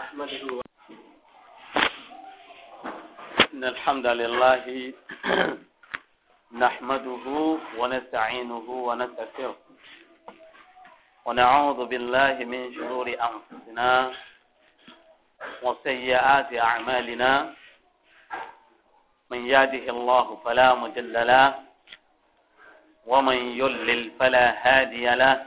نحمده إن الحمد لله نحمده ونستعينه ونستغفره ونعوذ بالله من شرور أنفسنا وسيئات أعمالنا من يهده الله فلا مجل له ومن يضلل فلا هادي له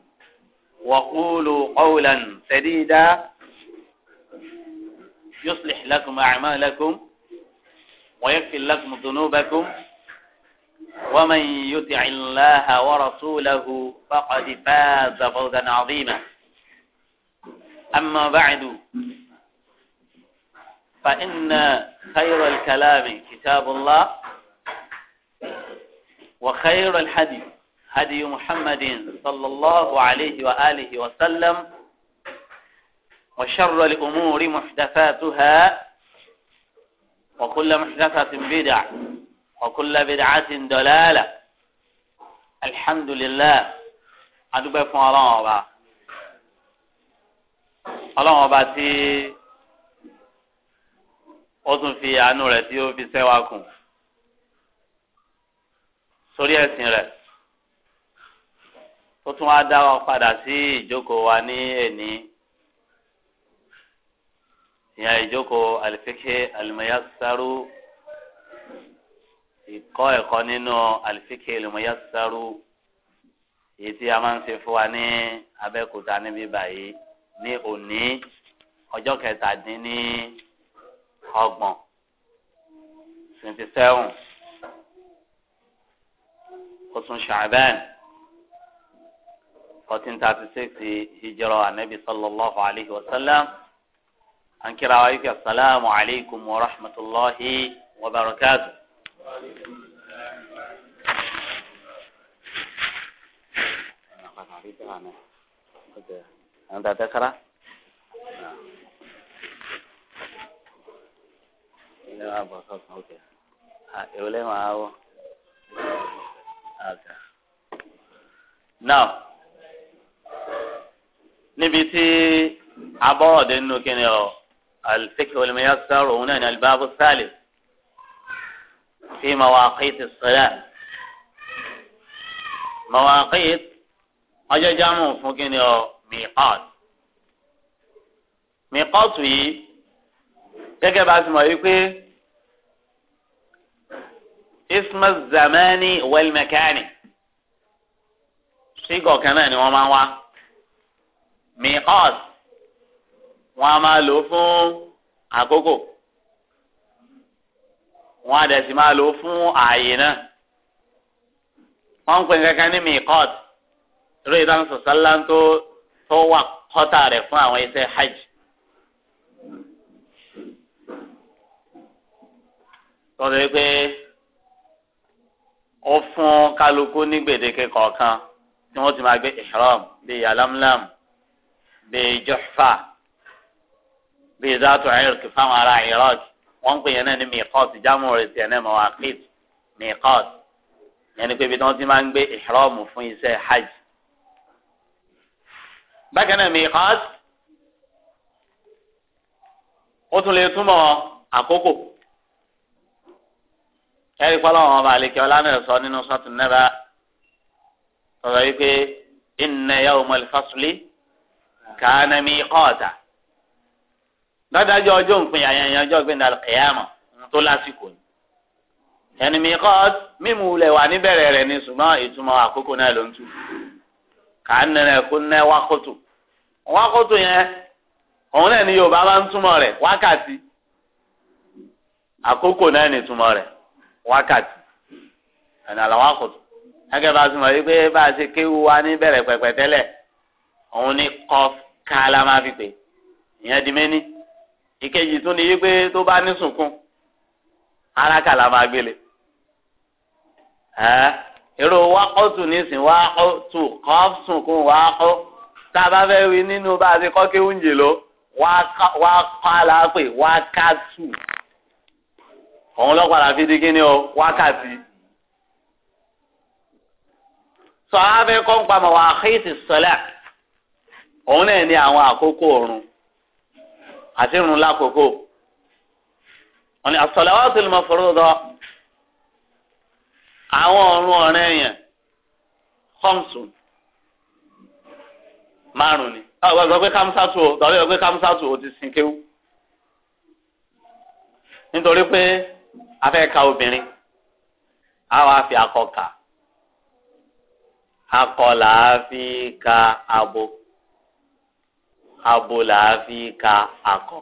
وقولوا قولا سديدا يصلح لكم أعمالكم ويغفر لكم ذنوبكم ومن يطع الله ورسوله فقد فاز فوزا عظيما أما بعد فإن خير الكلام كتاب الله وخير الحديث هدي محمد صلى الله عليه وآله وسلم وشر الأمور محدثاتها وكل محدثة بدع وكل بدعة دلالة الحمد لله adúgbò fún ọlọ́run ọba ọlọ́run ọba tí ó tún fi àánú rẹ̀ tí ó tún wá dá wa padà sí ìjókòó wa ní ẹ̀ní ìyẹn ìjókòó àlìfíkẹ́ àlùmọ́yásáru ìkọ́ ẹ̀kọ́ nínú àlìfíkẹ́ àlùmọ́yásáru èyí tí a máa ń ṣe fún wa ní Abẹ́òkúta níbí báyìí ní òní ọjọ́ kẹtàdínní ọgbọ̀n twenty seven oṣù Ṣàbẹ́ẹ̀. fourteen thirty six hijira anabi sallallahu alayhi wa sallam an kira wa yake asalaamu alaykum wa rahmatulahi wa barakatu. أنت تقرأ؟ لا بخاف أوكي. يقول لي معاه. نعم. níbi tí abọ́ọ̀dẹ nínú kíni ọ alifiki olùmọ̀yà sọ̀rọ̀ òun náà ní alibáàbù sálẹ̀ fi mawaqiti salat mawaqit ọjọ́ jámù fún kíni ọ miqat miqat yìí gẹ́gẹ́ bá a ti mọ̀ yìí pé isma zamani wal makani sígọ̀ kan náà ni wọ́n máa ń wá. miqat wọn a máa lò fún àkókò wọn a dẹ̀ sì máa lò fún ààyè náà wọn ń pè kankan ní miqat eré ìdáhùn sọ̀sálà tó tó wà kọ́tà rẹ̀ fún àwọn iṣẹ́ hajj. tọ́jú pé ó fún kálukú ní gbèdéke kọ̀ọ̀kan tí wọ́n ti máa gbé ihram bíi alámúlámù bíi Juhfa bíi zaatu irk fáwọn ará iraq wọn ń pè yẹn náà ní miqat jámù rẹ tiẹ̀ náà mawaqit miqat yẹn ni pé ibi tí wọn ti máa ń gbé ihram fún iṣẹ́ hajj bákan náà sọ nínú sọ́tún nẹ́bà sọ̀rọ̀ yìí pé inna yawmal fasli. kàánà mi kọ́ọ̀tà lọ́dájọ́ ọjọọ òpin àyànyàn ọjọ́ ọjọọ dàlù kìyàmọ̀ tó lásìkò ni ẹni mi kọ́ọ̀t mímu lẹ̀ wà ni suma ìtumọ̀ àkókò náà ló ń tu kàánà rẹ̀ kó ná wákòtò yẹn òun ni ni a ti káàlà máa fi pè ìyẹn di méní ìkejì tún ni wípé tó bá ní sunkún ara kàlà máa gbélé ẹ èrò wákọ́tù nísìn wákọ́tù kọ́sùnkún wákọ́ tá a bá fẹ́ wí nínú bá a ti kọ́ kí oúnjẹ lọ wákàlà pè wákàtù òun lọ́pàá fi di kíni o wákàtí. sọ abẹ́ kọ́ ń pamọ́ wákìtì sọ́lá òun náà ní àwọn àkókò ọ̀run àti ìrun lákòókò wọn ni as-salawatul mafruda àwọn ọ̀run ọ̀rẹ́ yẹn khamsun márùn ni ọgbà gbọ́ pé kámsátù o tọ́lé gbọ́ pé kámsátù o ti sin kéwú nítorí pé a ka obìnrin a wá fi akọ kà akọ là fi ka abo abòláfi ka akọ.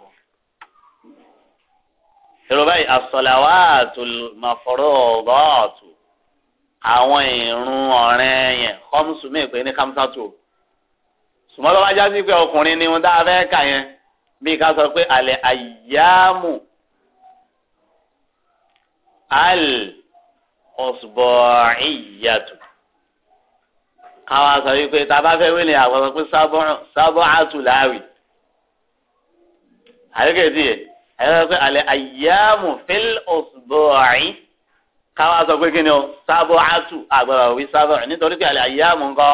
Èrò báyìí asọ̀làwàtò màfọ̀rọ̀ọ̀dọ́ọ̀tò àwọn ìrun ọ̀rẹ́ yẹn kọ́mùsùmí pé ní kámsátò. Sùmọ́ tó bá já sí pé ọkùnrin ni wọn dáa fẹ́ kà yẹn bí ká sọ pé àlẹ́ àyáàmù al ọ̀sùbọ̀ọ̀ìyàtò àwọn àṣà wípé tá a bá fẹ́ wílẹ̀ àwọn sọ pé sábọ́ àtúláwì àríkèsí yẹ àyẹ̀wò sọ pé àlẹ́ àyàmù fíl òṣùbọ̀ọ̀rì káwá sọ pé kí ni o sábọ́ àtú àgbàrá òwì sábọ̀ nítorí pé àlẹ́ àyàmù ńkọ́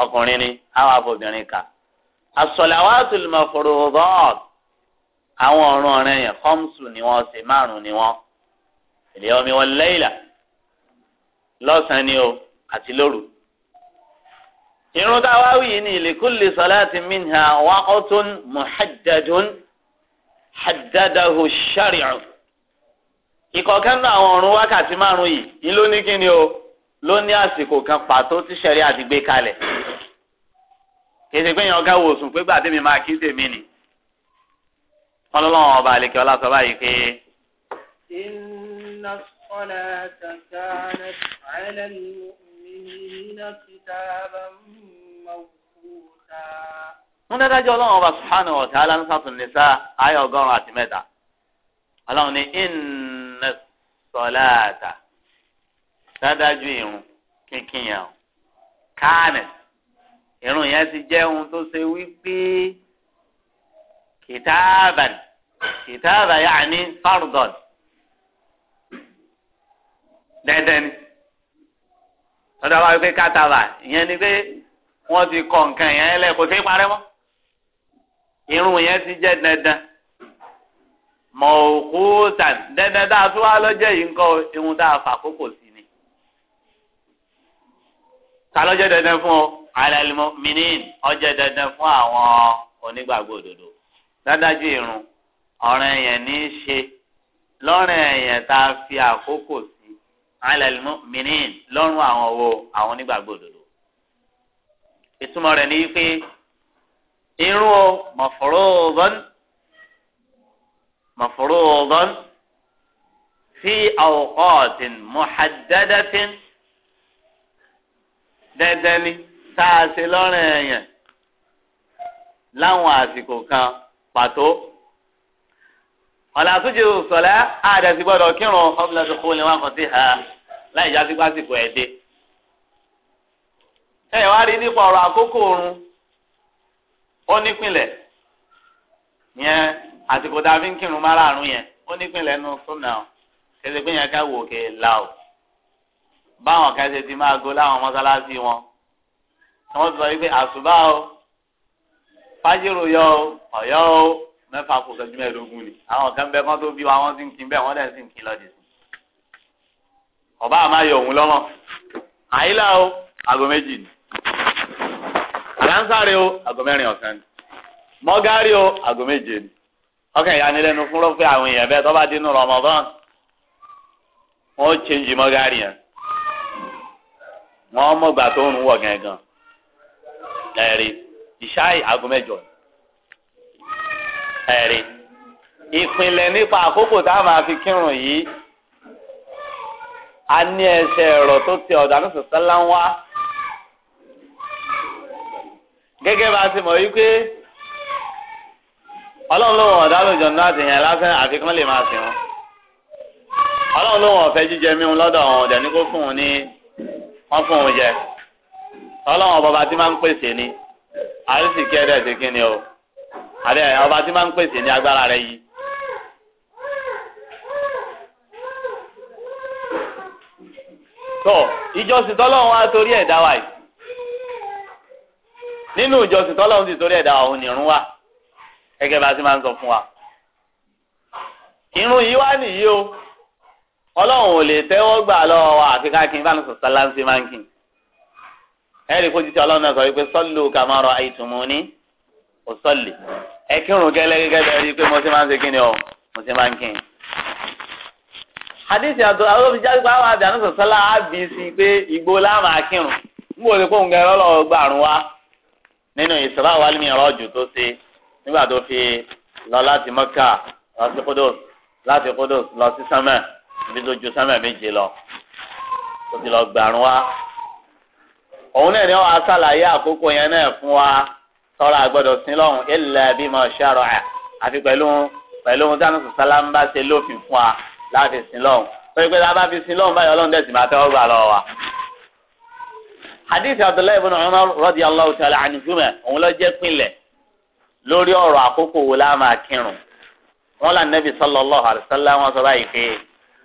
ọkùnrin ni àwọn afọbìnrin kà àsọ̀làwàtú mọ̀fọ̀rọ̀bọ̀t àwọn ọ̀run ọ̀rẹ́ yẹn kọ́msù ni wọ́n ṣe márùn ni wọ́n ìlẹ̀ ọmi wọn lẹ́yìnlá lọ́sàn-án ni o àti lóru irun tá a wá wíyí ni likulli salatin minha waqtun muhaddadun haddadahu shari'u ìkọ̀ọ̀kan náà àwọn ọ̀run wákàtí márùn-ún yìí ni ló ní kíni o ló ní àsìkò kan pàtó tí sẹ̀rí àti gbé kalẹ̀ kèsì pé yẹn ọ̀gá wò sùn pé gbàdé mi máa kí tèmi nì wọn ló lọ́wọ́ ọba àlekè ọlá sọ báyìí pé. inna salata kanat ala al-mu'minina kitaban wọ́n dájọ́ ọlọ́run ọba subhanahu wa ta'ala ń sàtún nìsa ayé ọgọ́rùn-ún àti mẹ́ta ọlọ́run ní inna sọláàtà dájú irun kínkín yẹn o káànẹ̀ irun yẹn ti jẹ́ ohun tó ṣe wípé kìtàbàn kìtàbà yaani fardọ̀n dẹ́dẹ́ni lọ́dọ̀ wá wípé kátàbà ìyẹn ni pé wọ́n ti kọ nǹkan yẹn lẹ̀ kò sí parẹ́ mọ́ irun yẹn ti jẹ́ dandan mọ̀ọ́kútàn dandan dáa tó wá lọ́jẹ́ yìí ńkọ́ irun dáa fà kókò sí ni ta lọ́jẹ́ dandan fún ọ alẹ́lẹ́mọ́ mìíràn ọjẹ́ dandan fún àwọn onígbàgbọ́ òdodo dádájú irun ọ̀ràn yẹn ní í ṣe lọ́rùn ẹ̀yẹn tá a fi àkókò sí alẹ́lẹ́mọ́ mìíràn lọ́rùn àwọn owó àwọn onígbàgbọ́ òdodo ìtumọ̀ rẹ̀ ni pé irun o mọ̀fọ́rọ́ọ̀dọ́n mọ̀fọ́rọ́ọ̀dọ́n fi àwòkọ́ọ̀tìn mọ̀hàdádàfin dandan ni tá a ṣe lọ́rùn ẹ̀yàn láwọn àsìkò kan pàtó ọ̀là àtúnjẹ òṣọ̀lá àdàsí gbọ́dọ̀ kírun ọ̀bùnà kó lè wá kàn sí ha láì já sí pásìkò ẹ̀ ẹ wá rí nípa ọ̀rọ̀ àkókò oorun ó nípìnlẹ̀ yẹn àsìkò tá a fi ń kírun márààrún yẹn ó nípìnlẹ̀ nù súnà ọ kẹsẹ̀ pé yẹn ká wò kè la o báwọn kan ṣe ti máa go láwọn mọ́sálásí wọn wọ́n sọ wípé àsùbá o fájìrò yọ o ọ̀yọ́ o mẹ́fà kò sọ́jú mẹ́ẹ̀ẹ́dógún ni àwọn kan bẹ́ẹ̀ kan tó bí wa wọ́n sì ń kí bẹ́ẹ̀ wọ́n dẹ̀ sì ń kí lọ́dì sí. ọba àmà yọ òun lọ́mọ àyílà o aago méjì ni àyánsáré o àgọ́ mẹ́rin ọ̀sán ni mọ́gárì o àgọ́ méje ni ọkàn ìyanilẹ́nu fún rọ́pẹ́ àwọn èèyàn bẹ́ẹ̀ tó bá dínú Ramadan wọ́n chẹ́ǹjì mọ́gárì yẹn wọ́n mọ̀gbà tó ń wọ̀ gangan ẹ̀rí ìṣáì àgọ́ mẹ́jọ ẹ̀rí ìpìlẹ̀ nípa àkókò tá a máa fi kírun yìí a ní ẹsẹ̀ ẹ̀rọ tó ti ọ̀dà ní sọ̀tẹ́lá wá. gẹ́gẹ́ bá a ti mọ̀ wípé ọlọ́run ló wọ̀n ọ̀dá lójọ náà ti yẹn lásán àfi kán lè máa sìn wọn ọlọ́run ló wọ̀n ọ̀fẹ́ jíjẹ mímu lọ́dọ̀ àwọn ọ̀dẹ̀ ní kó fún un ní wọ́n fún un jẹ ọlọ́run ọba tí máa ń pèsè ni àrísìkí ẹ̀dẹ̀ ti kí ni o àdé ọba tí máa ń pèsè ní agbára rẹ yìí. tó ìjọsìn tọ́lọ́run wá torí ẹ̀dá wa yìí. nínú ìjọsìn tọ́lọ́run sì torí ẹ̀dá òun nìrún wa gẹ́gẹ́ bá a ti máa ń sọ fún wa. irun yìí wá nìyí o ọlọ́run ò lè tẹ́wọ́ gbà lọ́wọ́ wa àfi sáláńsì máa sọ wípé sọ́lù ò sọ́lì ẹ kírun gẹ́gẹ́ bẹ́ẹ̀ rí i pé mo ti máa ń kí ni o mo ti máa ń àdìsí pé àwọn sọ́lá nínú Isra wal Miraj tó ṣe nígbà tó fi lọ láti Mọ́kà lọ sí Kudus láti Kudus lọ sí sánmà ibi tó ju sánmà méje lọ tó ti lọ gbàrún wa òun náà ni wọn aṣàlàyé àkókò yẹn náà fún wa tọ́ra gbọ́dọ̀ sí lọ́hùn illa bima shara'a àfi pẹ̀lú pẹ̀lú ohun tí a ní sọ sálá ń bá ṣe lófin fún wa láti sí lọ́hùn tó pé tá a bá fi sí lọ́hùn báyọ̀ ọlọ́run dẹ̀ sì máa tẹ́wọ́ gbà lọ́wọ́ wa hadith abdullahi ibn umar radiyallahu ta'ala anhuma òun ló jẹ́ pinlẹ̀ lórí ọ̀rọ̀ àkókò wo la máa kírun wọn là nẹ́bi sallallahu alayhi wa sallam wọn sọ báyìí pé.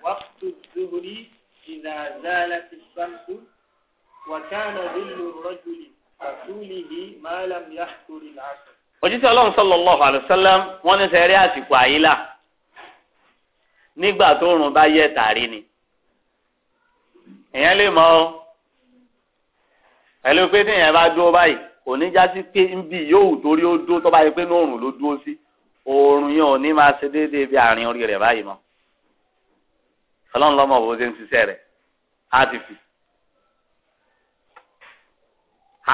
wàtú zuhuri ìdá zálà ti sàmù wàkàna lílo rọ́jùlì àtúlìhì màálàm yàtúrì làásù. òjíṣẹ́ ọlọ́run sallallahu alayhi wa sallam wọ́n ní sẹ́rí àsìkò àyílà nígbà tó rùn bá yẹ ni èèyàn lè mọ ẹlẹ́nu pé téèyàn bá dúró báyìí kò ní já sí pé níbi yóò torí ó dúró tó bá yẹ pé ní òòrùn ló dúró sí òòrùn yẹn ò ní máa ṣe déédéé bí àárín orí rẹ̀ báyìí mọ́ ọlọ́run lọ́mọ bó ṣe ń ṣiṣẹ́ rẹ̀ á ti fi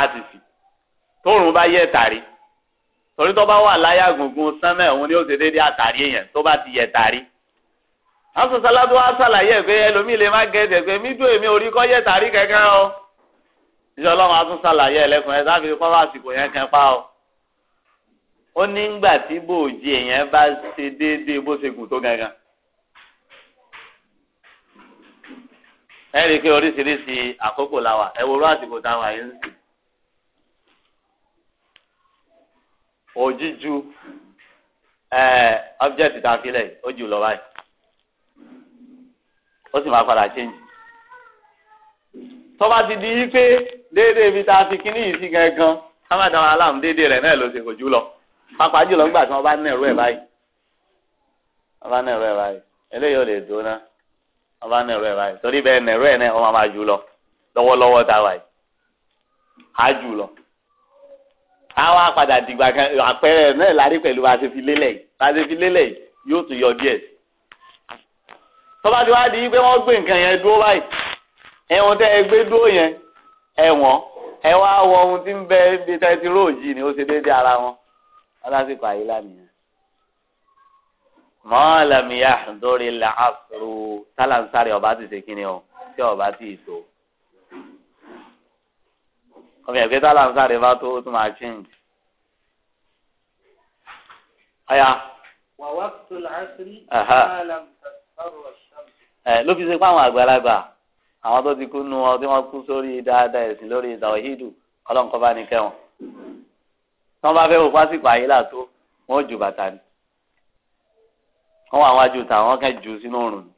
á ti fi tóòrùn bá yẹ tàrí torí tó bá wà láyà gungun sánmẹ̀ òun ni ó ṣe déédéé àtàrí èèyàn tó bá ti yẹ tàrí àwọn sọ̀sáládùn wa ṣàlàyé pé ẹlòmíì lè má gẹ̀ẹ́dẹ̀ pé mídùú èmi orí kọ́ yẹ tàrí kankan o. ìṣe ọlọ́run á tún ṣàlàyé ẹlẹ́kùn àsìkò yẹn kan pa ọ́ ó ní ngbà tí bòójì èèyàn bá ṣe déédéé bó ṣe gùn tó gangan ẹ rí i pé oríṣiríṣi àkókò la wà ẹ worú àsìkò táwọn àyè ń sìn tọ́ba ti di pé déédéé ibi tá a fi kíní yìí sí gangan ká má dára aláàmú déédéé rẹ̀ náà ló ṣe kò jù lọ pápá jùlọ ńgbà tí wọ́n bá nẹ̀rú ẹ̀ báyìí wọ́n bá nẹ̀rú ẹ̀ báyìí eléyìí ò lè dúró náà wọ́n bá nẹ̀rú ẹ̀ báyìí torí bẹ́ẹ̀ nẹ̀rú ẹ̀ náà wọ́n máa jù lọ lọ́wọ́lọ́wọ́ tá a wà yìí á jù lọ àwọn apàdà dìgbà kan àpẹẹrẹ náà lárí pẹ̀lú bá a ṣe fi lélẹ̀ yìí bá a ṣe fi lélẹ̀ yìí yóò ẹ̀wọ̀n tẹ́ ẹ gbé dúró yẹn ẹ̀wọ̀n ẹ wá wọ ohun tí ń bẹ ibi tẹ́ ti róòjì ni ó ṣe déédéé ara wọn ọlásìkò àyílá nìyẹn. mọ́ọ̀lẹ́mìyà lórí làásùrù tálàǹsárì ọba ti ṣe kíni o tí ọba ti tó. ọmọ ẹgbẹ́ tálàǹsárì bá tó tún máa change. ọ̀ya. wàwá tó làásùrì ló fi ṣe pé àwọn àgbàlagbà. àwọn tó ti kú nu ọ tí wọ́n kú sórí dáadáa ẹ̀sìn lórí tàwíhídù ọlọ́nkọ́ ní kẹ́wọ̀n tí wọ́n bá fẹ́ ju bàtà ni wọ́n wà wájú tàwọn kẹ́ jù sínú òrùn ni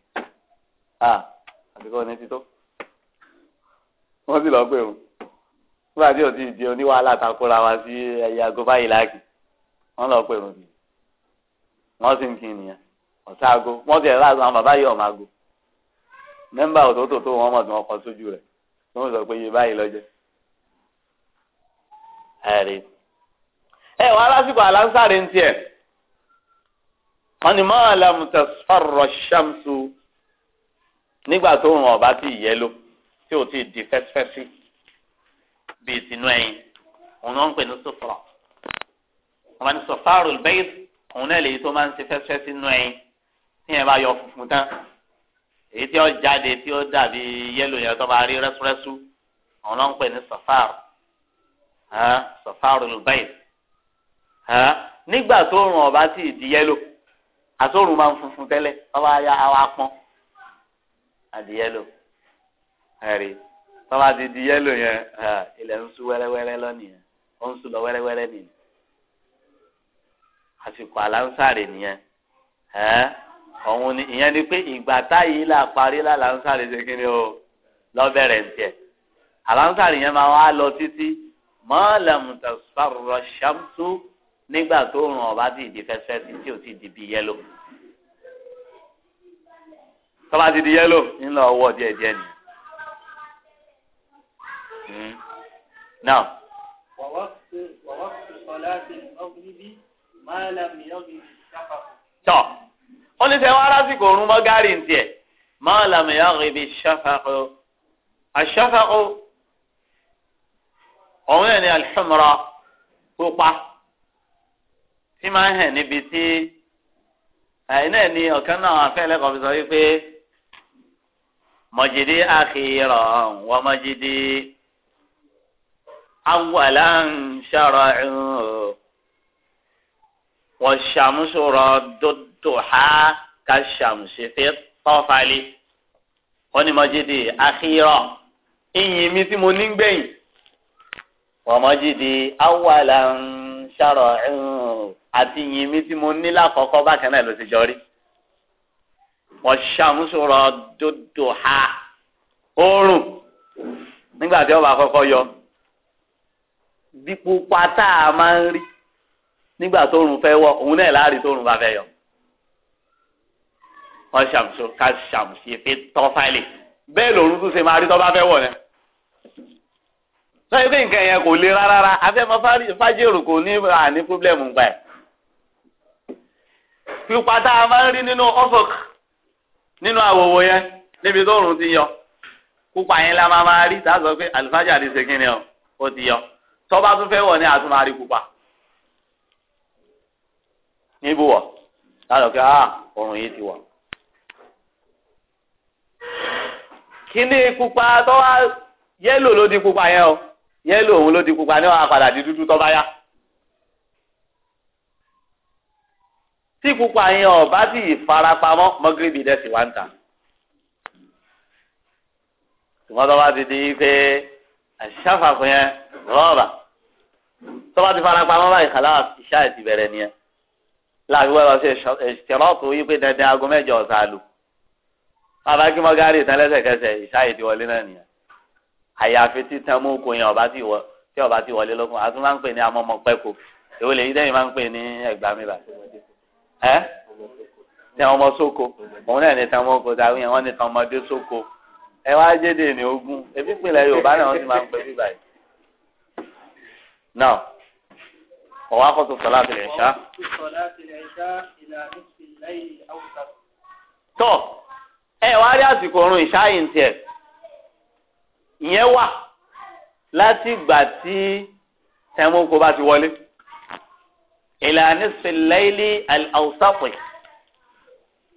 àbíkọ́ ní títọ́ wọ́n sì lọ pé o nígbà tí di oníwàhálà takora wa sí láàkì lọ pé o sì ń kí nìyẹn ọ̀sá ẹ̀ mẹ́mbà òtótó tó wọ́n mọ̀ tí wọ́n kọ sójú rẹ̀ tí wọ́n sọ pé iye báyìí lọ́jẹ́. ẹ̀rí ẹ wàá lásìkò àlànsáré ń tiẹ̀ wọ́n ní máa lẹ́mu tẹ̀sífàrọ̀ ṣàmùsù nígbà tó rùn ọ̀bá tí ì yẹ ló tí ò tí ì di fẹ́sífẹ́sí bíi tinú ẹyin òun náà ń pè ní sọfọ̀rọ̀ wọ́n máa ní sọfárò bẹ́ẹ̀ òun náà lè yí tó máa ń ṣe fẹ́sífẹ́sí nú ẹyin tí yẹn bá yọ funfun tán èyí tí ó jáde tí ó dàbí yẹ́lò yẹn tó bá rí rẹ́súrẹ́sú àwọn náà ń pè ní safar safar lubaid nígbà tó rùn ọba tí ì di yẹ́lò àtòrùn máa ń funfun tẹ́lẹ̀ ọba ya àwa pọ́n àdì yẹ́lò ẹ̀rí tọ́ba ti di yẹ́lò yẹn ilẹ̀ ń sú wẹ́rẹ́wẹ́rẹ́ lọ́nìyẹn ó ń sú lọ wẹ́rẹ́wẹ́rẹ́ nìyẹn àsìkò àlàǹsàrè nìyẹn ọ̀hun ni ìyẹn ni pé ìgbà táyìí là parí lálàánsárì ṣe kí ni o lọ́bẹ̀rẹ̀ tiẹ̀ àlàánsárì yẹn máa wá lọ títí mọ́ọ̀lẹ́mù tẹ̀sífàrọ̀ ṣàmùtú nígbà tó rùn ọ̀bá ti di fẹsẹ̀fẹsẹ̀ tí ò ti di bí yẹ́lò tọ́ba ti di yẹ́lò ńlọ ọwọ́ díẹ̀ díẹ̀ nìyẹn. Hmm. now. wàwá fi sọlá ti ọgbìn bí máàlámù yọ̀gbìn káfà. tọ́ ó ní sẹ́wọ́n arásìkò òrùn mọ́ gárì ní tiẹ̀ máa làmì ọ̀rẹ́ bíi ṣáfàkó àṣáfàkó òun yẹn ni alḥumra pupa tí máa ń hẹ̀ níbi tí àyìn náà ni ọ̀kan náà afẹ́lẹ́ kan fi sọ wípé mọ̀jìdí àkìrọ̀ wọ́n mọ̀jìdí awwalan shara'u wọ́n ṣàmúṣọ̀rọ̀ dọ́dọ́ duha kashamsi fi tọ́fàlì wọ́n ní mọ́jídì àkírọ̀ ìyìn mi tí mo ní gbẹ̀yìn wọ́n mọ́jídì awàlà ń ṣàrọ̀ àti ìyìn mi tí mo ní lákọ̀ọ́kọ́ bákan náà ló ti jọ rí wọ́n ṣàmúṣọ̀rọ̀ dòdò ha oorun nígbà tí wọ́n bá kọ́kọ́ a máa ń rí nígbà tóorùn fẹ́ òun náà láàrin tóorùn bá fẹ́ yọ wọ́n ṣàmùsọ ká ṣàmùsí fi tọ́ fáìlì bẹ́ẹ̀ lòun tún ṣe máa rí tọ́ba fẹ́ wọ̀ ni. sọ́yìn pé nǹkan yẹn kò le rárá afẹ́mọ́ fájèrò kò ní àní pírọ́blẹ́mù gbà ẹ̀. pípa tá a máa ń rí nínú ọ́fọ̀k nínú àwòwò yẹn níbi tó rùn ti yọ púpà yẹn la máa máa rí tá a sọ pé àlùfájà ti ṣe kíni o ó ti yọ tọ́ba tún fẹ́ wọ̀ ni àtún máa rí púpà níbùwọ̀ tá a sọ pé ah yìí ti wọ̀. kíní pupa tó wá yẹ́lò ló di pupa yẹn o yẹ́lò òun ló di pupa ní wàá padà di dúdú tó bá yá. tí pupa yẹn ọ̀ bá sì farapamọ́ mọ́gírìbì dẹ́sì wá ń tà. ṣùgbọ́n tó bá ti di pé àṣìṣàfàkùn yẹn rọ́ọ̀bà tó bá ti farapamọ́ báyìí kàlá ìṣá ti bẹ̀rẹ̀ nìyẹn. láàbí wọ́n lọ sí ẹ̀ṣẹ̀rọ̀ tó yí pé dandan aago mẹ́jọ ọ̀sán lù bàbá kí mọ́gárì ìtàn lẹ́sẹ̀kẹsẹ̀ ìṣáyè ti wọlé náà nìyẹn àyàfi títan mú oko yẹn ọba ti wọ tí ọba ti wọlé lọ́kùn àti máa ń pè ní amọ́mọ́ pẹ́kọ̀ èwo lè yí dẹ́yìn máa ń pè ní ẹ̀gbá mi bà ẹ́ tí àwọn ọmọ sóko òun náà ní tan mọ́ oko tàbí yẹn wọ́n ní tan ọmọdé sóko ẹ wá jẹ́dẹ̀ ní ogún ebi pínlẹ̀ Yorùbá náà wọ́n ti máa ń pè bí báyìí. now ọ̀wá kọ́tù sọlá tilẹ̀ ṣá. tọ́ ẹ wá rí àsìkò ọrùn ìṣáyìn tiẹ̀ ìyẹn wà láti ìgbà tí tẹmọkọ bá ti wọlé ìlànà ìsìnlẹ́ẹ̀lì àwùsàpẹ̀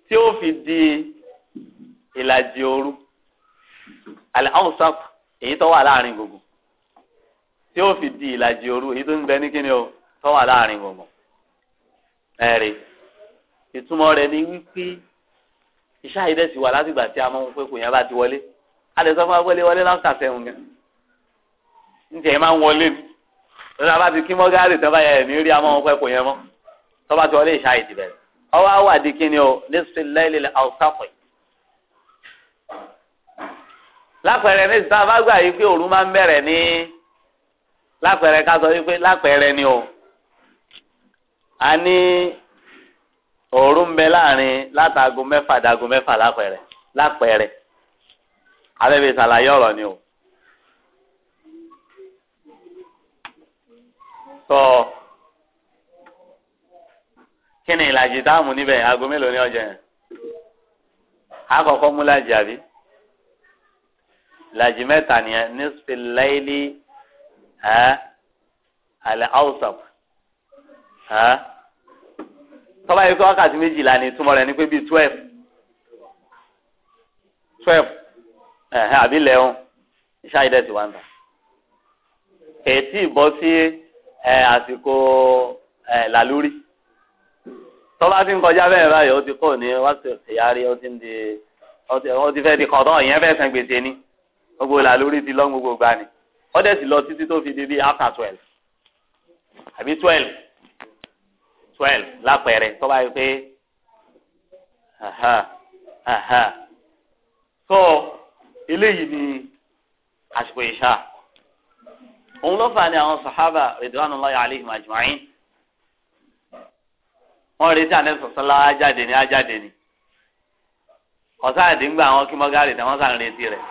tí ó fi di ìlàjì òru àwùsàpẹ̀ èyí tó wà láàrin gbogbo tí ó fi di ìlàjì òru èyí tó ń bẹ ní kíni o tó wà láàrin gbogbo ẹ̀rí ìtumọ̀ rẹ̀ ni wípé iṣẹ́ àyídẹ́ ti wà látìgbà tí a mọ̀ pé kò yẹn bá ti wọlé a lè sọ fún abọ́lé wọlé láǹtà sẹ́wọ̀n gan níta ẹ̀ máa ń wọlé ni lọ́dọ̀ bá ti kí mọ́gàrì tó bá yẹ ní rí a mọ̀ pé kò yẹn mọ́ tó bá ti wọlé iṣẹ́ àyè bẹ̀rẹ̀ ọwọ́ àwà di ni o nísìsiyìí lẹ́yìn lápẹ̀rẹ̀ ní ìta bá gbà yìí pé òru máa ń bẹ̀rẹ̀ ní lápẹ̀rẹ̀ ká sọ wípé lápẹ̀rẹ̀ ni o a ní. òru ń bẹ láàrin látago mẹ́fà dago mẹ́fà lápẹ̀rẹ̀ lápẹ̀rẹ̀ abẹ́bí ṣàlàyé ọ̀rọ̀ ni o. kí ni ìlàjì táàmù níbẹ̀ aago mélòó ní ọjà yẹn àkọ́kọ́ mú àbí tọ́ba yìí kọ́ wákàtí méjìlá ni túmọ̀ rẹ̀ ni pé bíi twelve twelve ẹ̀hẹ́n àbí lẹ́hún iṣẹ́ àyẹ̀dẹ̀ ti wá ń tà. kẹ̀tì bọ́ sí àsìkò làlúrí tọ́ba ti ń kọjá bẹ́ẹ̀ báyìí ó ti kò ní wáṣọ ìyárí ó ti ń di ó ti fẹ́ di kọ̀ọ̀tọ̀ ìyẹn fẹ́ san gbèsè ni gbogbo làlúrí ti lọ́ gbogbo gbani ó dẹ̀ sì lọ títí tó fi di bíi after twelve àbí twelve twelve lápẹẹrẹ tó bá yẹ pé so eléyìí ni àsìkò ìṣá òun ló fà ní àwọn sàhábà ridwanullahi alaihim ajma'in wọn retí àná sọsọlá ajáde ni ajáde ni ọ̀sán àdíngbà àwọn kí mọ́gàrì sàn retí rẹ̀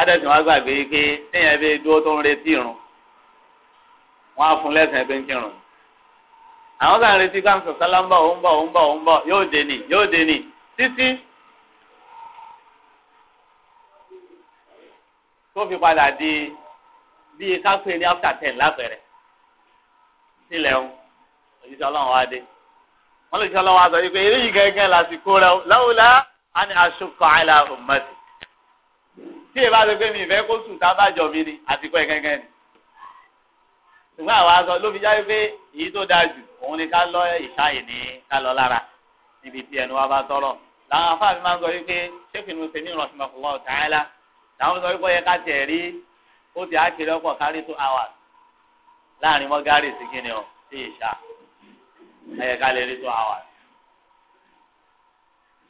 adẹ́sì wọn gbàgbé pé téèyàn bẹ dúró tó ń retí irun wọn á fún lẹ́sìn ẹgbẹ́ ń kírun àwọn kan retí ká ń sọ sálá ń bọ̀ ó ń bọ̀ ó ń bọ̀ ó ń bọ̀ yóò dé ni yóò dé ni títí tó fi padà di bíi kápẹ́ ní after ten lápẹ̀rẹ̀ sílẹ̀ ń òjíṣẹ́ ọlọ́run wá dé wọ́n lè ṣe ọlọ́run wá sọ wípé eré yìí gẹ́gẹ́ lásìkò rẹ láwùlá á aṣọkọ àìlà ọmọdé tí èèbá ti pé mi ìfẹ́ kó sùn tábàjọ mi ni àsìkò ẹ̀ ni ṣùgbọ́n àwa sọ ló fi jáde pé èyí tó dáa jù òun ni ká lọ ìṣáyè ní ká lọ lára níbi tí ẹnu wa bá tọrọ làwọn afáàfin máa ń sọ wípé ṣéfìnú sèmi rahimahullah ta'ala làwọn sọ wípé ó yẹ ká tiẹ̀ rí ó ti àkèrè ọ̀pọ̀ kárí two hours láàrin mọ́gárì sí kíni o sí ìṣá ẹ̀yẹ ká lè rí two hours.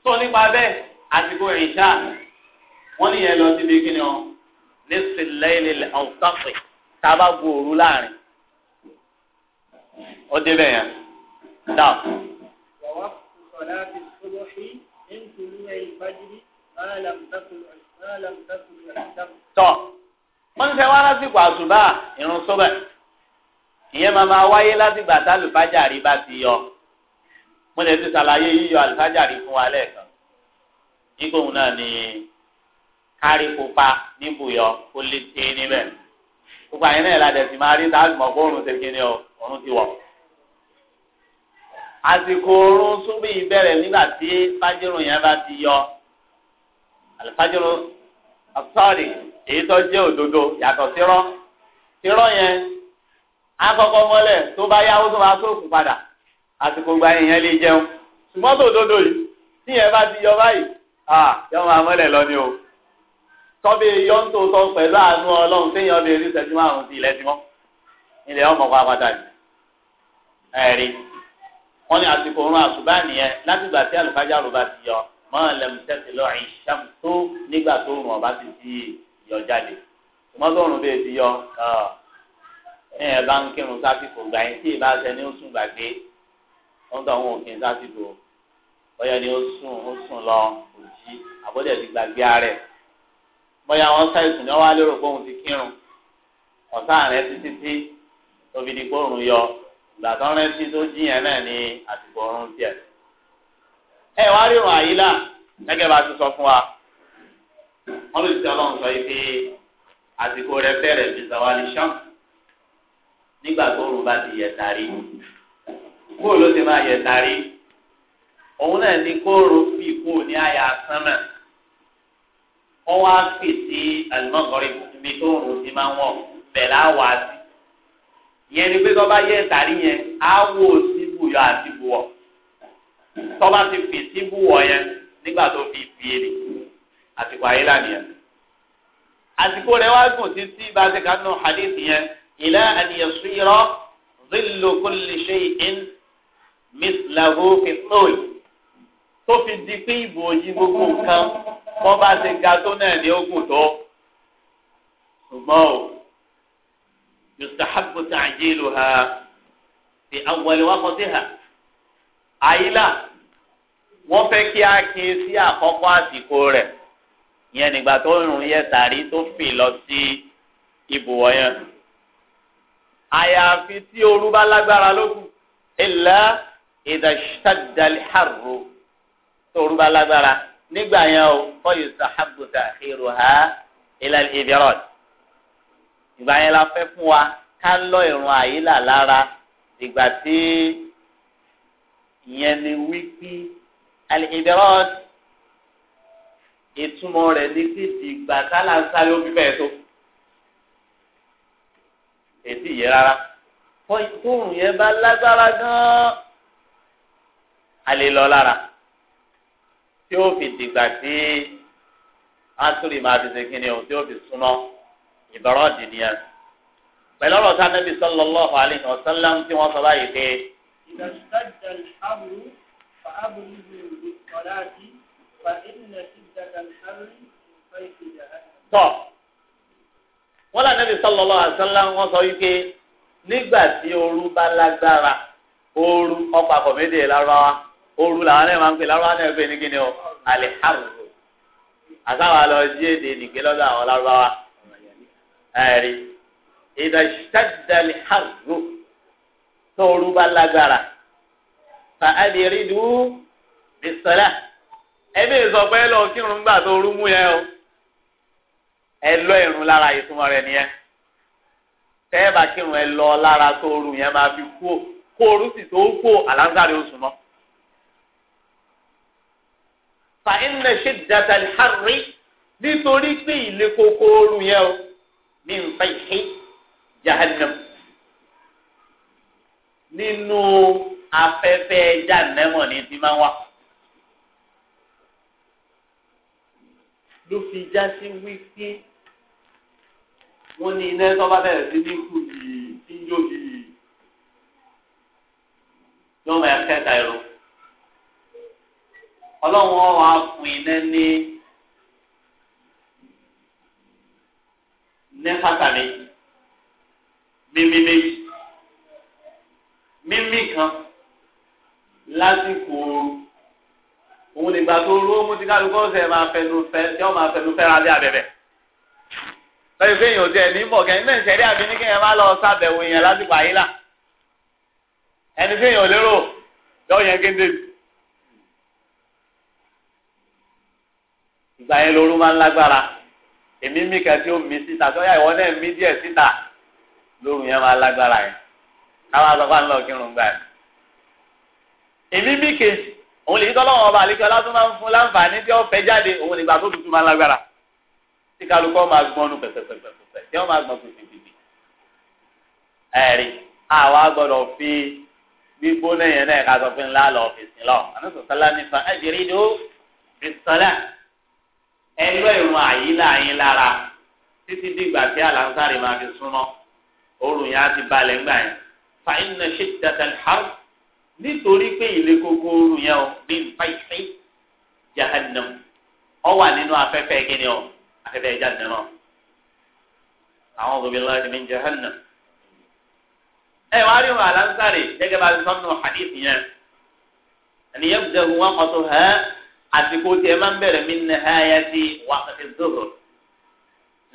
tó nípa bẹ́ẹ̀ àsìkò ìṣá wọ́n níyẹn lọ síbi kíni o ní sílẹ̀ ilẹ̀ ọ̀sán tá a bá gbòòrú láàrin ó débẹ̀ yẹn dáa. wàá sọ̀rọ̀ àti sọ́dọ̀ sí nítorí ẹ̀yìn fájìlì máa làm dákùnrin tọ́ wọ́n ń fẹ́ wá lásìkò àsùbá ìrun sóbẹ̀ ìyẹn máa máa wáyé lásìgbà tá àlùfájàrí bá ti yọ mo lè ti ṣàlàyé yíyọ àlùfájàrí fún wa lẹ́ẹ̀kan nígbòhùn náà ni kárí pupa níbùyọ kó lè tẹ́ níbẹ̀ pupa yẹn náà la dẹ̀ sì máa rí tá a mọ̀ kó oòrùn ṣe kíni o oòrùn ti wọ̀ àsìkò oorun súnmí bẹ̀rẹ̀ nígbà tí fájìrò yẹn bá ti yọ àlùfájìrò sọ́ọ̀rì èyí tó jẹ́ òdodo yàtọ̀ sírọ́ sírọ́ yẹn akọ́kọ́ mọ́lẹ̀ tó bá yáwó tó bá sóòkù padà àsìkò gba yẹn lè jẹun ṣùgbọ́n tó òdodo yìí tí yẹn bá ti yọ báyìí yọ máa mọ́lẹ̀ lọ ni o tọ́bi yọ tọ́ pẹ̀lú àánú ọlọ́run téèyàn lè rí sẹ́tí márùn-ún ilẹ̀ tí wọ́n ilẹ̀ ọmọ pàápàá dàbí ẹ̀rí wọ́n ní àsìkò òun àṣùbá nìyẹn láti gbà tí àlùfájà rò bá ti yọ máa lẹ́mu tẹ́sí lọ ìṣàm tó nígbà tó rùn ọ̀bá ti di yọ jáde mọ́tò òrùn bẹ́ẹ̀ ti yọ ẹ̀yìn bá ń kírun sásìkò gbà yín tí ìbá ṣe ní ó sùn gbàgbé wọ́n tọ́ àwọn òfin sásìkò bóyá ni ó sùn ó sùn lọ kò jí àbọ̀dẹ̀ ti gbàgbé ààrẹ bóyá wọn sáyẹ̀sùn ni wọ́n wá lérò pé òun ti kírun ọ̀sán rẹ̀ títí tí tóbi ní kó yọ gbàtọ́ rántí tó jiyàn náà ní àsìkò ọrùn tiẹ̀. ẹ wá rí ìrùn àyílà gẹ́gẹ́ bá a ti sọ fún wa wọ́n lè ti ọlọ́run sọ yìí pé àsìkò rẹ bẹ̀rẹ̀ bí zawali sàn nígbà tó rùn bá ti yẹ tari kó ló ti máa yẹ tari òun náà ní kó rò bí kó ní àyà sánmà wọ́n wá pè àlùmọ́kọ́rin mi tó rùn ti máa wọ̀ bẹ̀ láwàá sí yẹn ni pé tọ́ba yẹ ìtàrí yẹn á wò síbùyọ àti bùwọ̀ tọ́ba ti fi síbùwọ̀ yẹn nígbà tó fi fi èrè àsìkò ayé lánìí yẹn àsìkò rẹ̀ wá gùn títí bá a ti kà nù hadith yẹn ìlà àníyàn sírọ́ zillu kulli shay'in mislahu fi tó fi di pé ìbòjì gbogbo nǹkan wọ́n ti ga tó náà ní ogun tó yustahabbu ta'jiluha fi awwal waqtiha àyílà wọ́n fẹ́ kí a kí i sí àkọ́kọ́ àsìkò rẹ̀ ìyẹn nígbà tó rùn yẹ sàrí tó fì lọ sí ibùwọ̀ yẹn àyàfi tí ooru bá lágbára lókù illa idha ishtadda al-harru tó ooru bá lágbára nígbà yẹn o fa yustahabbu ta'khiruha ila al-ibrat ìgbà yẹn la fẹ́ fún wa ká lọ ìrun àyílà lára ìgbà tí ìyẹn ni wípé al-idrak ìtumọ̀ rẹ̀ ní kí ìgbà tálà ń sáré ó fi bẹ́ẹ̀ tó èsì yẹ rárá tóòrùn yẹn bá lágbára gan-an a lè lọ lára tí ó fi dìgbà tí asúrì máa fi ṣe kíni o tí ó fi súná ìbọ̀rọ̀ dìníyà pẹ̀lú ọ̀rọ̀ tá anábì sallallahu alaihi wasallam tí wọ́n sọ báyìí pé. ìdàsídàjà àbúrú fa àbúrú ìlú ọ̀la àti fa ìnà sídàjà àrùn fa ìsìdà tọ wọn lànà bí sọlọlọ àṣàlá wọn sọ wípé nígbà tí ooru bá lágbára ooru ọkọ àkọmédè lárúbáwá ooru làwọn náà máa ń pè lárúbáwá náà pè ní kíni o àlè àrùn àtàwọn àlọ jí èdè nìgbé lọ́dọ̀ àwọn lárúbáwá ẹ̀rí ìdàṣẹ́dàlẹ̀ àgbo tóoru bá lágbára fa adìrìdú bisọ́lá ẹbí ìsọpẹ́ lọ kírun gbà tóoru mú yẹn o ẹ lọ ìrun lára ìtumọ̀ rẹ̀ nìyẹn tẹ́ẹ̀bà kírun ẹ lọ lára tóoru yẹn máa fi kú kóoru sì tó kó àlàńsáré oṣù mọ́. fa inna ṣe dàtàlẹ̀ àrí nítorí pé ìlé kókó oorun yẹn o min fayhi jahannam nínú afẹ́fẹ́ jahannamọ̀ ni ti máa wà. ló fi já sí wípé wọ́n ní iná tó bá bẹ̀rẹ̀ sí ní kú yìí tí ń jó yìí yóò máa kẹ́ka ẹ̀rọ ọlọ́run ọ̀ wá fún iná ní. nẹ́fàtà méjì mímí méjì mímí kan lásìkò ooru òun nígbà tó rú ó mú ti kálukọ́ ọ̀sẹ̀ máa fẹnu fẹ́ tí wọ́n máa fẹnu fẹ́ra lé abẹ́bẹ́ lọ́yìn pé èèyàn ò tiẹ̀ ní mọ̀ kẹ́yìn náà ìṣẹ̀rí àbí ní kéèyàn má lọ sábẹ̀wò èèyàn lásìkò àyílà ẹni tí èèyàn lérò yọ yẹn kéde ìgbà yẹn lóru máa ń lágbára èmi mí kan tí ó mí síta tó yà ìwọ náà mí díẹ̀ síta lóru yẹn máa lágbára yẹn káwá sọ fáwọn lọ kírun gbà yẹn. èmi mí kejì òun lè yí tọ́lọ́wọ́ ọba àlejò alásùn máa ń fún láǹfààní tí ó fẹ́ jáde òun lè gbà tó tutù máa lágbára tí kálukọ́ máa gbọ́n nu pẹ̀pẹ̀pẹ̀pẹ̀ tí wọ́n máa gbọ́n pẹ̀pẹ̀pẹ̀ ẹ̀rí àwa gbọ́dọ̀ fi gbígbóná yẹn náà ká sọ fún ńlá lọ́ọ́ fi sí lọ àná sọ̀tàlá nípa ẹ̀jẹ̀ rí ẹlọ ìrun àyílà yín lára títí dìgbà tí àlàǹsárì máa fi súnmọ́ oòrùn yẹn á ti balẹ̀ ńgbà yẹn fa inna shiddatal har nítorí pé ìlé gbogbo oòrùn yẹn o ní nfàìsí jahannam ó wà nínú afẹ́fẹ́ kíni o afẹ́fẹ́ jahannam a'udhu billahi min jahannam ẹ wá rí wọn àlàǹsárì gẹ́gẹ́ bá a ti sọ́nù hadith yẹn ẹni yẹn bẹ̀rù wọn kọ́tù hẹ́ẹ́ àsìkò tiẹ̀ máa ń bẹ̀rẹ̀ mí ní ẹ̀yà ti wákàtí zòrò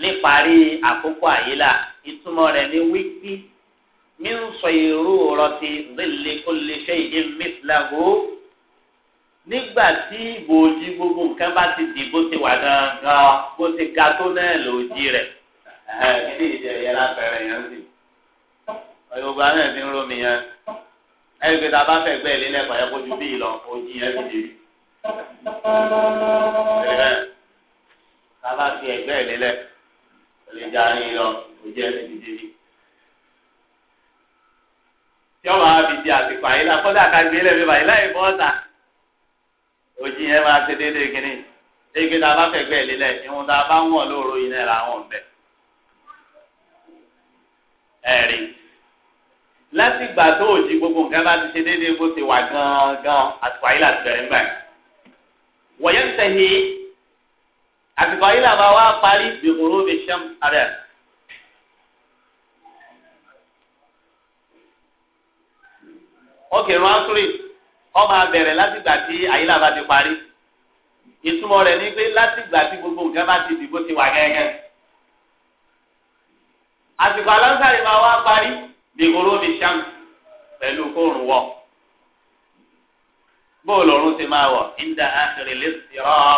níparí àkókò àyílà ìtumọ̀ rẹ̀ ní wíkí mí ń sọ ìrú rọtí zilli kulli shay'in mithlahu nígbà tí ìbòjì gbogbo nǹkan bá ti di bó ti wà gangan bó ti ga tó náà lòdì rẹ̀ kí ni ìjẹ́ yẹn lápẹ̀rẹ̀ yẹn sì yorùbá náà ti rómi yẹn ẹ̀ bá fẹ́ gbẹ́ ilé yẹn kó ju bí ìlọ òjì yẹn fi dèbí sábà fi ẹgbẹ́ ìlélẹ̀ lè darí lọ ojú ẹsẹ̀ ti débi. tí ọmọ àbí di àsìkò àyè la kọ́dà ká gbé lẹ́bi báyìí láì bọ́ ọ̀tà ojú yẹn máa ṣe déédéé kínní déédéé tá a bá fẹ̀gbẹ́ ìlélẹ̀ ìwọ̀n tá a bá ń wọ̀n lóòrò yìí náà làwọn ń bẹ̀. ẹ̀rí láti gbà tó òjì gbogbo nǹkan bá ti ṣe déédéé bó ti wà gan-an gan àsìkò àyè láti bẹ̀rẹ̀ ń báyìí wọ̀yẹ́ntẹ̀hì àsìkò ayé làbá wa parí gbèmòrò bẹ̀ṣẹ̀m àrẹ̀. ókè ránṣúrì ọmọ abẹ̀rẹ̀ látìgbà tí ayé làbá ti parí ìtumọ̀ rẹ̀ ni pé látìgbà tí gbogbo nǹkan bá ti dìbò ti wà gẹ́gẹ́. àsìkò aláǹsàrè máa wá parí gbèmòrò bẹ̀ṣẹ̀m pẹ̀lú kóòrùn wọ̀ bóòlù ọ̀run ti máa wọ̀ ìdá àṣírí lè sí ọ́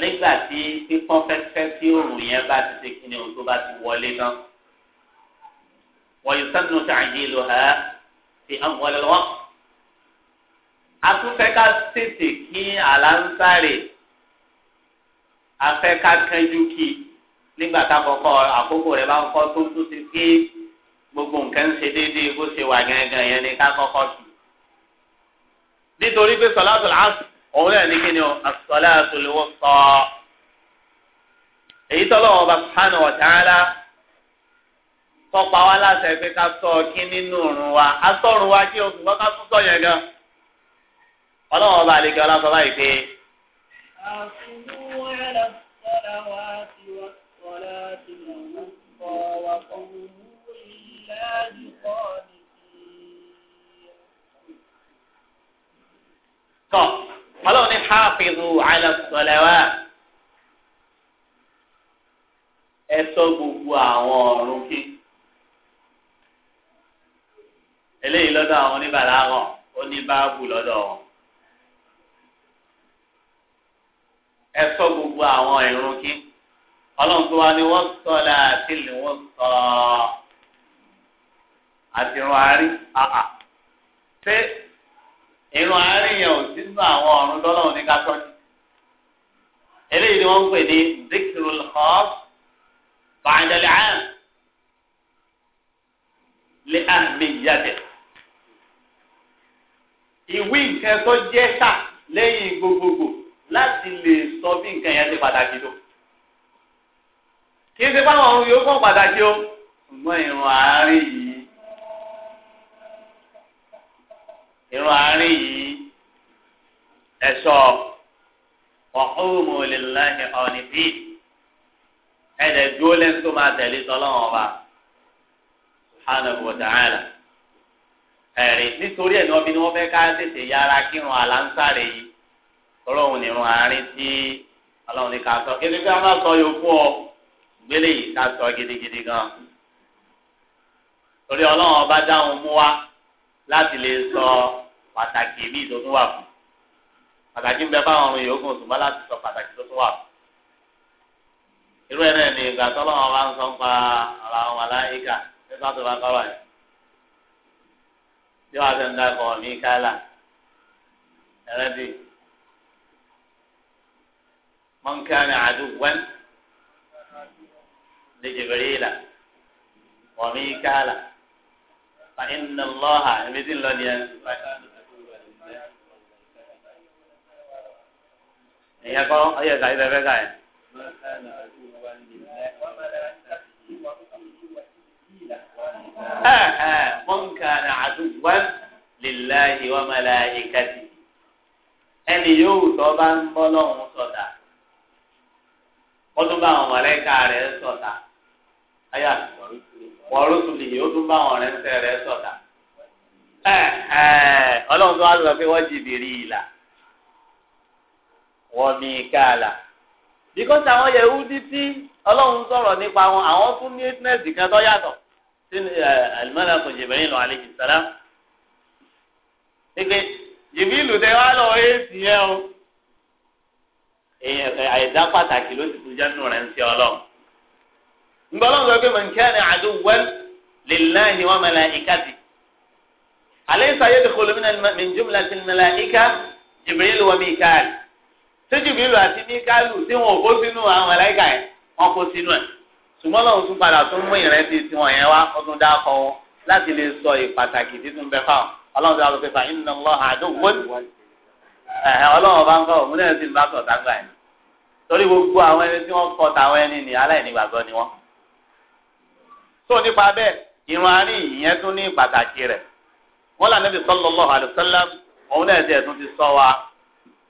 nígbà tí pípọ́n fẹ́fẹ́ tí òòrùn yẹn bá ti ṣe kí ni òun tó bá ti wọlé tán. wọ́n yóò sẹ́nu ṣàǹjìlò ha ti hàn wọlé lọ́wọ́. atúfẹ́ ká tètè kí àlàńsáré afẹ́ ká kánjú kí nígbà tákọ́kọ́ àkókò rẹ̀ bá ń kọ́ tó tún ti gé gbogbo nǹkan ṣe déédéé bó ṣe wà gángan yẹn ni ká kọ́kọ́ kí. nítorí pé sọláàtù làásù òun náà ní kíni ọ àsọláàtù lè wọ́n sọ. èyí tọ́lọ́ wọn bá sùhánù ọ̀tàlá tọ́pa wá láṣẹ ká sọ kí nínú òrùn wa asọ́rùn wa kí oṣù kọ́ká tún sọ yẹn gan. ọlọ́wọ́n ọba àlejò ọlọ́sọ báyìí pé. àfihàn ẹ̀rọ sọ̀rọ̀ ti wá tọ́ ọlọ́run ní hafizu ala sọlẹ́wà ẹ ṣọ́ gbogbo àwọn ọ̀run kí eléyìí lọ́dọ̀ àwọn oníbàárà wọn ó ní báàbù wọn. ẹ gbogbo àwọn ìrun kí ọlọ́run tó wá ní wọ́n sọ láti lè wọ́n sọ àti ìrun àárín ṣé irun àárín yẹn ò sí nínú àwọn ọ̀run lọ́nà ní kátọ́jú eléyìí ni wọ́n ń pè ní zikirul khas bàjẹ́lẹ̀ àyàn lé àmì ìyàbẹ̀ ìwé nǹkan tó jẹ́ sà lẹ́yìn gbogbogbò láti lè sọ bí nǹkan yẹn ti pàtàkì tó kì í ṣe báwọn ọ̀run yòókù pàtàkì o ṣùgbọ́n irun àárín yìí. irun àárín yìí ẹ̀ṣọ́ ọ̀húnmù lìláhìn ọ̀nìfì ẹ̀dẹ̀ dúró lẹ́nu tó máa tẹ̀lé tọ́lọ́wọ́n ọba subhanahu wa ta'ala ẹ̀rí nítorí ẹ̀nà ọbí ni wọ́n fẹ́ ká tètè yára kírun àlàǹsàrè yìí tọ́lọ́hùn nírun àárín tí ọlọ́run ní ká sọ kí ni bí a máa sọ yòókù ọ gbélé yìí ká sọ gidigidi gan torí ọlọ́run ọba dáhùn mú wa láti lè sọ pàtàkì míì tó tún wà fún pàtàkì ń bẹ fáwọn ọrùn yòókù ṣùgbọ́n láti sọ pàtàkì tó tún wà fún. irú ẹ̀ náà ni ìgbà tó lọ́wọ́ bá ń sọ ń pa ọ̀rọ̀ àwọn aláìka ní sọ́tò bá kọ́ wáyé tí wàá fẹ́ ń dá kọ́ mí káàlà ẹ̀rẹ́dì mọ́ńkánì àdúgbọ́n lè jìbìrì ìlà wọ́n mí káàlà fa iná lọ́hà ẹ̀mí tí ń lọ ní ẹ̀ ìyẹn kọ́ ọyẹ kàyí lẹ́fẹ́ ká yẹn. من كان Lillahi لله وملائكته ẹni yóò tó bá ń bọ́ lọ́hùn sọ̀tà ó tún bá àwọn mọ̀lẹ́ka rẹ̀ sọ̀tà ayé ó tún bá àwọn ọ̀rẹ́ńtẹ́ rẹ̀ sọ̀tà ọlọ́run tó wá lọ wọ́n ìlà. wọ́n mi káàlà. because àwọn yẹ̀wúdí tí ọlọ́run sọ̀rọ̀ nípa wọn àwọn tún ní ẹ́tínẹ́sì kan tó yàtọ̀ sí alimọ́lá kò Jibril lọ alayhi salam. pípé Jibrilu tẹ wá lọ èsì yẹn o àìdá pàtàkì ló ti tún jẹ́ rẹ̀ ń ṣe ọlọ́run. ngbọ́lọ́run sọ pé man kana aduwwan lillahi wa malaikatihi. alaysa yadkhulu min jumlatil malaika Jibril wa Mikail sójú mi lò àti míkálù tí wọn ò kó sínú àwọn ẹlẹ́gà yẹn wọn kó sínú ẹ̀ ṣùgbọ́n lọ́run tún padà tún mú ìrẹsì tiwọn yẹn wá ọdún dákọ̀ wọn láti lè sọ ìpàtàkì títún bẹ fáwọn ọlọ́run tó wà lókè fà inna Allah àdóhùn ọlọ́run ọba ń kọ́ òun náà sì ń bá sọ̀ dágbà yẹn torí gbogbo àwọn ẹni tí wọ́n kọ́ tàwọn ẹni ní aláìnígbàgbọ́ ni wọ́n. tó nípa bẹ́ẹ̀ ìrun àárín ìyẹn tún ní pàtàkì rẹ̀ wọ́n lànà bí sallallahu alaihi wasallam òun náà ti ẹ̀sùn ti sọ wa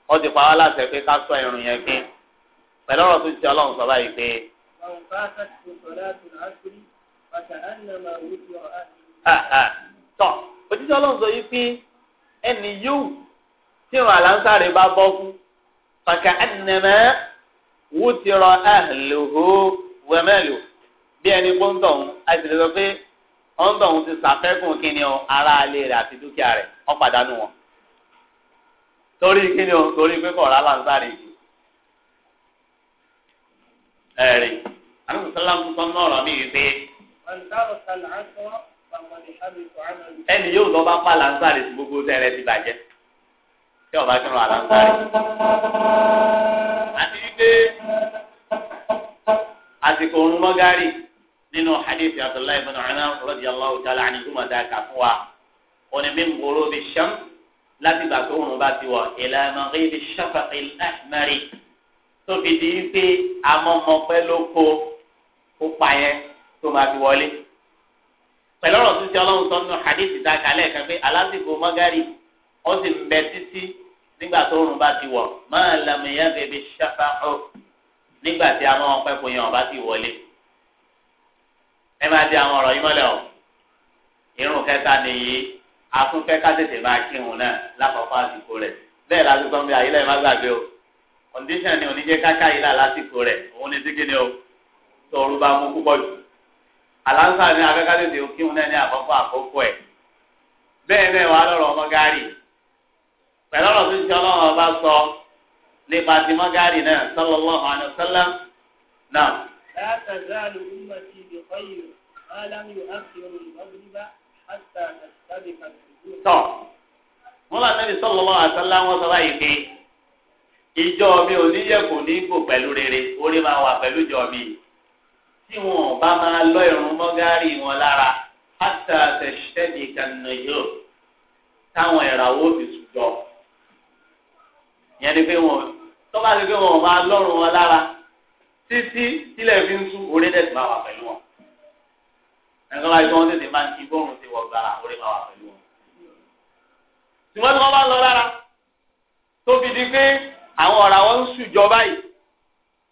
wọ́n ti pa wá láti ẹ̀ pé ká sọ irun yẹn kín pẹ̀lú ọ̀rọ̀ tó ti ọlọ́run sọ báyìí pé. tọ́ òtítí ọlọ́run sọ yìí pé ẹnì yóò tí ìrun àlàńsáré bá bọ́ fún kàkà ẹnìmẹ́ wù ti rọ àhìlòhó wẹ́mẹ́lò bí ẹni kó ń tọ̀hún àti lè sọ pé tọ̀hún ti sàfẹ́kùn kí ọ ara alẹ́ àti dúkìá rẹ̀ ó pàdánù wọn torí kíni o torí pé kọ̀ọ̀rọ̀ aláǹsáré kì ẹ̀rì àwọn sàlámù tó ń ọ̀rọ̀ mi yìí pé. ẹni yóò lọ bá pa aláǹsáré sí gbogbo tẹ̀rẹ̀ ti bàjẹ́ tí ọba kírun aláǹsáré. àti wípé àsìkò òun mọ́gárì nínú hadith Abdullahi ibn Umar radiyallahu ta'ala anhu dáa kà fún wa. onímọ̀ ngoro bíi sẹ́mu láti gbà tó wọn bá ti wọ ìlànà ibi ṣàfàkì ahmari tó fi di pé amọmọpẹ ló kó kó pa yẹn tó máa fi wọlé pẹ̀lú ọ̀rọ̀ tó ti Ọlọ́run sọ nínú hadith ta kalẹ̀ kan pé alásìkò magari ó sì ń bẹ títí nígbà tó wọn ti wọ máa lamẹyà bèbè ṣàfàkọ nígbà tí amọmọpẹ kò yẹn ọba ti wọlé ẹ máa di àwọn ọ̀rọ̀ yìí mọ́lẹ̀ o irun kẹta nìyí afúnfẹ́ ká tètè máa kírun náà lákọ̀ọ́kọ́ àsìkò rẹ̀ bẹ́ẹ̀ lásìkò ń bẹ àyílẹ̀ má gbàgbé o condition ni oníjẹ́ káká yìí là lásìkò rẹ̀ òun ni dígí ni o tọrú bá mú púpọ̀ jù àlàáfíà ní afẹ́ká tètè kírun náà ní àkọ́kọ́ àkókò ẹ̀ bẹ́ẹ̀ bẹ́ẹ̀ wà lọ́rọ̀ ọmọ gárì pẹ̀lú ọ̀rọ̀ tó ti ọlọ́run ọba sọ nípa ti mọ́ gárì náà sallallahu tọ́ wọ́n bá tẹ́lẹ̀ sọ́lọ́ lọ́wọ́ àtàlà wọn sọ báyìí pé ìjọ mi ò ní yẹ kò ní gbò pẹ̀lú rere orí máa wà pẹ̀lú ìjọ mi tí wọn bá máa lọ ìrun mọ́gárì wọn lára hátà tẹ̀sítẹ́ẹ̀dì kànú yóò táwọn ìràwọ̀ fi sùjọ yẹn ni pé wọn tọ́ bá ti pé wọn máa lọ́rùn wọn lára títí tílẹ̀ fi ń tú orí dẹ̀ ti máa wà pẹ̀lú wọn ẹ̀ka wáyé kí wọ́n tètè máa ń ti bọ́ọ̀rùn ti wọ̀ gbára orí máa wà pẹ̀lú wọn. ṣùgbọ́n tí wọ́n bá lọ rárá tó fi di pé àwọn ọ̀rọ̀ àwọn ń ṣùjọ báyìí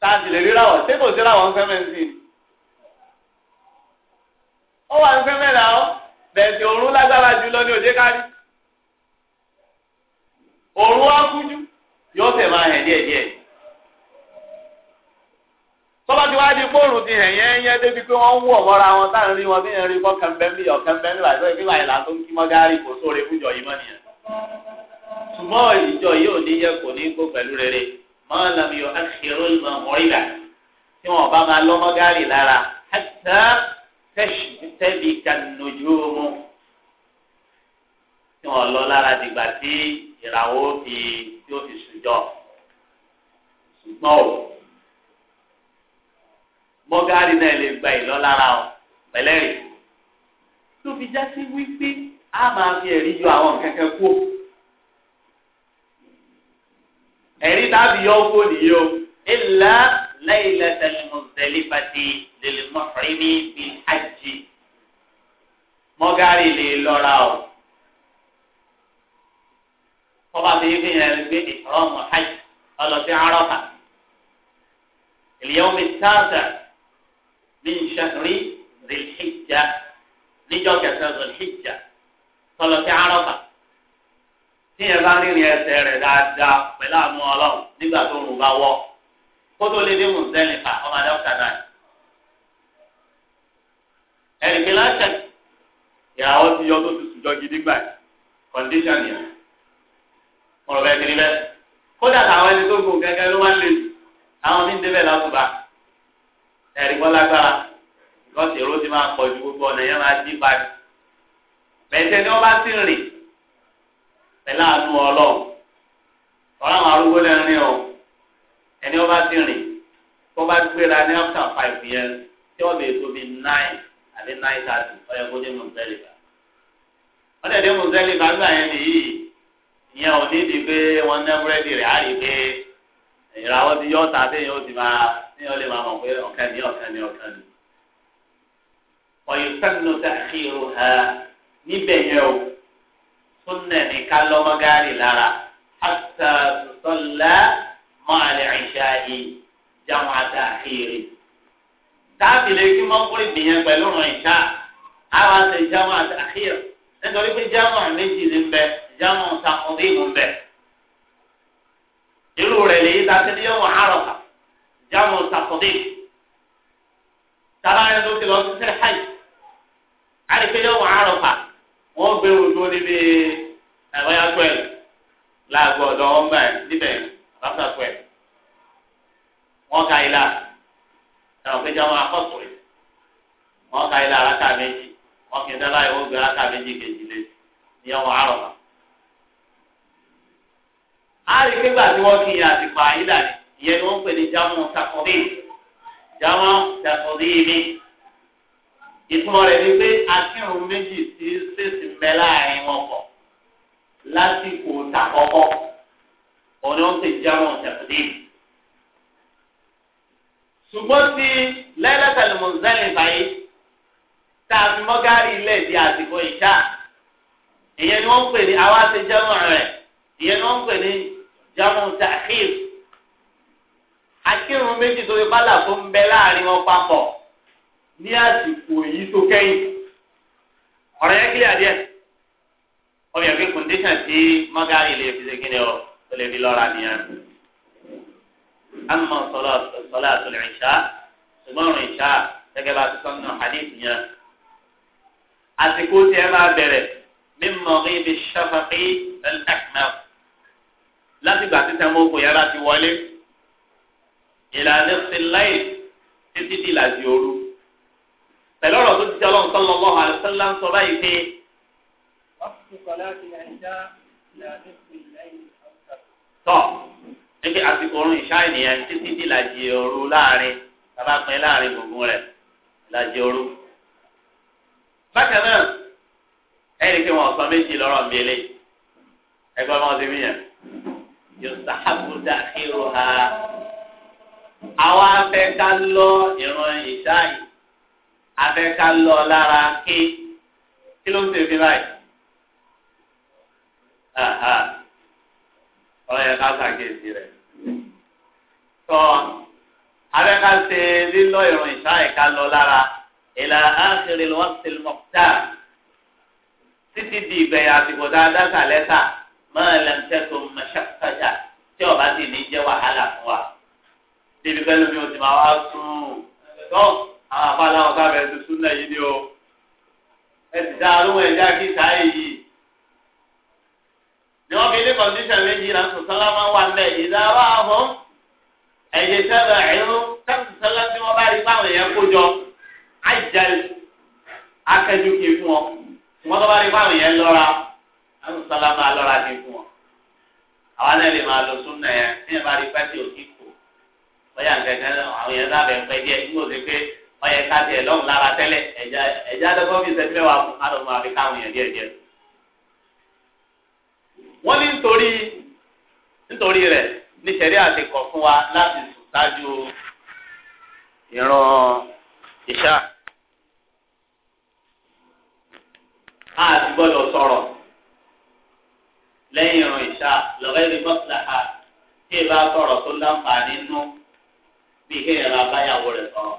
tá a sì lè ríra wọ̀ ṣé kò sí làwọn fẹ́mẹ̀sì ni. ó wà ń fẹ́mẹ̀ là ọ́ bẹ̀sẹ̀ òórùn lágbára jù ní òde kárí. òórùn wá kújú yóò fẹ̀ máa hẹ̀ díẹ̀díẹ̀ tọ́ba ti wá di fóònù ti hẹ̀ yẹn yẹn débi pé wọ́n ń wọ̀ mọ́ra wọn tá à ń rí wọn bí yẹn rí kọ́ kẹ́ńbẹ́ńbì ọ̀ kẹ́ńbẹ́ńbì àìsàn ìbílẹ̀ àìlà tó ń kí mọ́ gáárì kò sóore fújọ yìí mọ́ nìyẹn. ṣùgbọ́n ìjọ yìí ò ní yẹ kò ní kó pẹ̀lú rere máa ń lami yọ akérò ìmọ̀ tí wọ́n bá máa lọ́mọ́ gáárì lára ẹ̀ta tẹ́bi kanojomo tí wọ́n lọ lára dìgbà tí ìràwọ̀ fi mọ́gárì náà lè gba ìlọ lára ọ pẹ̀lẹ́rì. tó fi já sí wípé a máa fi ẹ̀rí yọ àwọn kẹ̀kẹ́ kú. ẹ̀rí tàbí yọ kó nìyí o ilà lẹ́yìnlẹ́ tẹlifọ̀tẹ́lì pàtì lèlè mọ́fẹ́rẹ́ ní bí àjì mọ́gárì lè lọ́ra ọ. kọ́ba tó yẹ kéèyàn gbé ìfọ̀rọ̀ mọ́ hajj ọlọ́sìn arọ́fà. اليوم التاسع ní sẹ́rí rìlhìjà níjọ́ kẹsàn-án rìlhìjà tọ́lọ sí arọ́bà tí yẹn bá rìnrìn ẹsẹ̀ rẹ̀ dáadáa pẹ̀lú àánú ọlọ́run nígbà tó ń bá wọ́ kó tó lé dé ìyàwó ti yọ tó ti sùjọ gidi gbà kọ́ndíṣàn yẹn mọ̀rọ̀ bẹ́ẹ̀ kiri bẹ́ẹ̀ kódà àwọn ẹni tó gùn gẹ́gẹ́ ló wá lè àwọn mí ń débẹ̀ lásùbà ẹ̀rí wọn lágbára lọ́sẹ̀ èrò ti máa pọ̀ ju gbogbo ọ̀nà yẹn máa dín báyìí. bẹ̀tẹ̀ ni wọ́n bá sì rìn pẹ̀lú àánú ọlọ́run ọ̀rọ̀ àwọn arúgbó lẹ́rìn o ẹni wọ́n bá sì rìn tó bá gbéra ní after five yẹn tí wọ́n lè tóbi nine àbí nine thirty ọ̀yẹ́ kó dé mọ̀tẹ́lìbà. wọ́n lè dé mọ̀tẹ́lìbà gbà yẹn nìyí ìyẹn ò ní ibi pé wọ́n ná rẹ̀ á rí pé ìràwọ̀ ti yọ ọ̀tà téèyàn ó ti máa ní ọlẹ́ máa mọ̀ pé ọ̀kan ní ọ̀kan ní ọ̀kan ní. ọ̀yọ̀sánù tàkìrò ha níbẹ̀ yẹn o súnà ní ká lọ́mọ́gárì lára àtà sọ̀lá mọ́àlẹ́ àìṣá yìí jáwọn àtàkìrì. táàbìlẹ̀ kí wọ́n kúrò ìgbìyànjú pẹ̀lú ọ̀rọ̀ ìṣá àwọn àti jáwọn àtàkìrì nítorí pé jáwọn méjì ní bẹ jáwọn sàkúndínlù bẹ. irú rẹ̀ lè yí ta sí ní yọ̀wọ̀ àrọ̀kà. jámọ̀ sàkọ̀dé tàbá yẹn ló ti lọ sí sẹ́lẹ̀ hajj àdìpé yẹn wọ́n àròpà wọ́n gbé níbi ẹ̀rọ̀yà twelve láàgbọ̀ ọ̀dọ̀ níbẹ̀ ráfà twelve wọ́n ka ilà ẹ̀rọ̀ pé jámọ̀ akọ́sùn wọ́n ka ilà aráka méjì ìyẹn ni wọ́n pè ní jamu takọ̀bí jamu takọ̀bí mi ìtumọ̀ rẹ̀ ni pé akírun méjì tí ṣèṣì ń bẹ láàrin wọn pọ̀ lásìkò takọ̀kọ̀ òun ni wọ́n pè jamu takọ̀bí ṣùgbọ́n tí lẹ́lẹ́tẹ̀lẹ̀ mọ̀nsẹ́lẹ̀ báyìí tá a fi mọ́gárì ilẹ̀ di àsìkò ìṣá ìyẹn ni wọ́n pè ní àwa ṣe jamu rẹ̀ ìyẹn ni wọ́n pè ní jamu ta'khir akírun méjì tó fi bálà tó ń bẹ láàrin wọn papọ̀ ní àsìkò èyí tó kẹ́yìn ọ̀rọ̀ yẹn kílẹ̀ adìẹ ọ̀rọ̀ yẹn fi kùndíṣàn tí mọ́gàrì lè fi ṣe kíni ọ tó lè fi lọ́ra nìyẹn. àmọ́ sọlá àtúnlẹ̀ ìṣá ṣùgbọ́n ọ̀rọ̀ ìṣá gẹ́gẹ́ bá ti sọ́nà hadith yẹn àsìkò tí ẹ máa bẹ̀rẹ̀ mímọ́ ibi ṣàfàkì ẹ̀ láti gbà títẹ̀ mọ́ kò yára ti ìlànà síláì títí di ìlàjì òru pẹ̀lú ọ̀rọ̀ tó ti jẹ́ ọlọ́run sọ́lọ́ lọ́wọ́ àlùsọ́lá ń sọ báyìí pé. tọ́ ebi àsìkò orun ìṣá ènìyàn títí di ìlàjì òru láàrin bàbá pin láàrin gbùngbùn rẹ̀ ìlàjì òru. bákan náà ẹ̀yìn kí wọ́n sọ méjì lọ́rọ̀ mi eléyìí ẹgbẹ́ wọn ti mí yẹn yóò sábà dá kí ro ha àwa afẹ́ ká lọ ìran ìṣá yìí afẹ́ ká lọ lára ké kí ló ń ṣe fi báyìí ọ̀rẹ́ ká ṣàkíyèsí rẹ̀ tọ́ afẹ́ ká ṣe lílọ ìran ìṣá yìí ká lọ lára ìlà áńkìrì lọ́sìlì mọ̀tà títí di ìgbẹ̀yà àsìkò dáadáa sàlẹ́sà máa lẹ́mtẹ́tò mọ̀ṣáfájà tí ọba sì ní jẹ́ wàhálà fún wa níbi tẹ́lẹ̀ mi ò ti máa wá sùn tán àwọn àfàlà ọ̀gá bẹ̀rẹ̀ tuntun náà yìí ni o ẹ ti dá arúgbó ẹ̀já kí sáyé yìí ni wọ́n fi ní kọ̀ǹdíṣàn méjì náà sọ sọ́lá máa wà lẹ̀ ìdáwà ọ̀hún ẹ̀yẹ sẹ́lẹ̀ ẹ̀rú sẹ́kùn sọ́lá tí wọ́n bá rí báwọn èèyàn kó jọ àjẹlẹ̀ akẹ́jú kì í fún ọ wọ́n tó bá rí báwọn èèyàn lọ́ra sẹ́kùn sọ́lá máa lọ́ra kì fún ọ àwọn náà máa lọ sún náà yẹn bóyá nǹkankan àwọn yẹn sábẹ̀ ń pẹ́ díẹ̀ tí mo ti pé ọyẹ káàdì ẹ̀ lọ́hùn lára tẹ́lẹ̀ ẹ̀já ẹ̀já dọ́gbọ́n fi ṣẹ́jú mẹ́wàá fún adọ́mọ àfi káwọn yẹn díẹ̀ díẹ̀. wọ́n ní nítorí nítorí rẹ̀ níṣẹ̀rí àtikọ̀ fún wa láti sùn ṣáájú ìran ìṣá. a ti gbọ́dọ̀ sọ̀rọ̀ lẹ́yìn ìran ìṣá lọ́rẹ́ rí mọ́tìlá tí ì bá sọ̀rọ̀ tó láǹfààní nú bí kéèyàn ra rẹ̀ sọ̀rọ̀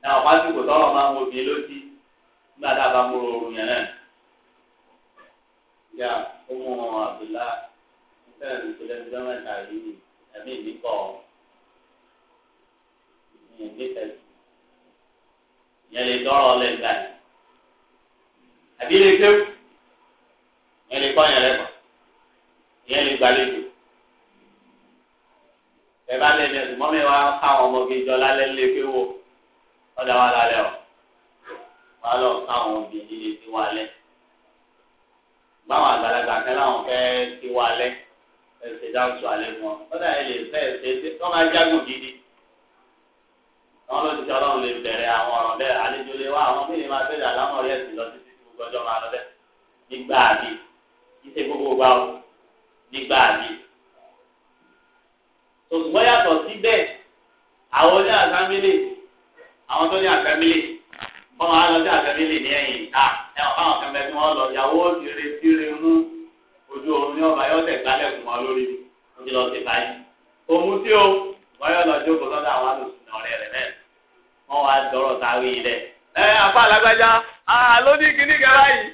náà ọ̀pá tí kò máa ń wo lójú nígbà tá a bá múra oorun yẹn náà yà ọmọ àbúlá nígbà tí kò lẹ́nu lọ́wọ́ ìta ẹ̀mí mi kọ̀ yẹn lè tọrọ lẹ́gbàá àbí lè tẹ́wọ́ yẹn lè kọ́ yẹn lẹ́kọ̀ọ́ yẹn lè gbàlejò bẹ́ẹ̀ bá lè ní ẹ̀sùn mọ́mí wa káwọn ọmọge jọ lálẹ́ pé wò ọ̀dà wa lálẹ́ o wà lọ káwọn obìnrin lè ti wà lẹ́ báwọn àgbàlagbà kan láwọn fẹ́ ti wà lẹ́ ẹsẹ̀ dáhùn alẹ́ fún ọ ọ̀dà ẹ̀ lè fẹ́ ẹsẹ̀ tó máa jágùn gidi àwọn olóṣìṣẹ́ ọlọ́run lè bẹ̀rẹ̀ àwọn ọ̀rọ̀ bẹ́ẹ̀ àlejò lè wá àwọn míì máa bẹ̀rẹ̀ àlámọ̀rí ẹ̀sìn lọ títí tí gbogbo máa lọ bẹ́ẹ̀ nígbà àbí ìṣe gbogbo òṣùgbọ́n yàtọ̀ síbẹ̀ àwọn oní àtàmílè àwọn tó ní àtàmílè wọ́n máa lọ sí àtàmílè ní ẹ̀yìn ìta ẹ̀wọ̀n fáwọn kan bẹ́ẹ̀ tí wọ́n lọ yàwó ìrè síre mú ojú oorun ní ọba yọ̀ọ̀tẹ̀ gbálẹ̀ fún wọn lórí ojú lọ sí báyìí òun tí o wọ́n yọ̀ lọ jókòó lọ́dọ̀ àwọn àlùsùn ọ̀rẹ́ rẹ̀ lẹ́nu wọ́n wá dọ̀rọ̀ sáré ilẹ̀ ẹ àfa alágbájá ló ní kíní kan báyìí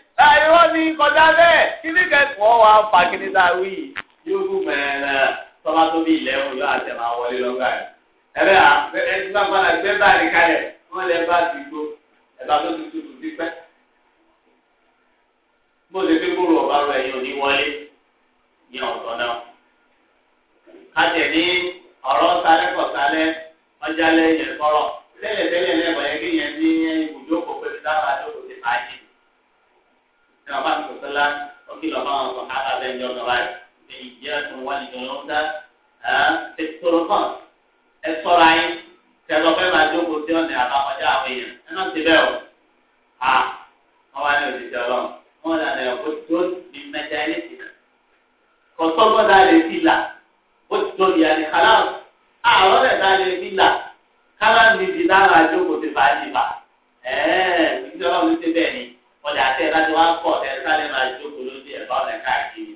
ẹ wọ́n ní kọjá bẹ́ẹ̀ kíní kan wọ́n wá fa kíní sáré yìí yóò kú mẹ́rẹ̀ẹ́ tọ́lá tó bí ìlẹ́wọ̀n yóò àti máa wọlé lọ́gbà yìí. ẹ̀rẹ́ à ẹ ti bá padà gbé báyìí kalẹ̀ wọ́n lẹ bá ti gbó ẹ̀bá tó ti tutù sí pẹ́. bó ṣe fi kúrò ọ̀bá rẹ̀ yìí ò ní wọlé ní ọ̀tọ̀ náà. a jẹ̀ ní ọ̀rọ̀ sálẹ̀ kọ̀ sálẹ̀ ọjà lẹ́yìn kọ́rọ̀ tẹ́lẹ̀ tẹ́lẹ̀ lẹ́bọ̀ yẹn kí yẹn ní ibùdókò pẹ̀lú dáhà tó kò ti fàájì. ìjọba tó sọlá ó kìlọ̀ ìyàtọ̀ wà nìkan ló ń dá ẹ̀sọ̀rọ̀ kan ẹ̀sọ̀rọ̀ ayé tẹ̀lọ́ fẹ́ máa jókòó sí ọ̀nà àbámọ́já àwọn èèyàn ẹ̀nà ti bẹ́ẹ̀ o à wọ́n wá ní òṣìṣẹ́ ọlọ́run wọ́n lànà ẹ̀kọ́ tó ní mẹ́ta ẹni tì náà kọ́sọ́gbọ́n dá lè fi là ó ti tó ìyá ní kálárù àwọn ọ̀rẹ́ dá lè fi là kálárù ní ti dára àjókòó ti bá yìí bá ẹ̀ẹ́ ìjọba mi ti bẹ́ẹ̀ ni ọ̀dà àti ẹ̀dá ti wá pọ̀ ẹ̀ sálẹ̀ máa jókòó lójú ẹ̀ bá ọ̀rẹ́ káàkiri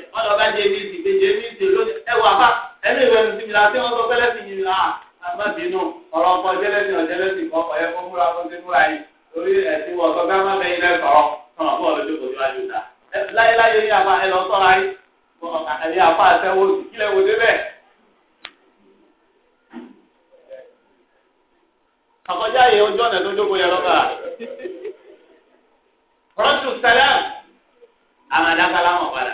ọlọ́ba jẹ mí ti gbèjẹ mí ti lóde ẹwà bá ẹnu ìwé mi ti mi la tí wọ́n sọ pẹ́lẹ́ ti yìnyín náà àmọ́ bínú ọ̀rọ̀ ọkọ̀ jẹ́lẹ́sìn ọ̀jẹ́lẹ́sìn kọ́ ọ̀yẹ́ fún múra fún ti múra yìí torí ẹ̀sìn wọ̀ sọ gbámá bẹ́yìn náà sọ̀rọ̀ náà bọ́ ọ̀rọ̀ jókòó síwájú ta láyéláyé ní àfa ẹ lọ sọ́ra yìí àkàlẹ́ àfa àtẹwò ìkílẹ̀ wò débẹ̀. àkọjá yìí ojú ọ̀nà tó jókòó yẹ lọ́kà. rọ́tù sẹ́lẹ̀ àmàdákàlà wọn padà.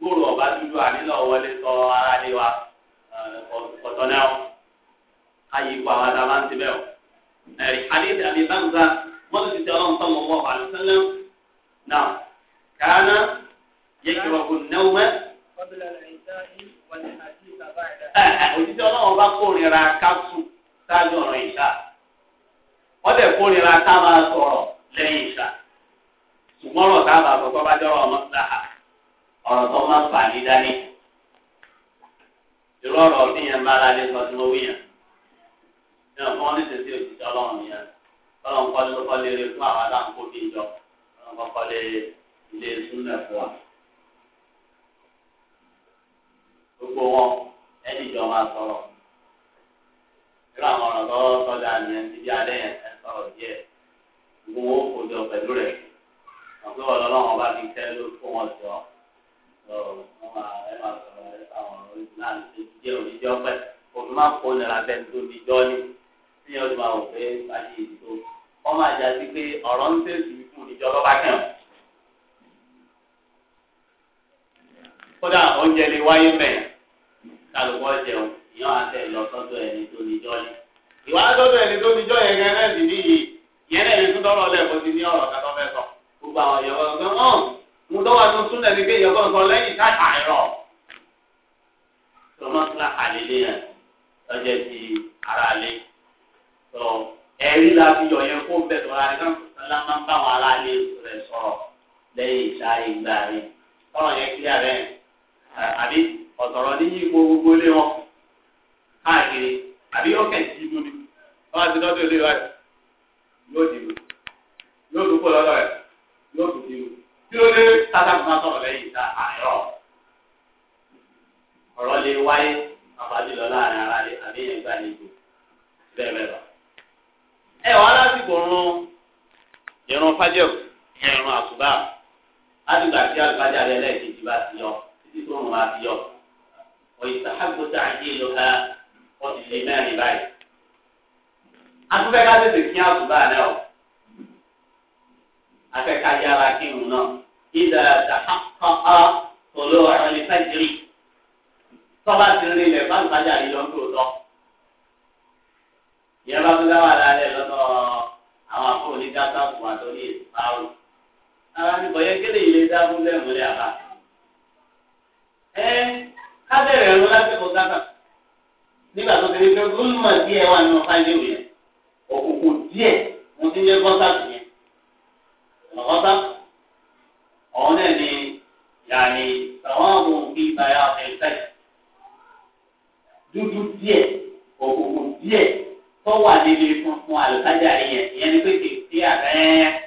gbòòrò ọba dúdú ànílọ wọlé sọ ara ni wa ọ̀tọ̀ náà ayé ipò àwọn àdàmà ń tibẹ̀ o. ẹ̀rí àdéhùn àbí báńkà wọ́n ti tẹ ọlọ́run tọ́mọ̀ mọ́ àlùsálẹ̀ náà kàánà yẹ kí wọ́n kò náwó mẹ́. òjijì ọlọ́run bá kórìíra káṣù sáájú ọ̀rọ̀ ìṣá wọ́n tẹ̀ kórìíra ká sọ̀rọ̀ lẹ́yìn ìṣá ṣùgbọ́n ọ̀rọ̀ tá a bá sọ tó ọmọ síláhà ọ̀rọ̀ tó máa ń fà ní dání. irú ọ̀rọ̀ tí yẹn bá lálé sọ tí mo wí yẹn. ní ọ̀pọ̀ wọn lè sí òjijì ọlọ́run yẹn. ọlọ́run kọ́lé ló kọ́lé rè fún àwọn aláǹkó bí ìjọ. ọlọ́run kọ́ kọ́lé ilé súnlẹ̀ fún wa. gbogbo wọn ẹni ìjọ máa sọ̀rọ̀. irú àwọn ọ̀rọ̀ tó sọ́jà yẹn ti bí alẹ́ yẹn ẹ sọ̀rọ̀ díẹ̀. gbogbo wọn kò jọ pẹ̀lú rẹ̀. àgbẹ̀wọ̀ lọ́lọ́run ọba fi tẹ́ ló fún wọn jọ máa kó nira bẹ́ẹ̀ tó di jọ́ọ́lì tí yẹn máa wò pé ayé ìdìbò wọ́n máa jà sí pé ọ̀rọ̀ ń tẹ̀sí fún ìjọ lọ́ba kẹ́hìn. kódà oúnjẹ lè wáyé mẹ́ẹ̀ kálukú ọ̀jẹun ìyàn àti ẹ̀lọ́ sọ́dọ̀ ẹni tó di jọ́ọ́lì. ìwà sọ́dọ̀ ẹni tó di jọ́ọ̀lì yẹn náà sì níyì yẹn náà lè tún tọ́rọ̀ lẹ̀ bó ti ní ọ̀rọ̀ kátó gbogbo àwọn ìyàwó ọ̀gbẹ́ mo tọ́ wa tó tún lẹ́ni pé ìyọ̀kọ́ nǹkan lẹ́yìn káàkà ẹ̀rọ. tọ́mọ sílá àlélé yẹn lọ́jọ́ ti ara lé. tọ́ ẹ̀rí la fi yọ̀ yẹn kó bẹ̀ tọ́ra rẹ̀ káàkó sálá máa ń bá wọn ará lé rẹ̀ sọ̀rọ̀ lẹ́yìn ìṣá ìgbà rẹ̀. tọ́rọ̀ yẹn kílíà rẹ̀ àbí ọ̀sọ̀rọ̀ ní yípo gbogbo lé wọn káàkiri àbí ọ̀kẹ́ ti dùn ni wọ́n á ti lọ́dọ̀ ilé wa yóò dìbò yóò dúpọ̀ lọ́dọ̀ yóò dìbò. tí lé sátánù máa sọ̀rọ̀ lẹ́yìn ìta àárọ̀ ọ̀rọ̀ lè wáyé àbájúlọ láàrin ara rẹ̀ àbí yẹn gbà níbi bẹ́ẹ̀ bẹ́ẹ̀ lọ. ẹ wàá lásìkò run irun fájọ irun àsùbà látìgbà tí àlùfájà rẹ lẹ́ẹ̀kejì bá ti yọ títí tó rùn bá ti yọ lè mẹ́rin báyìí. tètè kí náà. ìdá àtàkàkà tòló àrùn fàjìrì tọ́ba ti rí ilẹ̀ bá ìpàdé àríyọ tó tọ́. bá tó dáwà lálẹ́ lọ́dọ̀ àwọn àkókò ní dáta fún wa torí ara ní bọ̀yẹ́ kéde ilé dábú lẹ́múlẹ̀ àbá. ẹ kábẹ̀rẹ̀ ẹ̀rọ lásìkò dáta nígbà tó ti rí pé gómìnà díẹ̀ wà nínú fáìlì rẹ̀ òkùnkùn díẹ̀ mo ti ń yẹ kọ́ńtàkì. dúdú díẹ̀ òkùnkùn díẹ̀ tó wà níbi funfun àlùfájà yẹn ìyẹn ni pé kìí sí àbẹ́ẹ́.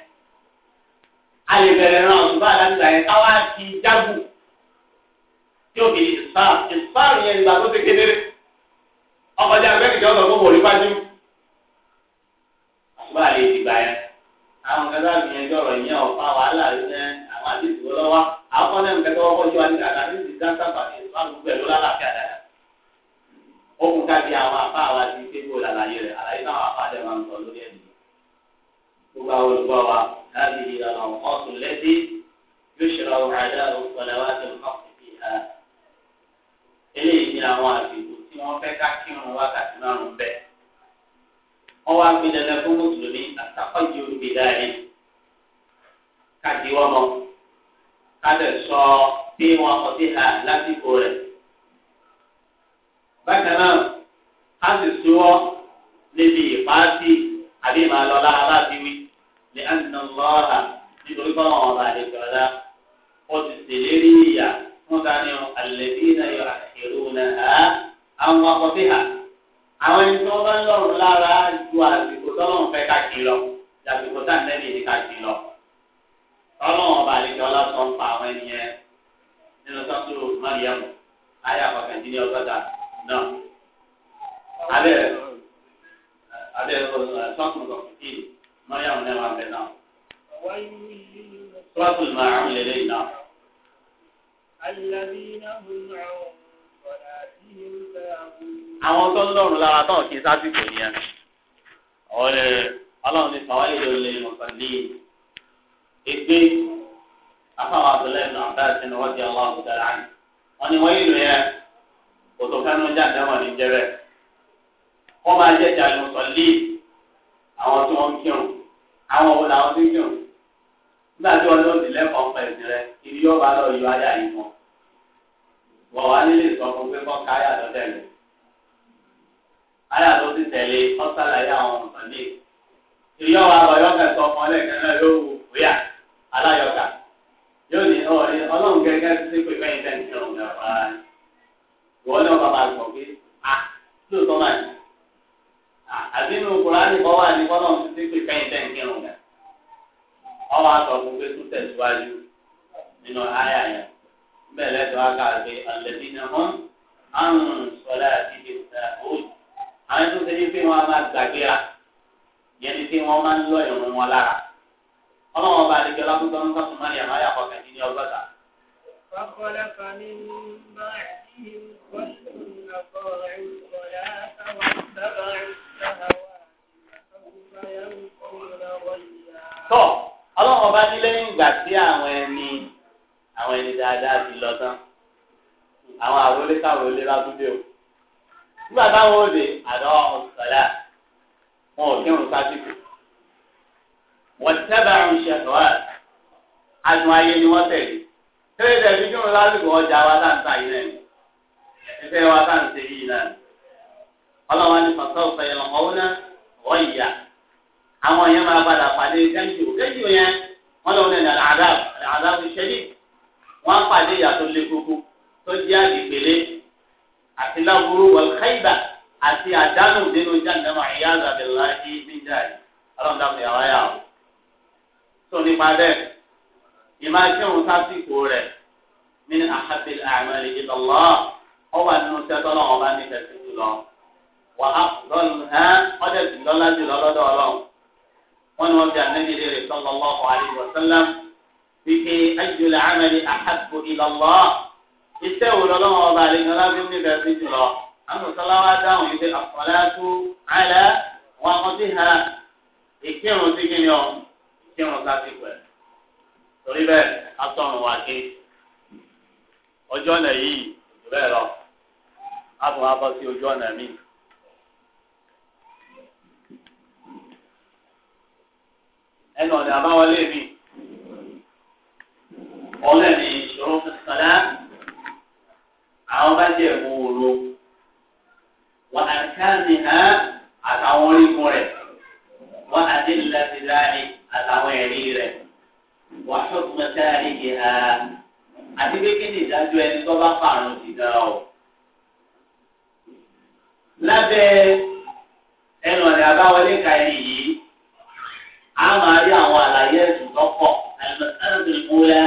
sọláwá dáhùn yìí pé àfọláṣú àlẹ wọn kò sí ha ìkírun sí kí ni ọ ìkírun sásìkò ẹ torí bẹ́ẹ̀ atọrun ké yìí lọ a tún sí mi ìṣòro fún àwọn bá jẹ́ wà á káàmì hàn àtàwọn orígun rẹ̀ wà á dé láti láàyè àtàwọn ẹ̀rí rẹ̀ wà á sọ̀tún sáàrí kì hàn àti pé kí ni ìdájọ́ ẹni tó bá pààrùn ti dá o. lábẹ́ ẹnu ọ̀nà àbáwọlé ka ẹni yìí a máa rí àwọn àlàyé ẹ̀sùn tó pọ̀ ẹ̀sùn tó lẹ́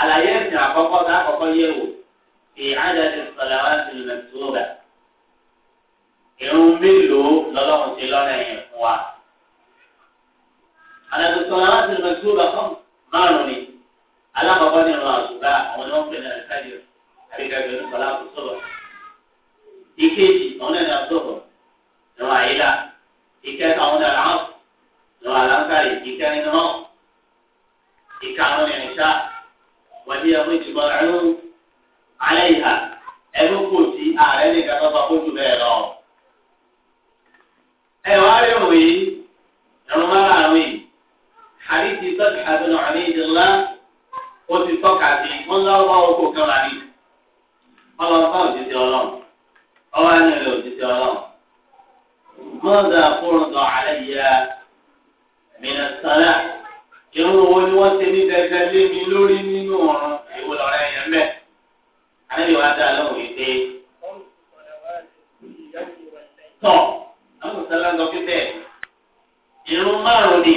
àlàyé ẹ̀sìn àkọ́kọ́ tá àkọ́kọ́ yẹ̀ wò ìhádà ti sọ̀lá wá sí ìrìnàjò rẹ̀. irun mélòó lọ́lọ́run ti lọ́nà yẹn fún wa. àdàtúntàn aláṣẹ ìrìnàjò bá fún márùn ni alákọ̀ọ́kọ́ ní ìrìn àṣùgbà àwọn ni wọ́n pè ní àríkàjọ ní sọlá kò ìkejì àwọn náà ní àsọ̀rọ̀ ìrìn àyílà ìkẹta àwọn náà làwọn ìrìn àlàǹkàrì ìkẹrin náà ìkarùn ìrìnṣà wàdí ẹ̀fọ́ ìdìbò àrùn àlẹ́ ìhà kò sí ààrẹ tó bá kó jù bẹ́ẹ̀ lọ. ẹ wá rí òun yìí ẹrù má rà wí àríjì tọ́jú àbẹnú àríjì ńlá ó ti tọ́ka sí wọn lọ́wọ́ oko kan rà ní ọlọ́pàá òjijì ọlọ́run ọwọ́ ẹni rẹ̀ òjijì ọlọ́run mọ́tà fúrùtọ̀ àlẹ́ yẹ mìíràn sọ́lá irun owó tọ́ àwọn sọlá ń lọ pé bẹ́ẹ̀ irun márùn ni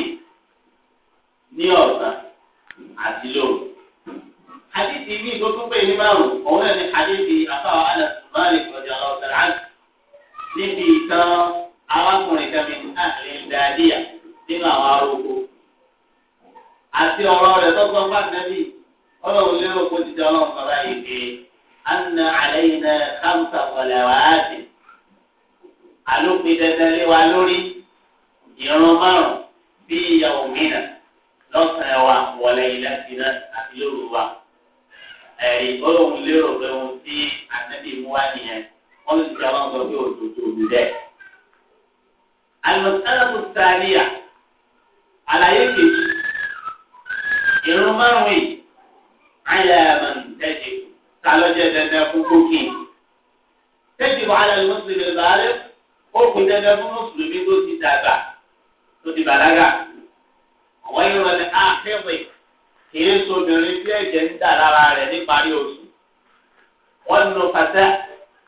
ní ọ̀sán àti lóru hadithi ní ìgbókùn pé ní márùn òun náà ní hadithi afáwọn alàsùnmáàlì ọjà ọ̀sán àti níbi ìtàn arákùnrin kẹmí àti ìdáadíyà nínú àwọn aróko àti ọ̀rọ̀ rẹ̀ tọ́gbọ́n bá nẹ́bí ọlọ́run lérò kó ti di ọlọ́run sọ̀rọ̀ àyè pé anna àlẹ́ yìí náà khamsa salawati àlópin dandan lé wa lórí ìrún márùn bí ìyàwó mìíràn lọ́sàn-án wa wọlé ilé àti náà àti lóru wa ìgbọ́lọ́hún lérò pé ohun tí àtẹ́bí mú wá nìyẹn wọ́n ti ti àwọn ọ̀dọ́ bí òdodo òdu dẹ́. Àlùmọ̀tálàkù àlàyé kejì ìrún márùn yìí àyàmà tẹ́jì ta lọ́jọ́ dandan fún kókì. Tẹ́jì wàhálà ni wọ́n ti lè ó kò fún mùsùlùmí tó ti dàgbà tó ti bàlágà àwọn yìí wọn ni àfẹ́wẹ̀ ah, kìí sobìnrin tí ẹ̀jẹ̀ ń dà lára rẹ̀ níparí oṣù wọn nù pàtẹ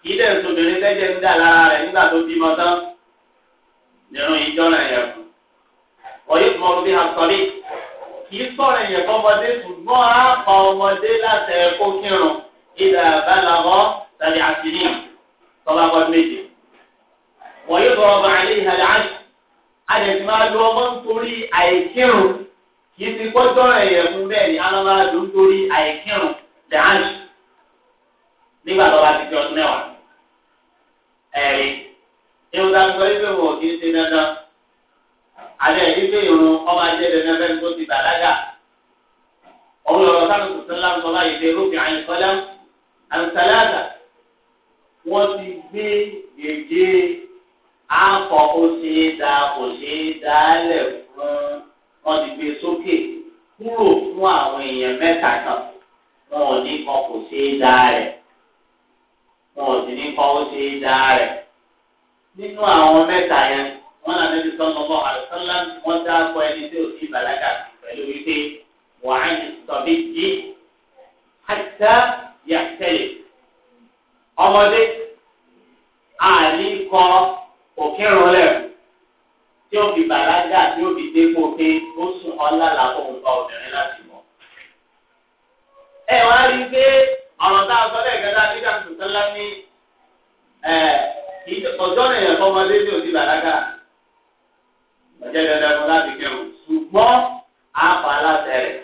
kìí dẹ̀ sobìnrin tí ń dà lára rẹ̀ nígbà tó bímọ tán nínú ìjọ náà yẹ fún wọn yóò fún ọmọ bí asọ́lé kìí sọ̀rọ̀ ẹ̀yẹ̀ fọmọdé ṣùgbọ́n àpá ọmọdé láti ẹ̀kọ́ tàbí àtìní tọ́lá bọ́ méje wọ́n yóò tọrọ bàrà ní ìhàlẹ́ àjù àjẹsí máa lo ọmọ nítorí àìkírun kì í ti gbọ́dọ̀ ẹ̀yẹ̀ fún bẹ́ẹ̀ ni alábàádó nítorí àìkírun lẹ́ àjù nígbà tó bá ti di ọdún mẹ́wàá ẹ̀rí irun tá a sọ ife wò kì í ṣe dandan àlẹ́ ife irun ọmọ ajé dandan tó ti bàlágà ọ̀run lọ́rọ̀ sáà tó sọ́lá ń sọ dé rúbì àyìnkọ́lá àǹtàlá wọ́n ti gbé gègé á kọ ó ṣe é dá kò ṣe é dá lẹ̀ fún wọn ti gbé sókè kúrò fún àwọn èèyàn mẹ́ta kan wọn ò ní kọ kò ṣe é dá rẹ̀ wọn ò sì ní kọ ó ṣe é dá rẹ̀ nínú àwọn mẹ́ta yẹn wọn náà níbi sọ́nà bọ́ àlùsọ́lá wọn dá kọ ẹni tí ò sí ìbàlágà pẹ̀lú wípé wàá ní sọ̀bí jí àtẹ yàtẹ̀lẹ̀ ọmọdé àlìkọ́ òkè rọlẹ̀ tí ó fi bàlágà tí ó fi dé kó pé ó sùn ọ́nlá làwọn òǹkà obìnrin láti mọ̀. ẹ wá rí i pé ọ̀rọ̀ tá a sọ lẹ́ẹ̀kẹ́ tá a fi dà sùn sọ́lá ní ọjọ́ nìyẹn fọmọdé tí ò sí bàlágà ọjọ́ dandan fún láti kẹrù ṣùgbọ́n àpá aláṣẹ rẹ̀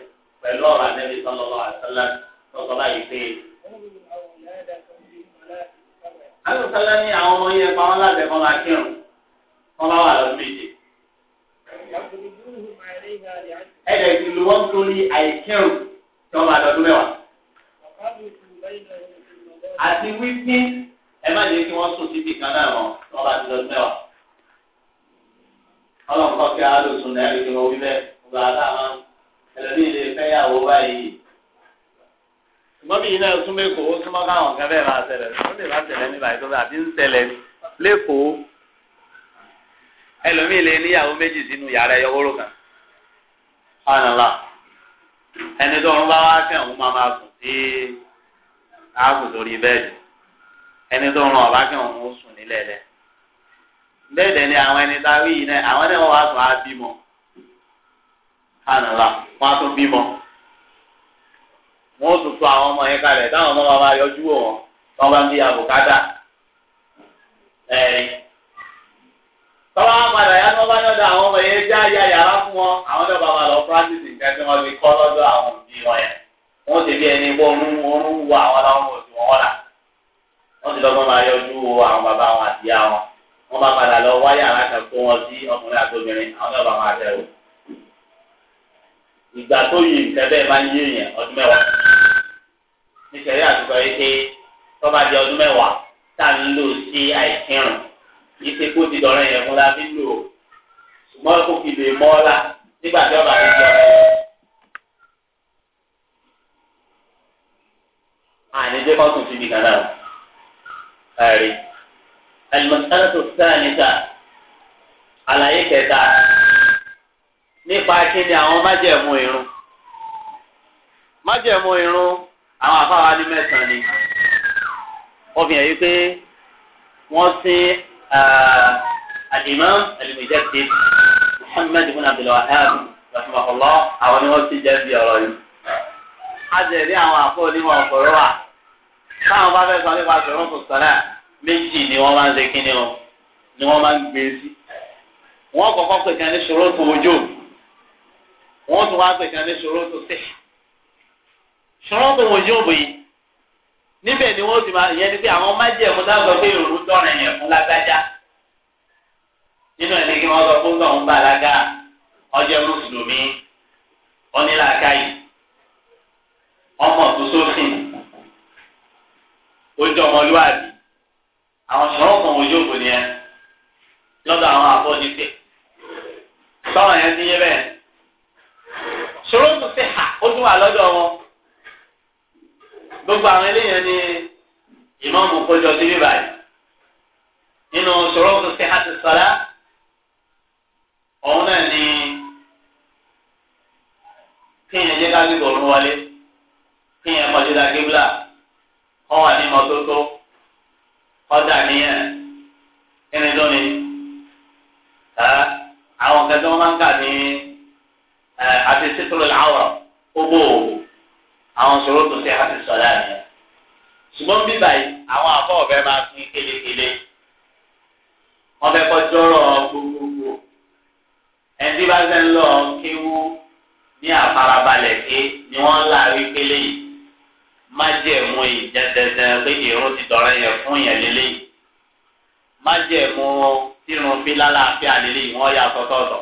pẹ̀lú ọ̀rọ̀ àdẹ́bí sọ́lọ́lọ́ àṣálá pé àwọn sọlá ní àwọn ọmọ yẹn pa wọn láti ẹ̀kọ́ máa kírun wọn bá wà lọ méje. ẹ̀jẹ̀ ti lu wọn torí àìkírun tí wọ́n máa dọdún mẹ́wàá. àti wípé ẹ má jẹ́ kí wọ́n sùn síbi kan náà mọ́ tí wọ́n bá ti dọdún mẹ́wàá. ọlọ́run kọ́ kí alóòsùn náà lè fi wọ́n wí bẹ́ẹ̀ gbogbo àtàwọn ẹlòmíì báyìí. ṣùgbọ́n bí iná ẹ̀sùn ó súnmọ́ káwọn kan bẹ́ẹ̀ máa ṣẹlẹ̀ ó lè má ṣẹlẹ̀ nígbà tó bá àbí ń ṣẹlẹ̀ lẹ́kọ̀ọ́ ẹlòmíì lè níyàwó méjì sínú yàrá ẹyọ wóró kan ẹni tó ń bá wá fẹ́ òun máa máa sùn sí bẹ́ẹ̀dì ẹni tó ń ràn ọ̀bá fẹ́ òun ó sùn nílẹ̀ àwọn ẹni yìí náà àwọn wá sùn á bímọ á tún bímọ. wọn ó tuntun àwọn ọmọ yẹn kalẹ̀ táwọn ọmọ bàbá yọjú wò wọn wọn bá ń bí abùkádà ẹ̀rín. tọ́wọ́ padà yá tí bá ọmọ yẹn já ya yàrá fún wọn àwọn ọ̀dọ́ bàbá lọ nǹkan tí wọ́n fi kọ́ lọ́dọ̀ àwọn òbí wọn yẹn wọ́n ti bí ẹni bọ́ àwọn àwọn bàbá wọn àti wọn wọ́n bá padà lọ wáyà aláṣà kó wọn sí nítorí àtúntò yìí pé tọ́ba di ọdún mẹ́wàá tá a lò sí àìkírun yìí ṣe kó ti dọ̀rọ̀ yẹn fún la fi lò ṣùgbọ́n kò fi lè mọ́ ọ́ la nígbà tí ọba ti di ọdún yẹn. àníjẹ́ kan tún fi bí kan náà ẹ̀rí alimọ̀tánátò sáàníta àlàyé kẹta nípa kíni àwọn májẹ̀mú irun májẹ̀mú irun àwọn afáwa ní mẹ́sàn-án ni obìnrin yìí pé wọ́n sin alimam alimujaddid muhammed ibn abdulwahab rahimahullah àwọn ni wọ́n ti jẹ́ bí ọ̀rọ̀ yìí. a jẹ̀ ní àwọn àpò onímọ̀ ọ̀pọ̀rọ̀ wa táwọn bá fẹ́ sọ nípa sọ̀rọ̀ tó sọ̀rọ̀ méjì ni wọ́n máa ń ṣe kíni o ni wọ́n máa ń gbé e sí. wọ́n kọ́kọ́ pè kan ní ṣòro tó ojú wọ́n tún wá pè kan ní ṣòro tó sèṣ ṣọ́rọ́tò wọn yóò bòye níbẹ̀ ni wọ́n ti máa ìyẹn ti pé àwọn májẹ̀mú dágbọ́ pé òru dọ́rin yẹn fún lágbájá nínú ẹ̀ ní kí wọ́n sọ fún tọ̀hún ọjọ́ mùsùlùmí ọmọ tó sófin ojú ọmọlúwàbí àwọn ṣọ́rọ́tò wọn yóò yẹn lọ́dọ̀ àwọn yẹn ti bẹ́ẹ̀ ó tún gbogbo àwọn eléyàn ni ìmáàmù kójọ sí bíbá yìí nínú sọ̀rọ̀ tó ṣe àti sọ̀rọ̀ ọ̀hún náà ni kéèyàn jẹ́ ká gbígbọ̀ ọ̀run wọlé kéèyàn kọjú dá gébúlà kọ́ wà ní mọ́tótó kọ́dà níyàn ẹni tó ni àwọn kẹtọ́ máa ń kà ní àti sítúrò làwọ̀ ó bò àwọn sọ̀rọ̀ tó ṣe àti sọ̀lá yẹn. ṣùgbọ́n bí báyìí àwọn àfọ ọ̀bẹ máa pín kélékélé. wọ́n fẹ́ kọ́ jọ́rọ̀ gbogbogbò. ẹni tí bá fẹ́ lọ kéwú ní àfarabalẹ̀ ké ni wọ́n là rí pélé yìí. má jẹ́ mú ìjẹ́ dandan pé ìrún ti dọ̀rọ̀ yẹn fún yẹn lélẹ́yìí. má jẹ́ mú tírun fi lálàáfíà lélẹ́yìí wọ́n yà sọ́tọ̀ọ̀tọ̀.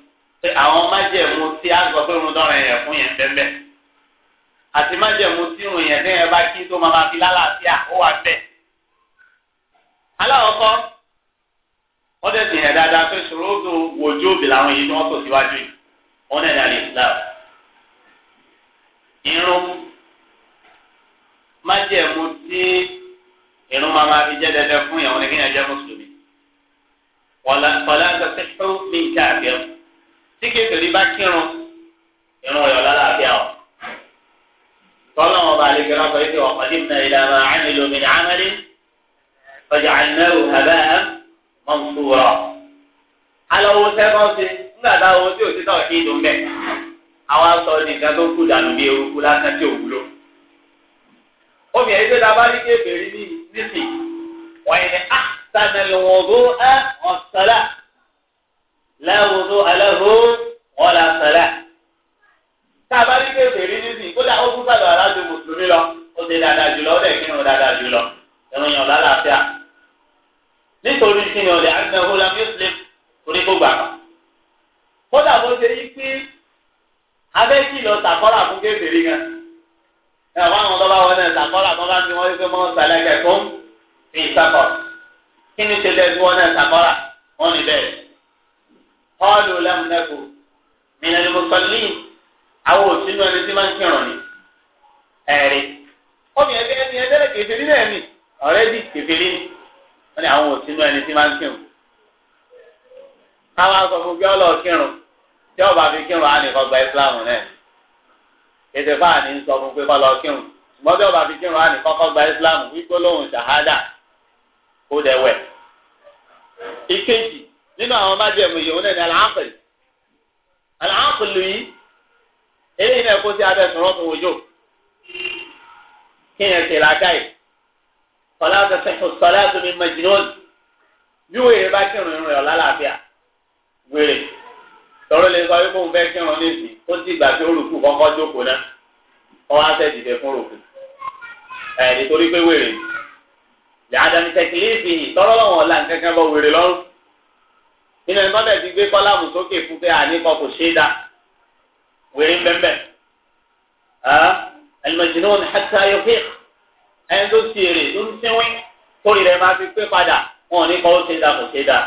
pé àwọn májẹ̀mú tí a gbọ́ pé irun dọ́rin yẹn fún yẹn bẹ́ẹ̀ àti májẹ̀mú tí irun yẹn bẹ́ẹ̀ bá kí tó máa fi lálàáfíà ó wà bẹ́ẹ̀. aláwọ̀kọ́ wọ́n tẹ̀sí yẹn dáadáa pé ṣòro wojú òbí làwọn èyí tí wọ́n tò síwájú yìí wọ́n náà dàlẹ́ Islam. irun májẹ̀mú tí irun máa máa fi jẹ́ dandan fún yẹn wọn ni kí yẹn jẹ́ mùsùlùmí. wọ́n lọ́ọ́ tí kébìrì bá kírun irun rẹ̀ ọ̀làlàáfíà ọ̀ tọ́lá wọn bá lè gbẹ́rọ́ pẹ̀lú ọ̀pọ̀ ní ìlànà ìlànà àmìlò mi ní àmàlí ọjà ànáwó àbá mọ̀nsúwọ̀ alọ́wọ́ tí kí àwọn aṣọ tó kú dànù bí eruku lásán tí obìnrin tó ní ní wọ́n yẹn ọ̀sán ah, lẹ́wọ̀dó aláhó wọn là sẹlẹ̀. tá a bá rí kéferì nísìnyí kódà ó kú sàlọ̀ aláàjò mùsùlùmí lọ ó ṣe dáadáa jùlọ ó dẹ̀ kírun dáadáa jùlọ ẹ̀rùn yàn lálàáfíà. nítorí kí ni ọ̀lẹ́ àgbẹ̀wò la muslim torí kó gbà kan. kódà bó ṣe yí pé abẹ́jì lọ sàkọ́rà fún kéferì gan. ẹ̀ wọ́n àwọn tọ́ba wọn náà sàkọ́rà tó bá ń bí wọ́n ṣe mọ́ sàlẹ̀ kẹ̀kọ́ fi sàkọ̀ kí ni ṣe lẹ́gbọ́n náà sàkọ́rà wọ́n ní bẹ́ẹ̀ kọ́ọ̀lù lẹ́mùnẹ́kù mìíràn ni mo sọ lẹ́yìn àwọn òsínú ẹni tí máa ń kírun ni ẹ̀rí. omi ẹ̀fẹ́ ẹni ẹ̀dẹ́rẹ̀ kẹfẹ́lí náà ni ọ̀rẹ́dì kẹfẹ́lí ni wọ́n ní àwọn òsínú ẹni tí máa ń kírun. káwọn aṣọ fún gbẹ́ọ́lọ̀ kírun tí ọba fi kírun á nìkan gba Islam náà ètò ìfáà ní sọ fún pé kọ́ kírun ṣùgbọ́n tí ọba fi kírun á nìkan kọ́ gba Islam wípé lóhùn ṣàhádà ó dẹ̀ wẹ̀. ìkejì nínú àwọn májèmú yìí òun náà ní aláàpẹ̀lì aláàpẹ̀lì yìí eléyìí náà kó sí abẹ́ sọ̀rọ̀ tó wòjò kí yẹn ṣe làákàyè sọlá tó sẹ́kù sọlá tó mi mẹjìnnọ́ọ̀lù bí wèrè bá kírun irun rẹ̀ lálàáfíà wèrè tọrọ lè sọ wípé òun fẹ́ kírun níbi ó sì gbà pé olùkú kọ́kọ́ jókòó náà ọwọ́ àṣẹ dìde fún òkú ẹ̀ nítorí pé wèrè yàrá ní tẹkílíìfì tọrọ lọ́wọ́ ọ̀la nǹkan kan bọ̀ wèrè lọ́rùn nínú ẹni tó dẹ̀ ti gbé kọ́lámù sókè fún pé àníkọ́ kò ṣe é dá wèrè ń bẹ́ẹ̀ bẹ́ẹ̀ ẹlẹ́mọ̀jìnnìwọ̀n hẹ́tà yóò fi ẹni tó ti èrè ló ń tẹ́wín torí rẹ̀ máa fi pé padà wọn ò ní kọ́ ó ṣe é dá kò ṣe é dá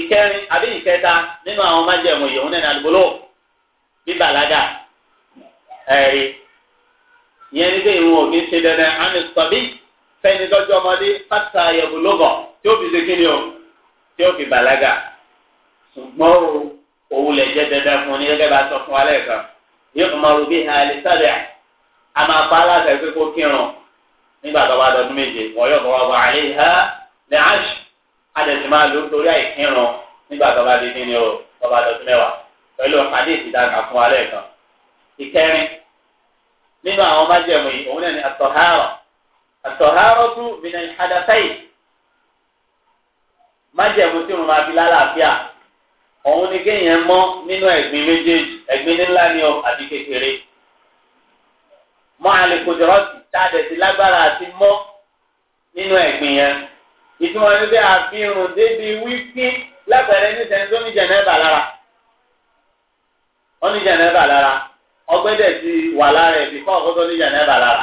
ìkẹrin àbí ìkẹta nínú àwọn májẹ̀mú ìyẹ̀wò náà ní àdúgbò bíbàlágà ẹ̀rí ìyẹn ní pé ìwọ̀n òbí ṣe dandan àmì sọ̀bí fẹ́ni tọ́jú ọmọdé tí o fi bàlágà ṣùgbọ́n o òun lè jẹ́ dandan fún un ní gẹ́gẹ́ bí a máa pa aláṣẹ pé kó kírun nígbà tó bá dọdún méje wọ́n yóò fọwọ́ ha ní àṣì máa torí àìkírun nígbà tó bá di o tó bá dọdún mẹ́wàá pẹ̀lú fún ìkẹrin nínú àwọn májẹ̀mú yìí òun náà ni àtọ̀hárọ̀ àtọ̀hárọ̀ tún májẹ̀mú tí mo máa fi lálàáfíà òun ni kéèyàn mọ́ nínú ẹ̀gbin méjèèjì ẹ̀gbin ńlá ni ọ àti kékeré mọ́ àlèkòjọ́rọ́ ti táàdẹ̀ sí lágbára àti mọ́ nínú ẹ̀gbin yẹn ìtumọ̀ ní bí àfihàn débi wípé lábẹ́rẹ́ ní sẹ́ńtì ó ní jẹ̀nẹ́bà lára ó ní jẹ̀nẹ́bà lára ọgbẹ́dẹ̀ ti wà lára ẹ̀ bí fọ́ọ̀kọ́ tó ní jẹ̀nẹ́bà lára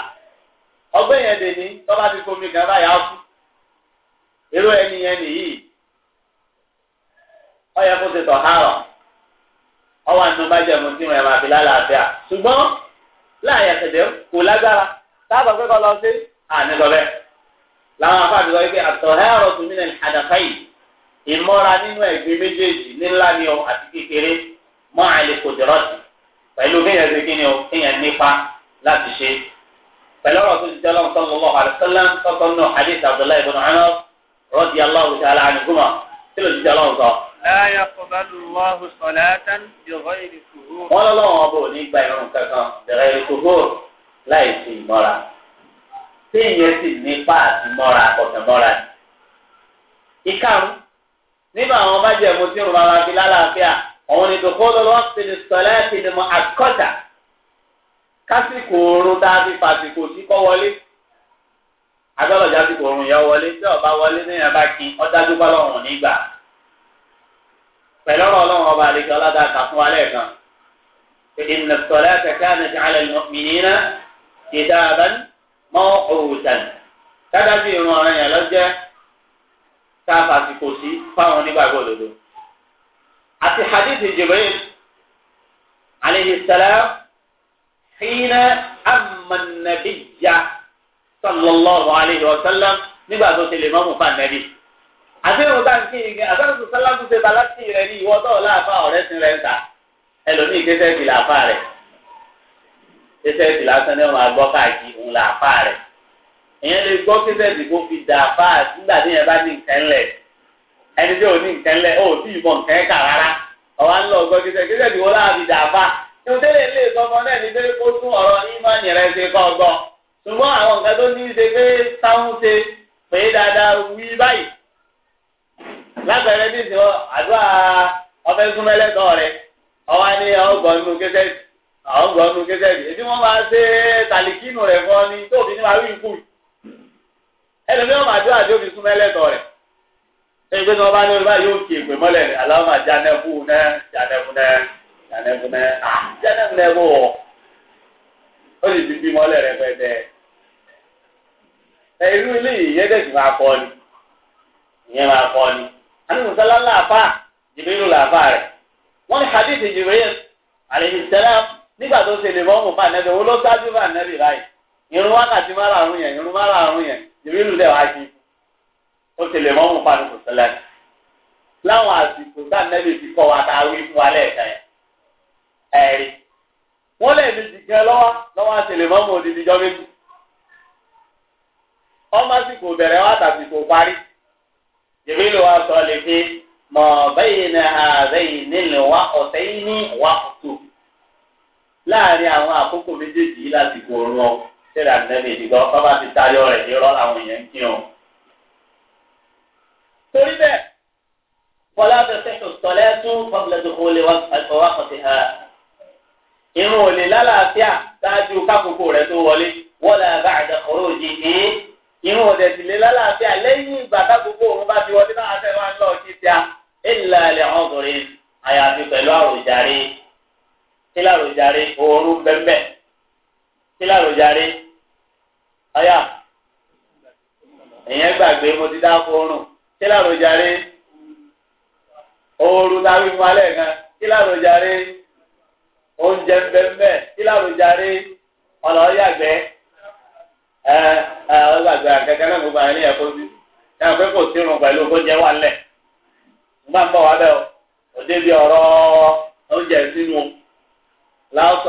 ọgbẹ́ yẹn dè ní tọ́ba ti fomi kan báyà á kú irú ẹni yẹn nìyí ọyẹ kó ti tọ̀ hárọ̀ ọwọ́ ànúbàjẹ̀mú tí wọn ẹ̀ máa fi lálàáfíà ṣùgbọ́n láàyè ẹ̀sẹ̀dẹ̀ kò lágbára táàbà pé kọ́ lọ sí ànilọ́bẹ̀ làwọn afáàbí sọ pé àtọ̀hárọ̀ tún nínú àdàfà yìí ìmọ́ra nínú ẹ̀gbin méjèèjì nílá ni ọ àti kékeré mọ́ àìlè kò dẹ̀rọ̀ sí pẹ̀lú kéèyàn ṣe kíni o kéèyàn nípa láti ṣe pẹ̀lú ọ̀rọ̀ tó ti tẹ́lọ̀ sallallahu alaihi láyà kọ̀bálù wọ́hù sọ̀láàtàn yọ̀gọ́ ìrì kúrò. wọ́n lọ́wọ́ wọn bò ní gba irun kankan bẹ̀rẹ̀ ìrì kúrò láì sí ìmọ́ra tí ìyẹn sì nípa àti mọ́ra àkọ́kẹ́ mọ́ra ni. ìkarùn nínú àwọn májèmú tí ìrùn bàbá fi lálàáfíà òun ni dòkó lọ́wọ́ sinmi sọ̀láàtì ni mo àkọ́jà kásìkò oorun tá a fi fàsìkò sí kọ́ wọlé agbọ́dọ̀ jásìkò oorun yẹn wọlé tí ọ pẹ̀lú ọ̀rọ̀ ọlọ́run ọba àlejò aládàáta fún alẹ́ kan ìdìnnà sọ̀rọ̀ ẹ̀kẹ́kẹ́ àti alẹ́ mìíràn ìdá abẹ́n mọ́ òwúsàn dádájú ìrún ọ̀ràn yẹn lọ́jẹ́ tá a fàsìkò sí fáwọn onígbàgbọ́ òdodo. àti hadithi Jibril alayhi salam hina amma nabiyya sallallahu alayhi wa sallam nígbà tó ti lè mọ́ mú fa nàbí àtẹ̀wò tá n kí ni àtàkùn tó sálábù ṣe balátì rẹ ní ìwọ tó láàfà ọ̀rẹ́ sin rẹ ń ta ẹlòmíì kẹsẹ̀ ti làáfà rẹ kẹsẹ̀ ti lásán ní ọmọ agbọ́ káàkiri òun làáfà rẹ èyàn lè gbọ́ kẹsẹ̀ tí kò fi dà fà nígbà tí yẹn bá ní nǹkan lẹ̀ ẹni tí ò ní nǹkan lẹ̀ ó sì mọ nǹkan kà rárá ọ̀wá ń lọ gbọ́ kẹsẹ̀ kẹsẹ̀ tí wọ́n láàfi dà fà tòtẹ́lẹ̀ lè sọmọ náà ní pé kó tún ọ̀rọ̀ ìmọ̀ọ́nì rẹ ṣe ṣùgbọ́n àwọn nǹkan tó ní ṣe pé táwọn ṣe pé dáadáa wí báyìí lábẹ́rẹ́ bí ìsìn àdúrà ọ̀fẹ́ súnmẹ́lẹ́tọ̀ rẹ ọwọ́ ni ọgbọ̀nù kẹsẹ̀tì ọgbọ̀nù kẹsẹ̀tì èyí wọ́n máa ṣe tàlíkínù rẹ̀ fún ọ ni tóbi ní wàá rí ikú ẹlòmíràn máa dúrà tí ó súnmẹ́lẹ́tọ̀ rẹ̀ ẹgbẹ́ tí wọ́n bá ní olùbá yóò kí ègbè mọ́lẹ̀ ní aláwọ̀ máa jánẹ́fù náà jánẹ́fù náà jánẹ́fù náà ah jánẹ́fù náà ó sì ti bí mọ́lẹ̀ rẹ̀ ní musala ńlá àfa jìbìrìlù làfa rẹ̀ wọ́n ní hadithi jìbìrìlù alayhi nígbà tó ṣe lè fún anabi ló ṣáájú fún anabi láyé irun wákàtí ya yẹn irun márààrún yẹn jìbìrìlù lẹ̀ wá kí ó ṣe lè mọ́ fún anabi anabi ti wa ká wí fún wa lẹ́ẹ̀kan yẹn ẹ̀rí lè fi lọ́wọ́ lọ́wọ́ ọmọ àsìkò bẹ̀rẹ̀ jìbìlì wa sọ lè fi mọ̀ bẹ́yìn ní àárẹ̀ nílẹ̀ wá ọ̀sẹ̀ yìí ní wá ọ̀tò láàrin àwọn àkókò méjèèjì yìí láti kó orun ọ tẹ̀lé àtẹ̀lé ìdìgbọ́ bábà ti tayọ rẹ̀ ní rọ́ àwọn èèyàn ń kí wọn. torí bẹ́ẹ̀ wọlé àtẹ̀sẹ̀tò sọlẹ́ tún fọ́bùlẹ́tò kó lè wá kọ̀tì ha irun ò lè lálàáfíà ṣáájú kákòókò rẹ̀ tó wọlé wọ́n lè bá òjì ní irun òdẹ̀sílẹ̀ lálàáfíà lẹ́yìn ìgbà tá gbogbo òun bá ti wọlé náà fẹ́ máa lọ sí ti a ìlà ilẹ̀ ọkùnrin àyàfi pẹ̀lú àròjàre kí láròjàre oorun bẹ́ẹ̀ kí láròjàre ọ̀yà èèyàn gbàgbé mo ti dáko oorun kí láròjàre oorun táwí fún alẹ́ kan kí láròjàre oúnjẹ bẹ́ẹ̀ kí láròjàre Ee, ẹ ọgbàgbà kẹkẹ náà pé kò sí irun pẹ̀lú wà lẹ̀ ń o òde bí ọ̀rọ̀ oúnjẹ sínú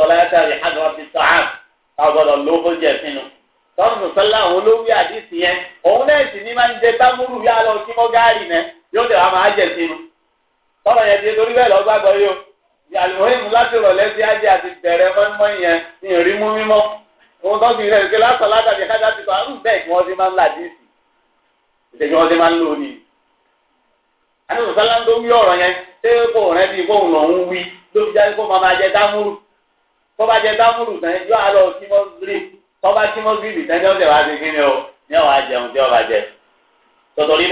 láyàtà rẹ̀ hàn sọ àgbọ̀dọ̀ ló oúnjẹ sínú tọ́sùn àwọn àdìsí yẹn òun náà sì ní máa ń jẹ bámúrú yá lọ sí yóò máa jẹ sínú tọ́lọ̀ yẹn ti torí bẹ́ẹ̀ yóò láti ajé àti bẹ̀rẹ̀ òun tó fi rẹ̀ ṣe lásán ládàbí kájà ti sọ bẹ́ẹ̀ kí wọ́n ti máa ń là díìsì ìṣèjì wọn ti máa ń lò ní. àdéhùn sálá ń tó wí ọ̀rọ̀ yẹn ṣé kò rẹ́ bí fóun lòún wí ló fi jáde kó máa máa jẹ dámúrù tó bá jẹ dámúrù tán yóò á lọ sí mọ́gírì tó bá sí mọ́gírì tán ní ọ̀sẹ̀ wá sí kí ni o ní ọ̀wá jẹun tí ọba jẹ. tòtòrí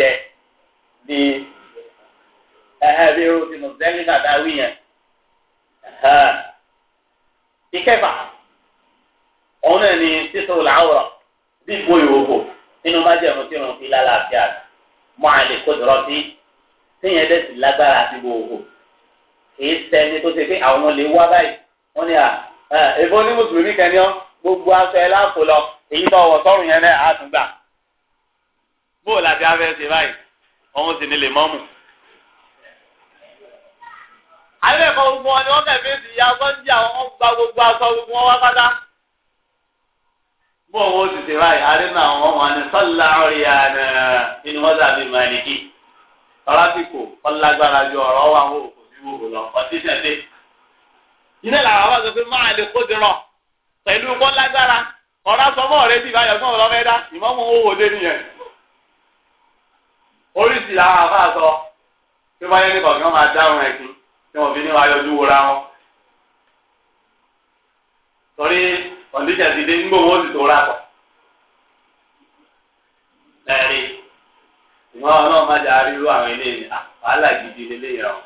bẹ́ẹ̀ ẹ̀hẹ́ bí irú ti mùsùlùmí bàbá wí yẹn. ìkẹfà òun náà ni títò làwọ̀ bí ipò ìwòkò nínú májèmú tí òun fi lálàáfíà mọ́ àlè kó dọ̀rọ̀ sí tíyẹn dẹ́sì lágbára àti gbòògò kìí sẹ́ni tó ṣe pé àwọn lè wá báyìí wọ́n ní à èbó ní mùsùlùmí kẹ́ni ọ́ gbogbo aṣọ ẹ̀ láàfo lọ èyí tó wọ̀ sọ́run yẹn náà á tún gbà bóòlù àti ṣe báyìí ọ̀hún sì ni lè mọ́mù àyẹ̀lẹ̀ kan gbogbo wọn ni wọ́n kẹ̀ fèsì ya sọ́njì àwọn ọmọ gba gbogbo aṣọ gbogbo wọn wá pátá. bó owó ti ti ráì arínà àwọn ọmọ ni sọ́lá ọ̀rìyà inú wọn dàbí màlìkì tọ́lásìkò ọlágbára ju ọ̀rọ̀ wà wò kò sí wò lọ ọtí tẹ̀lé. ilé làwọn bá sọ pé máa lè kó dirọ̀ pẹ̀lú kọ́lágbára ọ̀rá sọmọ́ rẹ ti báyọ̀ fún ọ̀rọ̀ mẹ́ta ìmọ̀mọ́ owó dé nìyẹn. oríṣi làwọn àfa sọ pé báyọ̀ nípa ọ̀gá máa dáhùn ẹ̀kún tí wọn fi ní wàá yọjú wòra wọn torí kọ̀ǹdíṣà ti dé nígbà owó ti tó rà kọ̀ ẹ̀rí ìmọ̀ ọlọ́run má jà ríru àwọn eléyìí wàhálà gidi eléyìí rà wọn.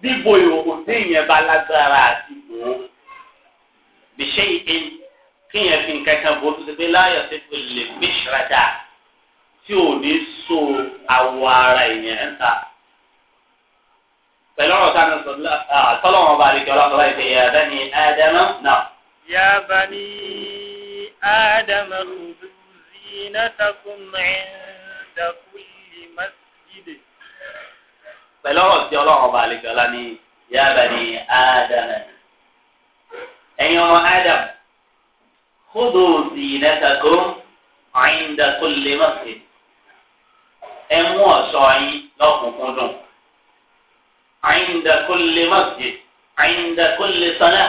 bíbo ìhòòhò téèyàn bá lágbára àti bò ó bí ṣé ìhìn kéèyàn fi nǹkan kan bò ó tó ti pé láyọ̀ sí pé lè gbé ṣẹ́ra dáa tí ò ní so àwọ̀ ara èèyàn ń ta pẹ̀lú ọ̀rọ̀ táwọn sọ̀lá àtọ́lọ́wọ́n bá àdìjọ́ lọ́sọ̀ láì fi yàrá ní ádámà náà. yā banī ādama khudhū zīnatakum 'inda kulli masjid. pẹ̀lú ọ̀rọ̀ tí ọlọ́wọ́n bá àdìjọ́ lá ní yā banī ādama. ẹ̀yin ọmọ ádám khudhū zīnatakum 'inda kulli masjid. ẹ mú ọ̀ṣọ́ yín lọ́kùnkúndùn àyíǹda kó lè mọ̀sí àyíǹda kó lè sọ́lá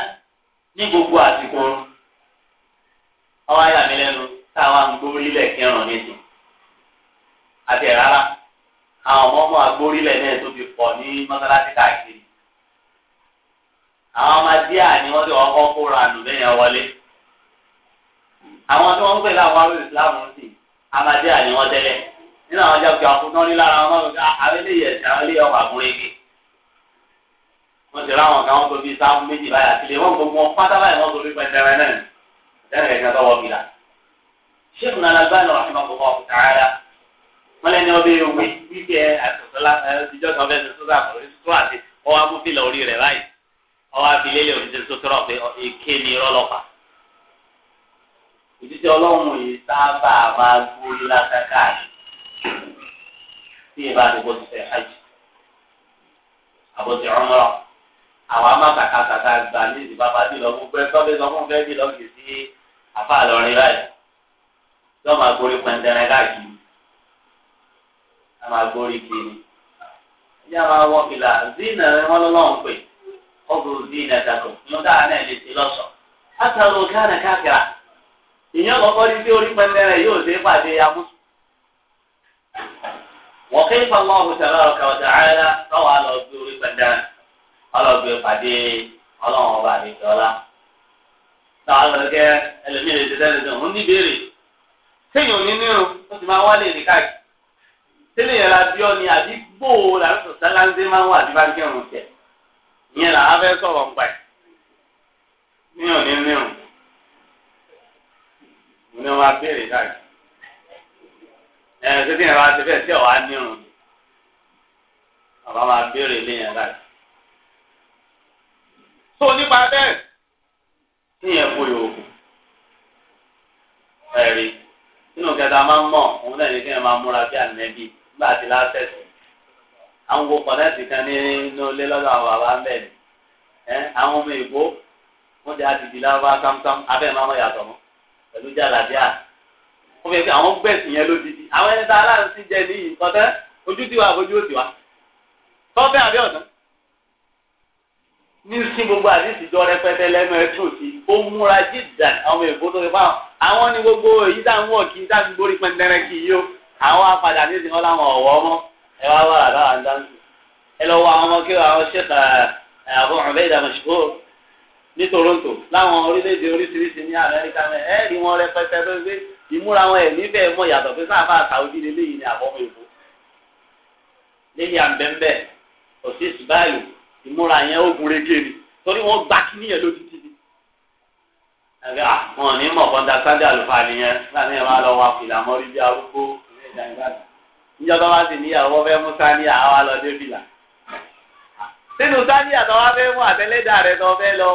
ní gbogbo àsìkò ọ̀run. ọwọ́ ayé àmì lẹ́nu táwa ń gbórílẹ̀ kẹrùn nísì àti rárá àwọn ọmọ ọmọ agbórílẹ̀ náà tó ti pọ̀ ní mọ́sálásí káàkiri. àwọn ọmọ díà ni wọ́n ti ọkọ̀ kóra nù lẹ́yìn wọlé. àwọn tí wọ́n ń pè láwọn arúgbó ìsìlámù ń sìn amadíà ni wọ́n tẹ́lẹ̀ nínú àwọn jákèjá ọkùnrin tó ń rí lára wọn lọ́wọ́ ah, àwọn eléyìí ẹ̀sìn àwọn eléyìí ọkọ̀ àkúrẹ́gẹ́ wọ́n ti ráwọn kan wọ́n tó bíi sáwọn méjì báyà sílé wọ́n gbogbo wọn pátá báyìí wọ́n tó bíi pẹ̀tẹ́rẹ́ náà ìdáhùn ẹ̀ka tó wọ́n bìlà. sheikh nana gbani rahimahullah ta'ala wọ́n lẹ́ni ọbẹ̀ ewé wíkẹ́ àtọ̀tọ̀lá ìjọ kan fẹ́ẹ́ sọ́sọ́ àkọ́rẹ́ sọ́sọ́ àti ọwọ́ abúfilẹ̀ orí rẹ̀ báyìí ọwọ́ abilé lè oníṣẹ́ sọ́tọ́rọ̀ pé èké ni rọ́lọ́pàá. ìdíje ọlọ́run yìí sábà máa gbórí látàkà tí ìbá àwọn amákàkàkàkà gbà ní ìdìbàbà bí lọ fún fẹ́ ndị sọ fẹ́ bí lọ sí afá lọrin báyìí tí wọ́n máa gbórí pẹ̀ntẹ́rẹ́ káàkiri wọ́n máa gbórí kiri ẹ̀yà máa wọ́n fìlà zina wọn lọ́wọ́n pè dàgbọ̀ ló dáa náà lè ti lọ́sọ̀ káàkiri ìyẹn kọ́kọ́ ní sí orí yóò dé pàdé wọ́n ọlọ́gbẹ́ pàdé ọlọ́run ọba àdìsẹ́ ọlá. táwọn ọlọ́kẹ́ ẹlòmíràn ti sẹ́ni sọ òun níbèrè téèyàn ní nírun ó ti máa wálé ní káàkiri tẹ́lẹ̀ yẹn la bí ọ ni àbí gbòòrò làwọn sọ̀tà láńdé máa ń wà àbí bá ń tẹ̀ ìyẹn làwọn fẹ́ sọ̀rọ̀ ń pa ẹ̀ níyàn ní nírun mo ní wọn béèrè káàkiri ẹ̀ ṣé yẹn bá ti fẹ́ tó nípa bẹ́ẹ̀ níyẹn kó yòókù ẹ̀rí nínú kẹta máa ń mọ̀ òun náà ní kí ẹ máa múra bí ànẹ́bí nígbà tí lásẹ̀sì àwọn gbogbo kọ̀nẹ́ẹ̀tì kan nínú ilé lọ́dọ̀ àwọn bàbá ń bẹ̀ ni àwọn ọmọ èkó wọ́n ti àdìdì lábá kámkám abẹ́ máa wọ́n yàtọ̀ mọ́ pẹ̀lú jàlàbíà wọ́n fi àwọn gbẹ̀sìn yẹn lódìdí àwọn ẹni tá aláàrùn ti jẹ níyì kọ́tẹ́ ojú tiwa àbójú òtiwa tọ́fẹ́ àbí ọ̀tán ní sí gbogbo àdìsí jọ rẹpẹtẹ lẹ́nu ẹ tún sí ó múra jìdà àwọn èèbó tó lè fáwọn àwọn ní gbogbo èyí tá ń wọ kí n tá ń gbórí pẹndẹrẹ kì í yó àwọn apàdà ní ìsìn wọn láwọn ọwọ ọmọ ẹ wá wà láwọn àdáńtì ẹ lọ wọ àwọn ọmọ kí àwọn ṣèkà àbọ ọmọ bẹ́ẹ̀ dàmọ ṣùgbọ́n ní Toronto láwọn orílẹ̀-èdè oríṣiríṣi ní Amẹ́ríkà mẹ ẹ rí wọn rẹpẹtẹ tó gbé ìmúra wọn ẹ níbẹ̀ mọ yàtọ̀ pé sáfà sàwùdí lélẹyìn ni àbọmọ èèbó lẹ́yìn àbẹ̀ńbẹ̀ òsì ìmúra yẹn ogun rege ni torí wọn gbà kíní yẹn lójijì ni. ẹgbẹ́ àwọn ah, ní mọ̀ da sáńdé àlùfáà nìyẹn láti ẹ̀ máa lọ wá fìlà mọ́rí bí arúgbó níjọba wá sí níyàwó fẹ́ mú sáníà àwa lọ dé fìlà. nínú sáníà tó wá fẹ́ mú àtẹlẹ́dà rẹ tó fẹ́ lọ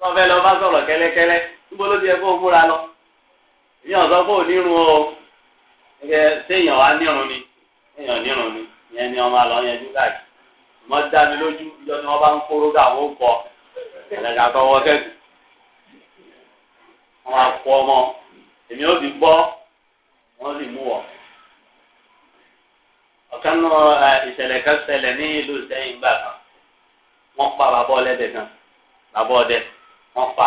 tó fẹ́ lọ bá sọ̀rọ̀ kẹ́lẹ́kẹ́lẹ́ níbo ló ti yẹ kó múra lọ. èèyàn sọ pé onírun o ṣé èèyàn wá nírun ni èèyàn nírun ni ìyẹn ni ọmọ àlọ́ yẹn wọ́n dá mi lójú ìjọ ni wọ́n bá ń kóró dà wọ́n kọ́ ẹ̀lẹ́dà tó wọ́ kẹ́kù wọ́n á fọ ọmọ èmi ó sì gbọ́ wọ́n sì mú wọ̀. ọ̀kan nù ìṣẹ̀lẹ̀ kan ṣẹlẹ̀ ní ìlú sẹ́yìn gbà kan wọ́n pa bàbá ọlẹ́dẹ̀ kan bàbá ọdẹ wọ́n pa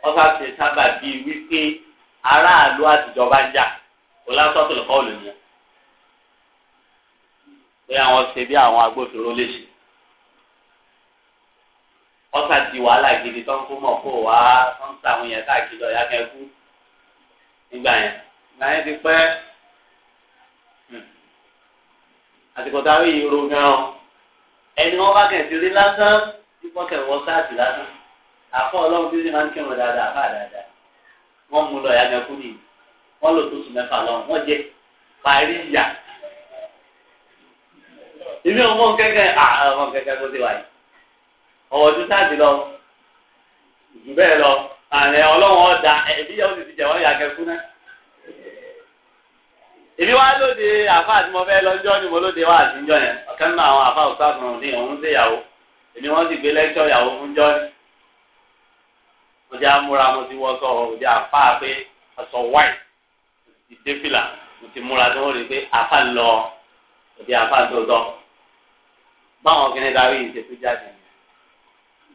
wọ́n sá ti sábà bíi wípé aráàlú àtijọba ń jà kò lásán tó lè kọ́ òlùmíà pé àwọn ṣe bí àwọn agbófinró lè ṣe ti wàhálà gidi tó ń kó mọ̀ kó wá tó ń ta àwọn yẹn káàkiri ọ̀yá kẹ́kú nígbà yẹn ìgbà yẹn ti pẹ́ hmm. àsìkò táwọn yìí ro gan ẹni wọn bá kẹ̀sì rí lásán tí wọ́n kẹ̀ sáàtì lásán àfọ ọlọ́run tí sì máa ń kírun dáadáa àfáà dáadáa wọ́n mú lọ ìyá kẹ́kú nìyí wọ́n lò tó sùn mẹ́fà lọ́wọ́ wọ́n jẹ parí ìyà ìbí ọmọ kẹkẹ ọmọ kẹkẹ tó ti wà yìí ọwọ́ tó sáàtì lọ jù lọ àlẹ ọlọ́wọ́n ọ̀dà ẹbí yẹn ó sì ti jẹ̀ wọ́n yà kẹkú náà ìbí wa lóde àfa àti mo fẹ́ lọ́jọ́ ni mo lóde wa àti njọ́ yẹn ọ̀kẹ́ nínú àwọn àfa òṣàfihàn ní òun ṣèyàwó èmi wọ́n sì gbé lẹ́kṣọ̀ ìyàwó fún jọ́ ni mo jẹ́ amúra mo ti wọ́ mo jẹ́ àfa pé ọ̀sọ̀ wáì ti dé fìlà mo ti múra tó ń pé àfa lọ mo jẹ́ àfa tó tọ́ báwọn kìnìún darí ìṣètò jáde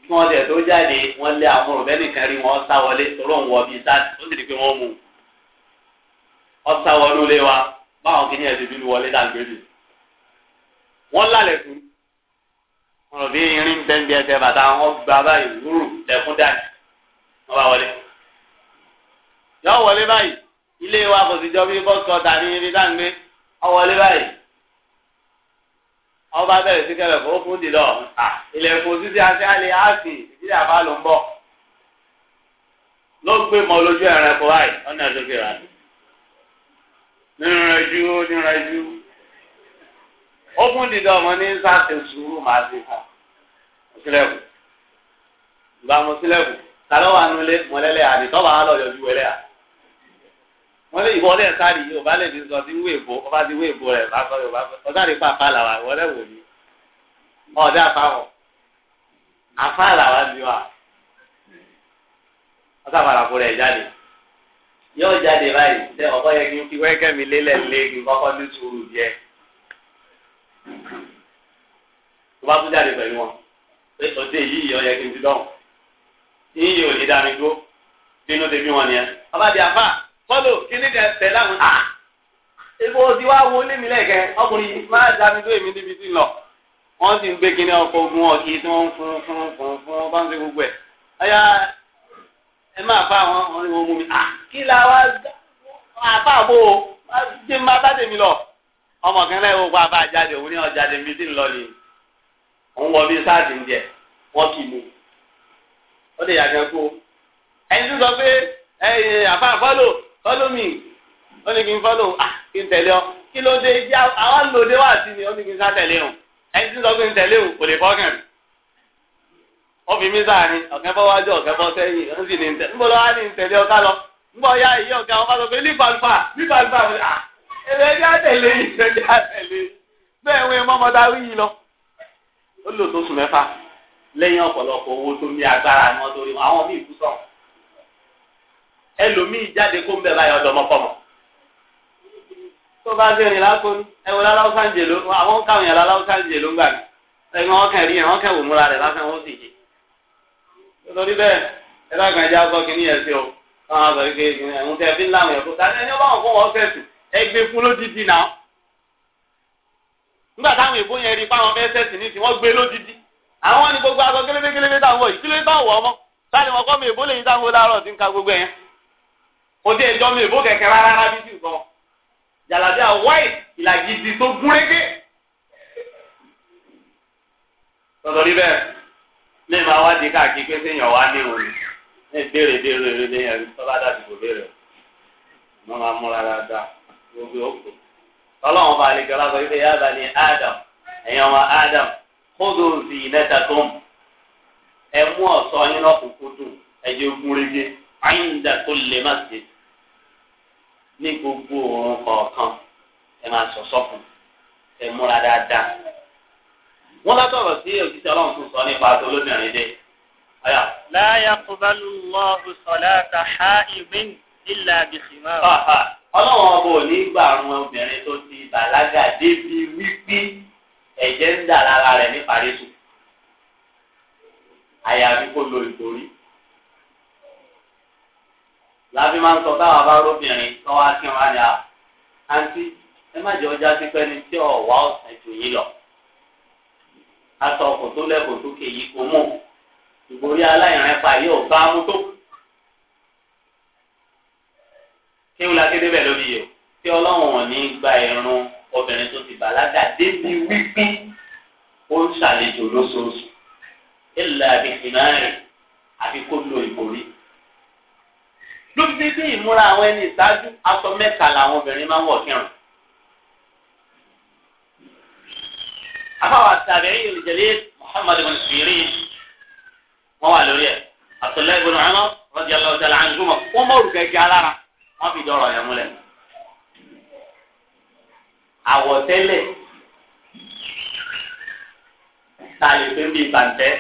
kí wọ́n tẹ̀ tó jáde wọ́n lé àwọn òbẹ́ nìkan rí wọn sá wọlé tọ́lọ́ ń wọ bíi sáàtì ó sì di pé wọ́n mú un wọ́n sá wọlé lé wa báwọn kìnìún ẹ̀sìn bíi wọlé dàgbélé wọ́n lálẹ́ fún wọn lọ bí irin bẹ́ńbí ẹsẹ̀ bàtà wọn gba báyìí wúrù lẹ́kún dání wọ́n bá wọlé yọ wọlé báyìí ilé wa kò sì jọ bí bọ́sọ̀ tàbí irin dàgbé ọ wọlé báyìí ọba bẹ̀rẹ̀ sí kẹlẹ̀ fún fún dìlọ ilẹ̀kùn títí àti àlè áàsì ìdílé àbá ló ń bọ̀ ló gbé mọ lójú ẹ̀rẹ̀ kó báyìí ọ̀nà ìdókè rà ní. nírìnrìn ju nírìnrìn ju ó fún dìlọ ọmọ ní sáàsì sùúrù máa ti fún sílẹ̀kùn ìbámu sílẹ̀kùn tàlọ́wà nulẹ̀ mọ̀lẹ́lẹ̀ àdìtọ́wà á lọ yọjú wẹ̀lẹ́ à wọ́n lé ìbọn sáré yìí ọba lè ní sọ sí wé èbó ọba ti wé èbó rẹ̀ lásán yorùbá ọ̀sáré pa àfa làwà wọ́n wò ní ọ̀dẹ́ àfáwọ̀ àfa làwà ni wà ọ̀sàfàlà kó rẹ̀ jáde yóò jáde báyìí ṣe ọ̀kọ́ yẹ kí n fi wẹ́kẹ́ mi lélẹ̀ lé kí n kọ́kọ́ ní sùúrù díẹ̀ tó bá tún jáde pẹ̀lú wọn pé òde yìí yọ yẹ kí n ti dọ̀hùn yìí yóò lè dá mi dúró bínú ti bí wọn nìyẹn ọba di àfáà fọlọ kíní dẹ bẹ láwọn náà o ti wá wo lémi lẹ́kẹ̀ẹ́ ọkùnrin yìí máa dàbí tó èmi níbi tí lọ wọ́n sì ń gbé kíní ọkọ̀ ogun ọ̀kì tí wọ́n ń fún fún fún fún bá ń ṣe gbogbo ẹ̀ ọ̀yà ẹ máa fa àwọn ọ̀rẹ́ wọn mú mi à kí la wá àfa àbò jẹ́ máa bá tèmi lọ ọmọ kan náà wọ́n bá a jáde òun ní ọjà tèmi tí ń lọ ni òun wọ bí sáà ti ń jẹ wọ́n kì í mu ó lè yàgẹ́ kó ẹni tó sọ pé ẹ follow me ó ní kí n follow ah kí n tẹ̀lé ọ kí ló dé jẹ́ àwọn lòdì wà sí ni ó ní kí n sá tẹ̀lé o ẹni tí ń sọ pé n tẹ̀lé o kò lè fọ́kàn mi wọ́n fi mí sáàrin ọ̀kẹ́ bọ́ wájú ọ̀kẹ́ bọ́ sẹ́yìn ó sì ní n tẹ̀lé ń bọ́ lọ́wọ́ ní n tẹ̀lé ọ̀ká lọ ń bọ́ ya ìyá ọ̀gá wọn bá sọ pé lífàlùfà lífàlùfà ah èrè ẹjẹ́ àtẹ̀lé yìí ẹjẹ́ àtẹ̀lé bẹ́ẹ̀ wọ́n mọ́ ọmọdé awí yìí lọ ó lò ẹlòmíì jáde kó ń bẹ báyọ̀ ọ̀dọ̀ ọmọkọ́mọ. tó bá ń rìn lákò ní ẹwọ láláwọ sáǹjẹ ló àwọn káwọn yẹn láláwọ ya ló ń gbà mí wọn kàn rí yẹn wọn kàn wò múra rẹ lásán wọn sì jì. bẹ́ẹ̀ ẹ bá sí o wọn á ẹ̀hún fi ń láwọn ẹni ọba wọn wọn nígbà táwọn èèbó yẹn rí fáwọn kò tí ẹ jọ mi ìbò kẹ̀kẹ́ rárá rárá bí sì sọ jàlàbí àwáì ìlàjìdì tó gúnrégé tọ̀dọ̀ rí bẹ́ẹ̀ mi máa wá di káàkiri pé séèyàn wá ní òun ní ìbéèrè béèrè rẹ ní ẹ̀rí tọ́lá dàbí kò béèrè mo máa múra dáadáa gbogbo òkú ọlọ́run bá àlejò aláṣọ ilé yàrá ní Adam ẹ̀yin ọmọ Adam kódò sí ìnẹ́tàkùn ẹ mú ọ̀ṣọ́ yín lọ́kùnkúndùn ẹ̀jẹ̀ ogun rege ayíǹda tó lè má ṣe ní gbogbo òun kọ̀ọ̀kan ẹ máa sọ̀sọ́ fún ẹ múra dáadáa. wọ́n látọ̀rọ̀ sí òṣìṣẹ́ ọlọ́run tó sọ nípa tolóbìnrin dé. la yaqbalu Allahu salata ha'ibin illa bi khimar. ọlọ́run ọba ò ní gbà àrùn obìnrin tó ti bàlágà débi wípé ẹ̀jẹ̀ ń dà lára rẹ̀ nípa rẹ̀ àyàfi kó lo ìborí láàbí máa ń sọ táwọn bá róbìnrin lọ́wọ́ akínwá ni a àǹtí ẹ má jẹ́ ọjà pípẹ́ ni tí ọ̀wá ọ̀sẹ̀ jù yín lọ. aṣọ kò tó lẹ́kọ̀ọ́ sókè yìí kò mọ̀ ìgbórí aláìrẹ́pa yìí ò bá mú tó. kí wọ́n lákédé bẹ̀ lórí yìí o tí ọlọ́run ò ní gba ẹ̀rùn obìnrin tó ti bàlágà débi wípé ó ń ṣàlejò lóṣooṣù. ìlà àbíkí náà rè àfi kó lo ló fi dé ìmúra àwọn ẹni ìṣáájú aṣọ mẹ́ta làwọn obìnrin máa ń wọ̀ kírun. afáwà tàbí ìrìnjẹ̀lẹ̀ muhammadu bin sirin wọ́n wà lórí ẹ̀ àtúnlẹ̀ ibùdó ọ̀nà rọ́jì aláwọ̀dàlà àǹjúmọ̀ wọ́n mọ̀ òrùkẹ́kẹ́ alára wọ́n fi dọ̀rọ̀ yẹn múlẹ̀. àwọ̀tẹ́lẹ̀ ta lè fi bí ìbàǹtẹ́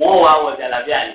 wọ́n wà wọ̀ jàlábí àyè.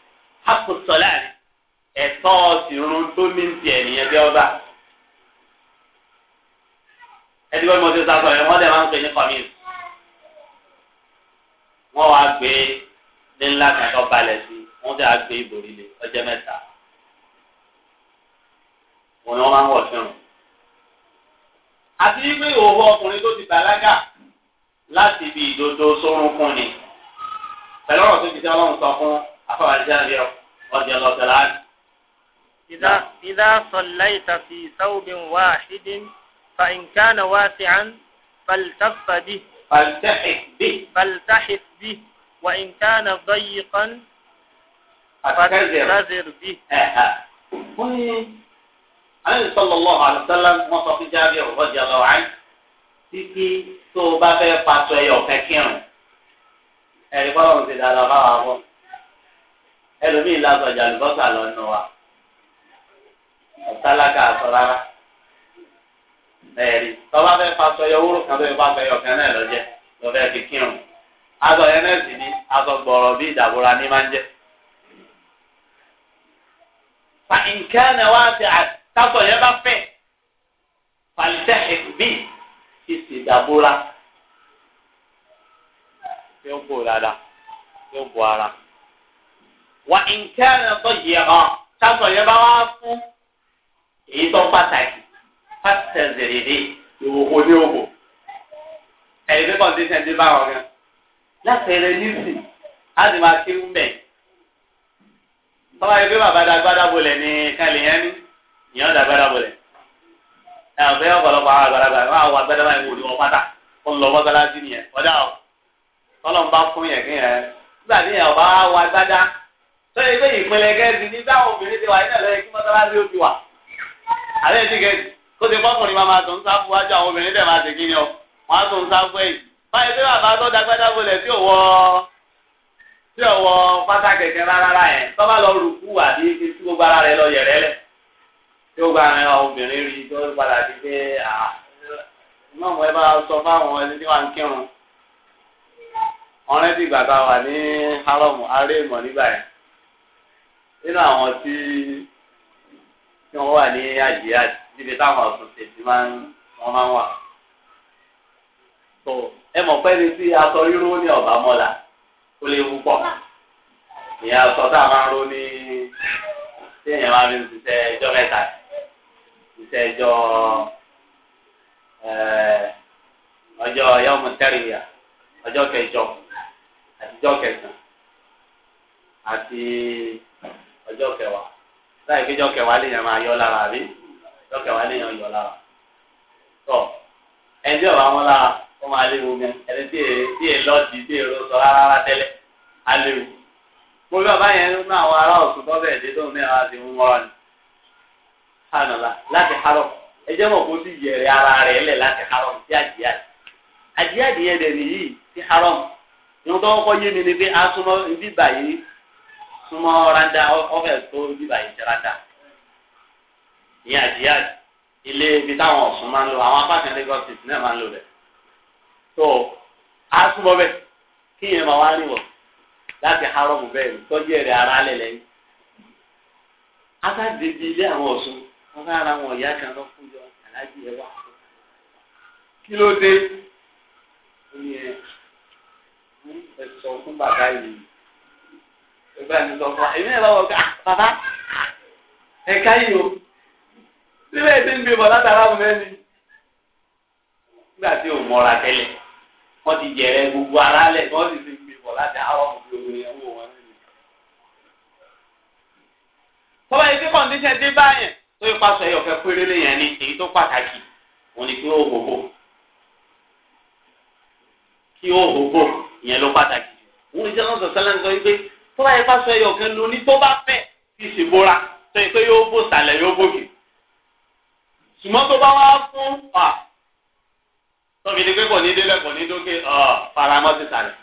hapò sọlá ẹ̀tọ́ ọ̀sìnrún tó ní ti ẹ̀nìyàn bí ọba ẹtí wọ́n mọ ti sá sọ̀rọ̀ wọ́n dẹ̀ máa ń pè ní kọ́mìs wọ́n wá gbé ní ńlá kan tó balẹ̀ sí wọ́n dẹ̀ á gbé ìbòrí lé ọjọ́ mẹ́ta wọ́n ni wọ́n máa ń wọ̀ fẹ́ràn àti wípé ìhòòhò ọkùnrin tó ti bàlágà láti ibi ìdodo sórúnkún ni pẹ̀lú ọ̀rọ̀ tó ti sẹ́ ọlọ́run sọ fún àwọn àjáde ọjà lọ́tẹ̀lá. ìdá sọ̀láìtà fi sáwùbí wá àṣídín fa nǹkanà wá sí àn faltafa bí. faltahif bí. faltahif bí wa nǹkanà dọ́yìkan fatazir bí. wọ́n ní alẹ́ sọ́lọ́ lọ́wọ́ àlùsálà wọ́n sọ fún jáde ọjà lọ́wọ́ àyè títí tó o bá fẹ́ pàtó ẹyọ kẹ́kẹ́rùn-ún ẹ̀rí bọ́lá ń ṣe dáadáa báwa bọ́ ẹlòmíì lásọjà àlùbọ́sà lọ́nà wa ọ̀tálákà àtọ̀ rárá ẹ̀rí tọ́ba fẹ́ fa sọyọ wúrò kan tó yẹ fà sọyọ kan náà lọ́jẹ́ lọ́fẹ́ fi kírun aṣọ yẹn náà sì ni aṣọ gbọ̀rọ̀ bí ìdàbọ̀ra ní máa ń jẹ́. fa nǹkan náà wá sí àtàkọ̀ yẹn bá fẹ́ pàlítẹ́ ẹ̀gbí ìsìdàbọ̀ra yóò bò dáadáa yóò bò ara wà nkẹ́rẹ́ tó yẹ ọ́ sábà yẹ bá wá fún èyí tó pàtàkì pàtàkì zèrèdè ìwòwò ní òwò ẹ̀yìn pípọ̀ ní sẹ́ńtì bá wọn gan láti rẹ nísì á sì máa kí ń bẹ̀ tọ́wá pé bàbá dàgbàdà bolẹ̀ ní kálí yẹn ní ìyẹn dàgbàdà bolẹ̀ ẹ̀ ọ̀fẹ́ ọ̀pọ̀lọpọ̀ àwọn àgbàdàgbà wọn àwọn àgbàdàgbà yẹn wò ní wọn pátá wọn lọ mọ́sálásí nìyẹn ọ̀dà ọ̀ tọ́lọ́ ń bá fún yẹn kí yẹn nígbà tí yẹn ọba wa gbádá sọ pé ìpínlẹ̀ gẹ́gẹ́ ní báwọn obìnrin ti wà ní ẹ̀lẹ́ kí mọ́tàlásí ó ti àlẹ́ ti gẹ̀ẹ́sì kó ti fọ́kùnrin máa máa tó ń sáfù wájú àwọn obìnrin dẹ̀ máa ti kí ni ọ wọ́n á tó ń sáfù ẹ̀yìn báyìí pé bàbá tó dagbádá bolẹ̀ tí ò wọ tí ò wọ pátá kẹ̀kẹ́ rárá yẹn tó bá lọ rùkú àbí tí gbogbo ara rẹ̀ lọ yẹ̀rẹ́ lẹ̀ tí ó gba àwọn obìnrin nínú àwọn tí tí wọ́n wà ní àjíyá níbi táwọn ọ̀sùn tètè máa ń wọ́n máa ń wà. tó ẹ mọ̀ pé ní tí aṣọ ríró ní ọ̀bà mọ́là ó lè wú pọ̀ ìyá aṣọ tá a máa ń ró ní tí èèyàn máa ń ṣiṣẹ́ ẹjọ́ mẹ́ta ṣiṣẹ́ ẹjọ́ ọjọ́ yọmọ tẹ́rìyà ọjọ́ kẹjọ àtijọ́ kẹsàn-án àti. ọjọ́ kẹwàá láì pé ọjọ́ kẹwàá lèèyàn máa yọ lára àbí ọjọ́ kẹwàá lèèyàn yọ lára tọ ẹni ọba wọn lára wọn máa léwu mi ẹni tí èè tí èè lọ́ọ̀dì tí èè rọ̀sọ̀ rárá tẹ́lẹ̀ á léwu mo bí ọba yẹn nínú àwọn ará ọ̀sùn tó bẹ̀ẹ̀ dé tóun náà láti mú mọ́ra ni hànàlá láti harọ ẹ jẹ́ mọ̀ kó sì yẹ̀rẹ̀ ara rẹ̀ lẹ̀ láti harọ sí àjíyàdì àjíyàdì yẹn dẹ̀ nìyí sí harọ ìwọ̀n tó kọ́kọ́ yé mi ni pé asúnmọ́ ibi báyìí súnmọ́ randa ọ̀fẹ́ tó bíbà yìí ti randa ní àjíyáàjì ilé ibi táwọn ọ̀sùn máa ń lò àwọn apákan Lagos city náà máa ń a súnmọ́ bẹ́ẹ̀ kí yẹn máa láti ara alẹ́ ilé àwọn wọn bá ara wọn ìyá kan lọ fún yọ ẹ wá kí ló dé ó ní ẹ ẹ sọ fún ìgbà mi sọ fún wa èmi náà lọ́wọ́ ah, ká bàbá ẹ̀ka yìí o síbẹ̀ tí ń gbé bọ̀ látara mi lẹ́ni. nígbà tí ò mọ́ra tẹ́lẹ̀ wọ́n ti jẹ̀rẹ̀ gbogbo ara lẹ̀ wọ́n sì ti gbé bọ̀ láti àwọn òbí omi ẹ̀wọ̀ wọn lẹ́nu. tọ́ba yìí tí kọ́ndíṣẹ̀ dé báyẹn tó yẹ pásọ ẹ̀yọ̀ fẹ́ péré lẹ́yìn ẹni èyí tó pàtàkì òun ni pé ó hòhò kí ó hòhò ìyẹn ló pàtàkì òun ìṣẹ́ lọ́sọ̀ sẹ́lẹ̀ tó bá yẹ ká sọ ẹyọ kan lóní tó bá fẹ́ fi ṣèbora tó yẹ pé yóò bò sàlẹ̀ yóò bòkè ṣùgbọ́n tó bá wá fún à tọ́bi ni pé kò ní délẹ̀ kò ní dókè faramọ́ ti sàlẹ̀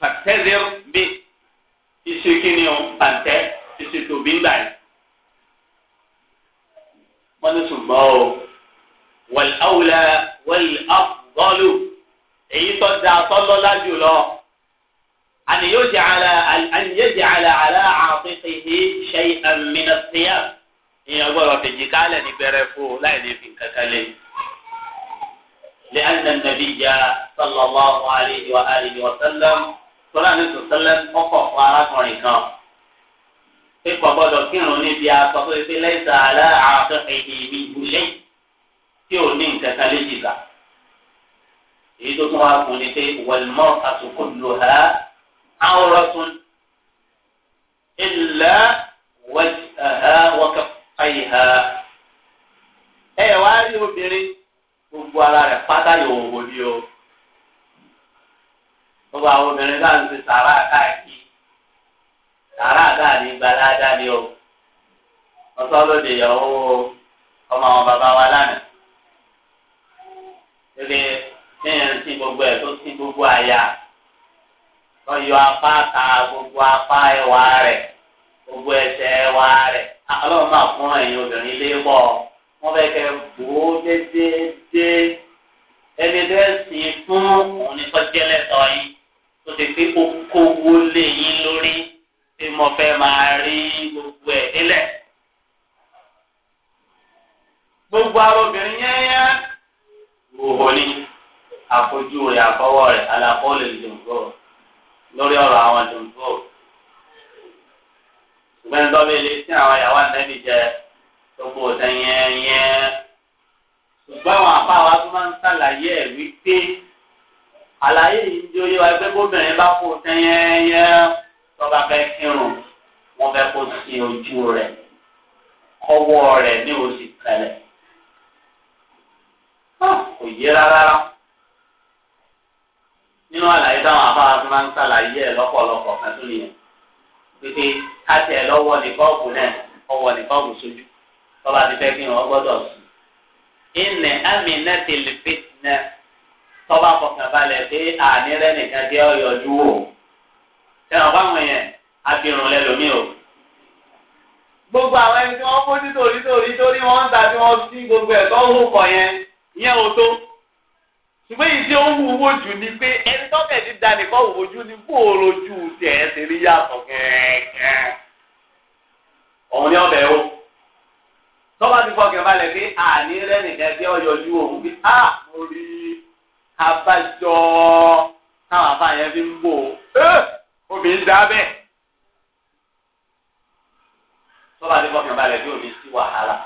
pàtẹ́sẹ̀ bí iṣẹ́ kí ni o pàtẹ́ iṣẹ́ tòbí ń gbà yìí wọ́n ní ṣùgbọ́n o wal awla èyí tó da tọ́lọ́lá jùlọ. أن يجعل أن يجعل على عاتقه شيئا من الثياب ìyẹn gbọ́dọ̀ fèjì kálẹ̀ ní bẹ̀rẹ̀ fún un láì ní fi kankan lé لأن النبي صلى الله عليه وآله وسلم صلى الله عليه وسلم ọkọ̀ fún arákùnrin kan pípọ̀ gbọ́dọ̀ kírun níbi aṣọ tó fi lẹ́sà على عاتقه من شيء tí ò ní nǹkan kan lé jìgà èyí tó tún wá fún ni pé والمرأة كلها. عورة إلا وجهها وكفيها ẹ wá rí gbogbo ara rẹ̀ pátá yòówó wò ni o gbogbo àwọn obìnrin náà ń ṣe sàrà káàkiri sàrà náà ní gbalada ni o lóde ìyàwó ọmọ àwọn bàbá wa lánàá gbogbo ẹ tó gbogbo àyà. wọ́n yọ apá ka gbogbo apá ẹwà rẹ̀ gbogbo ẹsẹ̀ ẹwà rẹ̀ ọlọ́run máa fún ẹ̀yin obìnrin lé bọ̀ wọ́n fẹ́ kẹ́ bò ó dédédé ẹni tẹ́ sìn fún òun ní kọ́jẹ́lẹ̀ tọ́ yín tó ti pé okòwò lè yín lórí tí mo fẹ́ máa rí gbogbo ẹ̀ nílẹ̀. gbogbo àwọn obìnrin yẹn yẹn wò ó àfojú rẹ̀ àfọwọ́ rẹ̀ àlàkọ́ lè dùn lórí ọ̀rọ̀ àwọn jòǹfò ṣùgbọ́n ní dọ́bí ilé tí àwọn ìyàwó àtẹ́bí jẹ gbogbo ọ̀sẹ̀ yẹn yẹn ṣùgbọ́n àwọn apá wa tó máa ń ṣàlàyé ẹ̀ wípé àlàyé yìí ń di oyé wa pé gómìnà bá kó ọ̀sẹ̀ yẹn yẹn tọ́ba fẹ́ kírun wọ́n fẹ́ kó sí ojú rẹ̀ kọ́wọ́ rẹ̀ ní oṣù kẹlẹ̀ kò yé rárá nínú àlàyé táwọn afárá máa ń sàlàyé ẹ̀ lọ́pọ̀lọpọ̀ kan tó nìyẹn pípé káàtì ẹ̀ lọ́wọ́ ní bọ́ọ̀bù náà ọwọ́ ní bọ́ọ̀bù sójú tọ́ba ti fẹ́ kí wọ́n gbọ́dọ̀ sùn. ìnẹ̀ àmì náà ti nẹ tọ́ba fọkàn balẹ̀ pé àní rẹ nìkan jẹ́ ọ̀yọ́jú wò. ẹ̀rọ báwọn yẹn abirùn lẹ́lòmí o. gbogbo àwọn ẹni tí wọ́n fojú torí torí torí wọ́n ń ta tí wọ́n sí gbogbo ẹ̀ ṣùgbọ́n èyí tí ó ń wúwo jù ni pé ẹni tọ́kẹ̀ ní dání kọ́ wò ojú ni bóòrò ojú tiẹ̀ ṣe rí yàtọ̀ kẹ́ẹ̀kẹ́. òun ni ọbẹ̀ o tọ́ba ti fọkàn balẹ̀ pé àní rẹ́nìkan tí ọyọ ju òun bí a mo rí abájọ táwọn afáàyàn fi ń bò ó obìnrin dá bẹ́ẹ̀. tọ́ba ti fọkàn balẹ̀ pé òní sí wàhálà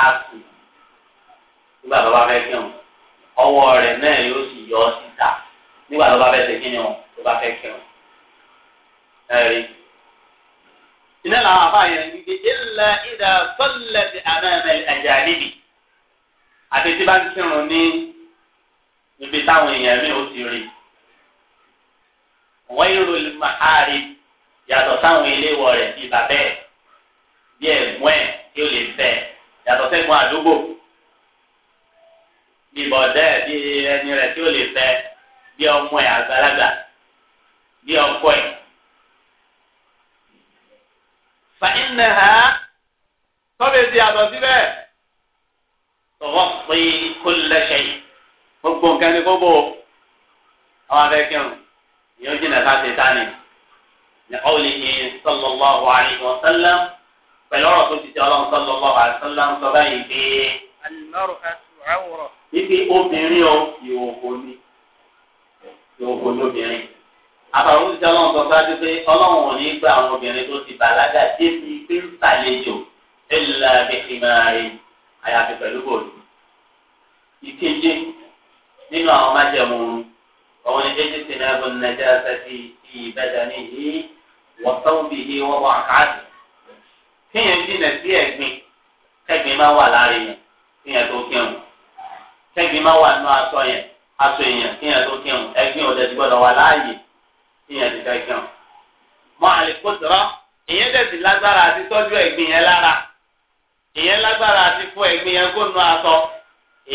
á sùn nígbà tó bá fẹ́ kí wọn ọwọ́ rẹ̀ náà yóò sì yọ ọ́ síta nígbà tó bá fẹ́ ṣe kíni o tó bá fẹ́ kí o. ẹ̀rí. iná làwọn àbá yẹn ń gbé ilẹ̀ ìdá sọ́lẹ̀ ti àmẹ́mẹ́ ẹ̀jẹ̀ àníbi. àti tí bá ń kírun ní ibi táwọn èèyàn mi ò ti rí. wọ́n yóò lè máa rí yàtọ̀ sáwọn iléèwọ̀ rẹ̀ bíi bàbẹ́ ẹ̀ bí ẹ̀gbọ́n ẹ̀ tí ó lè fẹ́ yàtọ̀ sẹ́gbọ́n àdúgbò bí bọ̀dẹ́ bí ẹni rẹ̀ tí ó lè fẹ́ bí ọmọ ẹ̀ àgbàlagbà bí ọkọ ẹ̀. fàyínà ha tọ́bẹ̀ ti àtọ̀ síbẹ̀ tọ̀wọ́ pé kó lẹ́sẹ̀ yìí gbogbo nǹkan ní gbogbo àwọn abẹ́kẹ́rù yóò jìnnà káṣí dání ní ọ̀lìyí sallallahu alaihi wa sallam pẹ̀lú ọ̀rọ̀ tó ti di ọlọ́run sallallahu alaihi wa sallam sọ báyìí pé. Ibi obìnrin o ìhòòhò ni ìhòòhò ni obìnrin. Àbàwọn oṣiṣẹ́ ọlọ́run sọ sáájú pé ọlọ́run ò ní gba àwọn obìnrin tó ti bàlágà débi pé ń sàlejò ẹ̀la bẹ̀kìmárì àyàfi pẹ̀lú bòlù. Ìkeje nínú àwọn májẹ̀mú ọ̀hún ẹ̀jẹ̀ ti náà bọ̀ nàìjíríà sẹ́tì ìbẹ̀dà nìyí wọ́sọ́wọ́ bìí wọ́wọ́ àkáàdì kéèyàn jìnà sí ẹ̀gbin kẹ́gbin máa wà láàrin yẹn kéèyàn tó kírun kẹ́gbin máa wà nínú aṣọ yẹn aṣọ èèyàn kéèyàn tó kírun ẹgbin ò dẹ̀sí gbọ́dọ̀ wà láàyè kéèyàn ti fẹ́ kírun. mọ àlékòtòrọ èyàn dẹ̀sí lágbára àti tọ́jú ẹ̀gbin yẹn lára èyàn lágbára àti fọ ẹ̀gbin yẹn kó nù aṣọ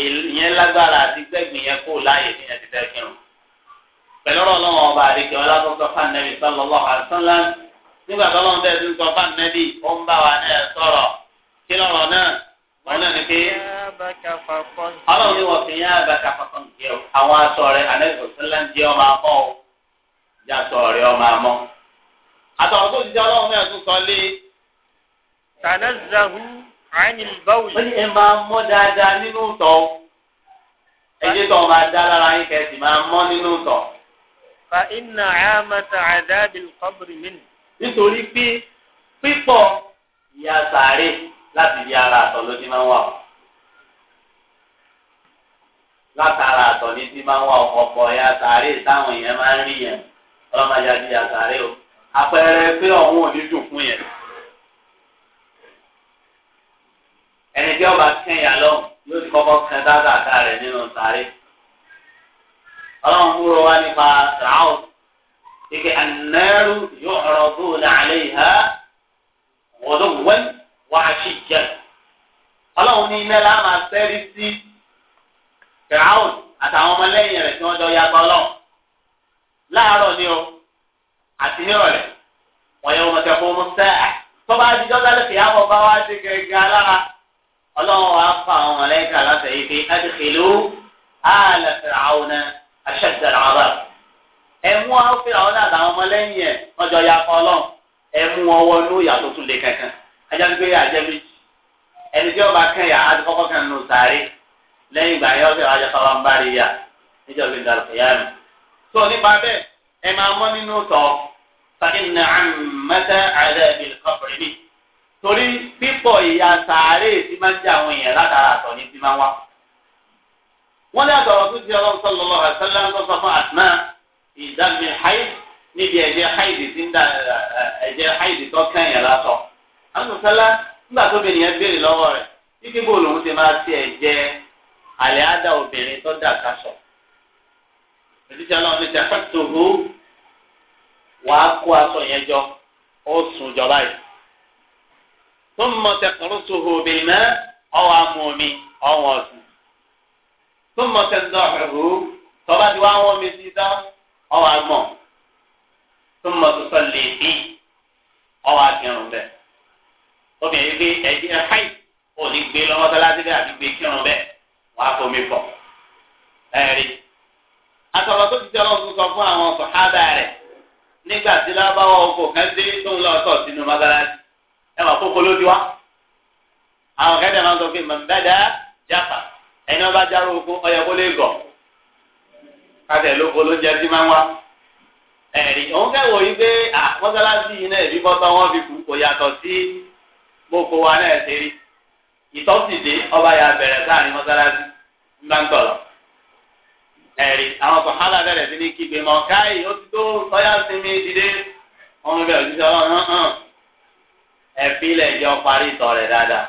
èyàn lágbára àti gbẹ̀gbin yẹn kó láàyè kéèyàn ti fẹ́ kírun. pẹ̀lú ọlọ́run ọba àdékẹ́ ọlọ́kọ̀ọ́kọ́ fáńdẹ́bí sallallahu alaihi wasallam nígbà tó lọ́n bẹ́ẹ̀ ti ọlọ́run ní wọ́n fi yín àbáka fọ́fọ́n jẹ́ o àwọn aṣọ rẹ anẹ́sọ̀ sílẹ̀ ń jẹ́ ọmọ amọ́ o jẹ́ aṣọ rẹ ọmọ amọ́. àtàwọn tó ti jẹ́ ọlọ́run náà tún sọ lé. tànàzàhù ànil báwùl. ó ní ẹ máa mọ́ dáadáa nínú ìtọ̀ o tó máa dá lára yín kẹsì máa mọ́ nínú ìtọ̀. fa iná àmàtà àdáàbì kọ́bìrì mìíràn. nítorí pé pípọ̀ ìyá sàárè láti di ara àtọ̀ ló ti máa ń wà o látara àtọ̀ ní tí máa ń wá ọ̀pọ̀ ya sàárè táwọn èèyàn máa ń rí yẹn ọlọ́mọdé àti ya sàárè o àpẹẹrẹ pé ọ̀hún ò ní dùn fún yẹn. ẹni tí ọba kẹyà lọ́hùn yóò ti kọ́kọ́ kẹ dáadáa rẹ̀ nínú sàárè. ọlọ́run kúrò wá nípa ràáwù ike anẹ́rù yóò ọ̀rọ̀ bó làálẹ̀ ìhá wọ́dọ̀ wẹ́n wàá ṣì jẹ́ ọlọ́run ní ilẹ̀ lá fìràwùn àtàwọn ọmọlẹ́yìn rẹ̀ tí wọ́n jọ ya pa ọlọ́run láàárọ̀ ni o àti nírọ̀lẹ́ wọ́n yẹ wọ́n tẹ̀kọ́ wọn sẹ́ẹ̀ tó bá di jọ́dá lè fìyà bọ̀ bá wá sí gẹ́gẹ́ alára ọlọ́run wàá fa àwọn ọmọlẹ́yìn kan láti ẹ̀yìn pé adìkìlú àlẹ́ fìràwùn aṣẹ́dẹ̀rẹ̀ ọ̀bà ẹ̀mú àwọn fìràwùn àtàwọn ọmọlẹ́yìn ẹ̀ wọ́n jọ lẹ́yìn ìgbà yẹn ọ̀sẹ̀ wájú sábà ń bárí yá níjọba ìdàlù kìyàmù. tó nípa bẹ́ẹ̀ ẹ máa mọ́ nínú tọ̀ fàkínà àmọ́tẹ́ àdá ìlkọ́pẹ̀rẹ́ mi. torí pípọ̀ ìyá sàárè tí máa ń jẹ àwọn èèyàn látara àtọ̀ ní ti máa wá. wọ́n lé àtọ̀rọ̀ tó ti ọlọ́run sallallahu alaihi wasallam ń sọ fún Asma ìdàmì haid níbi ẹ̀jẹ̀ haid tí ń da ẹ̀jẹ̀ haid tó kàn yẹn látọ̀. àwọn sọ̀sọ́lá nígbà tó bẹ̀rẹ̀ yẹn béèrè lọ́wọ́ rẹ̀ kíkí bóòlù ń ti máa ti ẹ̀jẹ̀ àlẹ́ àdá obìnrin tó dà kásọ̀ òjijì ọlọ́run ní tẹ̀fẹ́tòhó wàá kó aṣọ yẹn jọ ó sùn jọba yìí tó ń mọ tẹkùrúsùhó bèèmẹ́ ọwọ́ amú omi ọwọ́ ọ̀sùn tó ń mọ tẹ̀dọ̀hó tọ́ba ti wá wọ́n mi sí tán ọwọ́ amọ̀ tó ń mọ tọ́sọ lè bí ọwọ́ akẹrùn bẹ́ẹ̀ obìnrin bí ẹ̀jẹ̀ ẹ̀háì ò ní gbé lọ́wọ́ sọ́lá síbẹ̀ àti gbé kírun bẹ́ẹ̀ wàá fomi pọ̀ ẹ̀rí àtọ̀rọ̀ tó ti tẹ́lọ̀ tó sọ fún àwọn sọ̀hádà rẹ̀ nígbà tí lábáwọ̀ ọkọ̀ kan dé tó ń lọ sọ̀ sínú mọ́sálásí ẹ wà kókó ló ti wá àwọn kẹ́tẹ̀ máa ń sọ pé mọ̀nbẹ́dà jápa ẹni wọn bá járó oko ọyọ kó lè gọ̀ kátẹ̀ ló kó ló jẹ sí máa ń wá ẹ̀rí òun kẹ́wọ̀ yìí pé mọ́sálásí yìí náà ìbí bọ́tọ́ wọn fi kú kò yàtọ̀ sí gbogbo wa náà ṣe rí ìtọ́sídé ọba yà bẹ̀rẹ̀ sáàrin mọ́sálásí ńgbàǹtọ̀ lọ. ẹ̀rí àwọn sọ̀hálà bẹ̀rẹ̀ sí ní kígbe mọ̀ káyì ó ti tó sọ́yà sinmi dìde wọn bẹ̀rẹ̀ òjijì ọlọ́run hàn ẹ̀fín ilẹ̀ ìjọ parí ìtọ̀ rẹ̀ dáadáa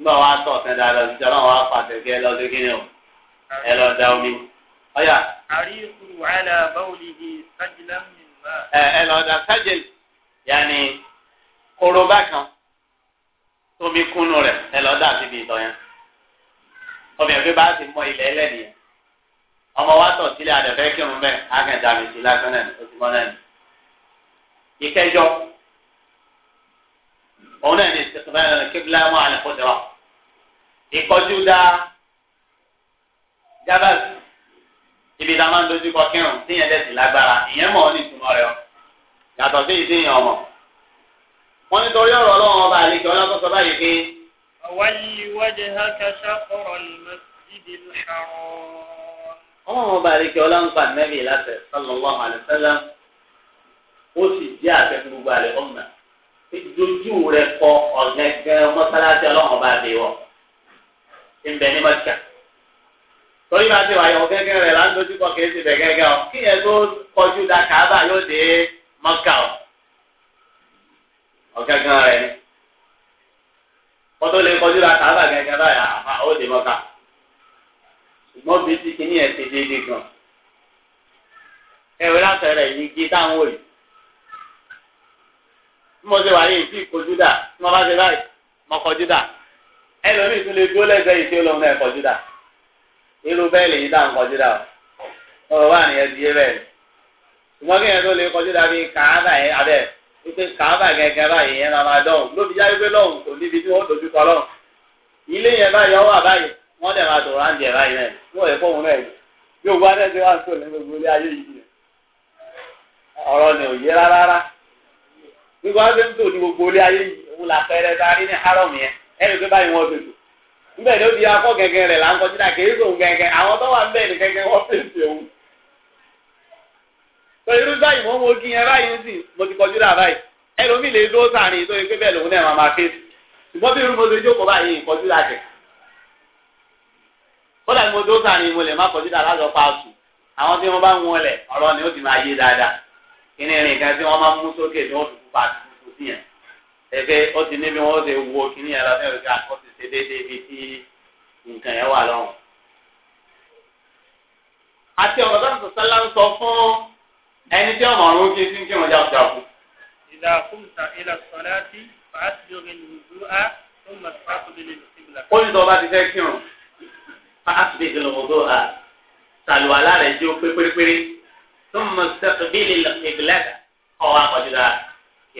ńgbà wàá tọ̀ sẹ́ dáadáa òjijì ọlọ́run wàá pàṣẹ kí ẹ lọ sí o ẹ lọ da omi ọyà. àríkù àlà báwòlìhì sájìlá mi tómi kúnnú rẹ̀ ẹ lọ dà síbi ìtọ̀ yẹn obìnrin pé bá ti mọ ilẹ̀ ẹlẹ́nìí ọmọ wa tọ̀ sílẹ̀ àdẹ̀fẹ́ kírun bẹ́ẹ̀ akẹ́dàmì sí lásán náà ó ti mọ́ náà ni ìkẹjọ òun náà ni ìsìnkúnbẹ́rẹ́ kébìlá mọ́ àlẹ́ fọ́tẹ́wà ìkọjú dá jábàsì ibi tá a máa ń dojú kọ kírun tíyẹn dẹ̀ sí lágbára ìyẹn mọ̀ ọ́ ní ìtumọ̀ rẹ̀ ọ́ yàtọ̀ sí ìdíyàn ọmọ wọ́n nítorí ọ̀rọ̀ ọlọ́run ọba àlejò ọlọ́kọ̀ sọ báyìí pé. ọ̀wáyí wájú haka ṣàkọrọ̀ lọ́sídìí lọ́sàrọ̀. ọlọ́run ọba àlejò ọlọ́run pa nẹ́bí láti sallallahu alaihi wasallam ó sì jẹ́ àfẹ́ fún gbogbo àlẹ́ ọ̀nà ìdójú rẹ̀ kọ ọ̀gẹ́gẹ́ mọ́sálásí ọlọ́run ọba àbẹ̀wọ̀ ìbẹ̀ ní mọ́tíkà torí máa ti wáyọ̀ gẹ́gẹ́ rẹ̀ láńdójú kọ ọ̀gángan rẹ̀ ni wọ́n tó lè kọjú la kàáfà gẹ́gẹ́ báyà àfa ó lè mọ́ka ṣùgbọ́n ti ẹ̀ ti dédé gan ẹ̀rọ látẹ̀rẹ̀ yìí kí táwọn wò bí mo ṣe wà ní tí dà tí wọ́n bá ṣe báyìí kọjú dà ẹlòmíì tún lè dúró lẹ́sẹ̀ yìí tí ó lọ mọ́ ẹ̀ kọjú dà irú bẹ́ẹ̀ lè kọjú dà ọ̀rọ̀ wà nìyẹn ti yé bẹ́ẹ̀ ṣùgbọ́n kí wípé kàábà gẹ́gẹ́ báyìí yẹn máa máa dọ̀hùn lóbi jáde pé lọ́hùn kò níbi tí wọ́n dojú kọ lọ́hùn ilé yẹn báyìí ọwọ́ àbáyé wọ́n dẹ̀ máa dọ̀rọ̀ àǹdí ẹ̀ báyìí náà wọ́n ẹ̀ fóun náà yìí yóò wá náà wá sọ lẹ́nu gbogbo ilé ayé yìí ọ̀rọ̀ ni ò yé rárá gbogbo tó ní gbogbo ilé ayé yìí òun là bá rí ní haram tó irú báyìí mo ń wo kíyẹn báyìí ń sìn mo ti kọjú dà báyìí ẹlòmíì lè dó sàárín tó yẹ pé bẹ́ẹ̀ lòun náà máa máa fèsì ṣùgbọ́n bí irú mo ṣe jókòó báyìí ìkọjú dà jẹ kódà ni mo dó sàárín mo lè má kọjú dà lájọ paṣù àwọn tí wọ́n bá ń wọlẹ̀ ọ̀rọ̀ ni ó ti máa yé dáadáa kíní irin kan tí wọ́n máa mú sókè tí wọ́n fi pupa àti funfun sí yẹn ẹgbẹ́ ó ti níbi wọ́n ṣe wo kíní yẹn ẹni tí ọmọ ọrùn oge ti ń kírun jákujáku. ìlà kúmta ìlà sọlá tí fàásì lórí nìyú á tó mọ fàásì lórí nìyíbìlà. ó ní sọba ti fẹ́ kírun fàásì lórí nìyíbìlà á sàlùwà lára ẹjẹ ó pé pérépéré tó mọ sẹ́kùbílì ìbìlẹ̀ ọwọ́ akọ̀jùlá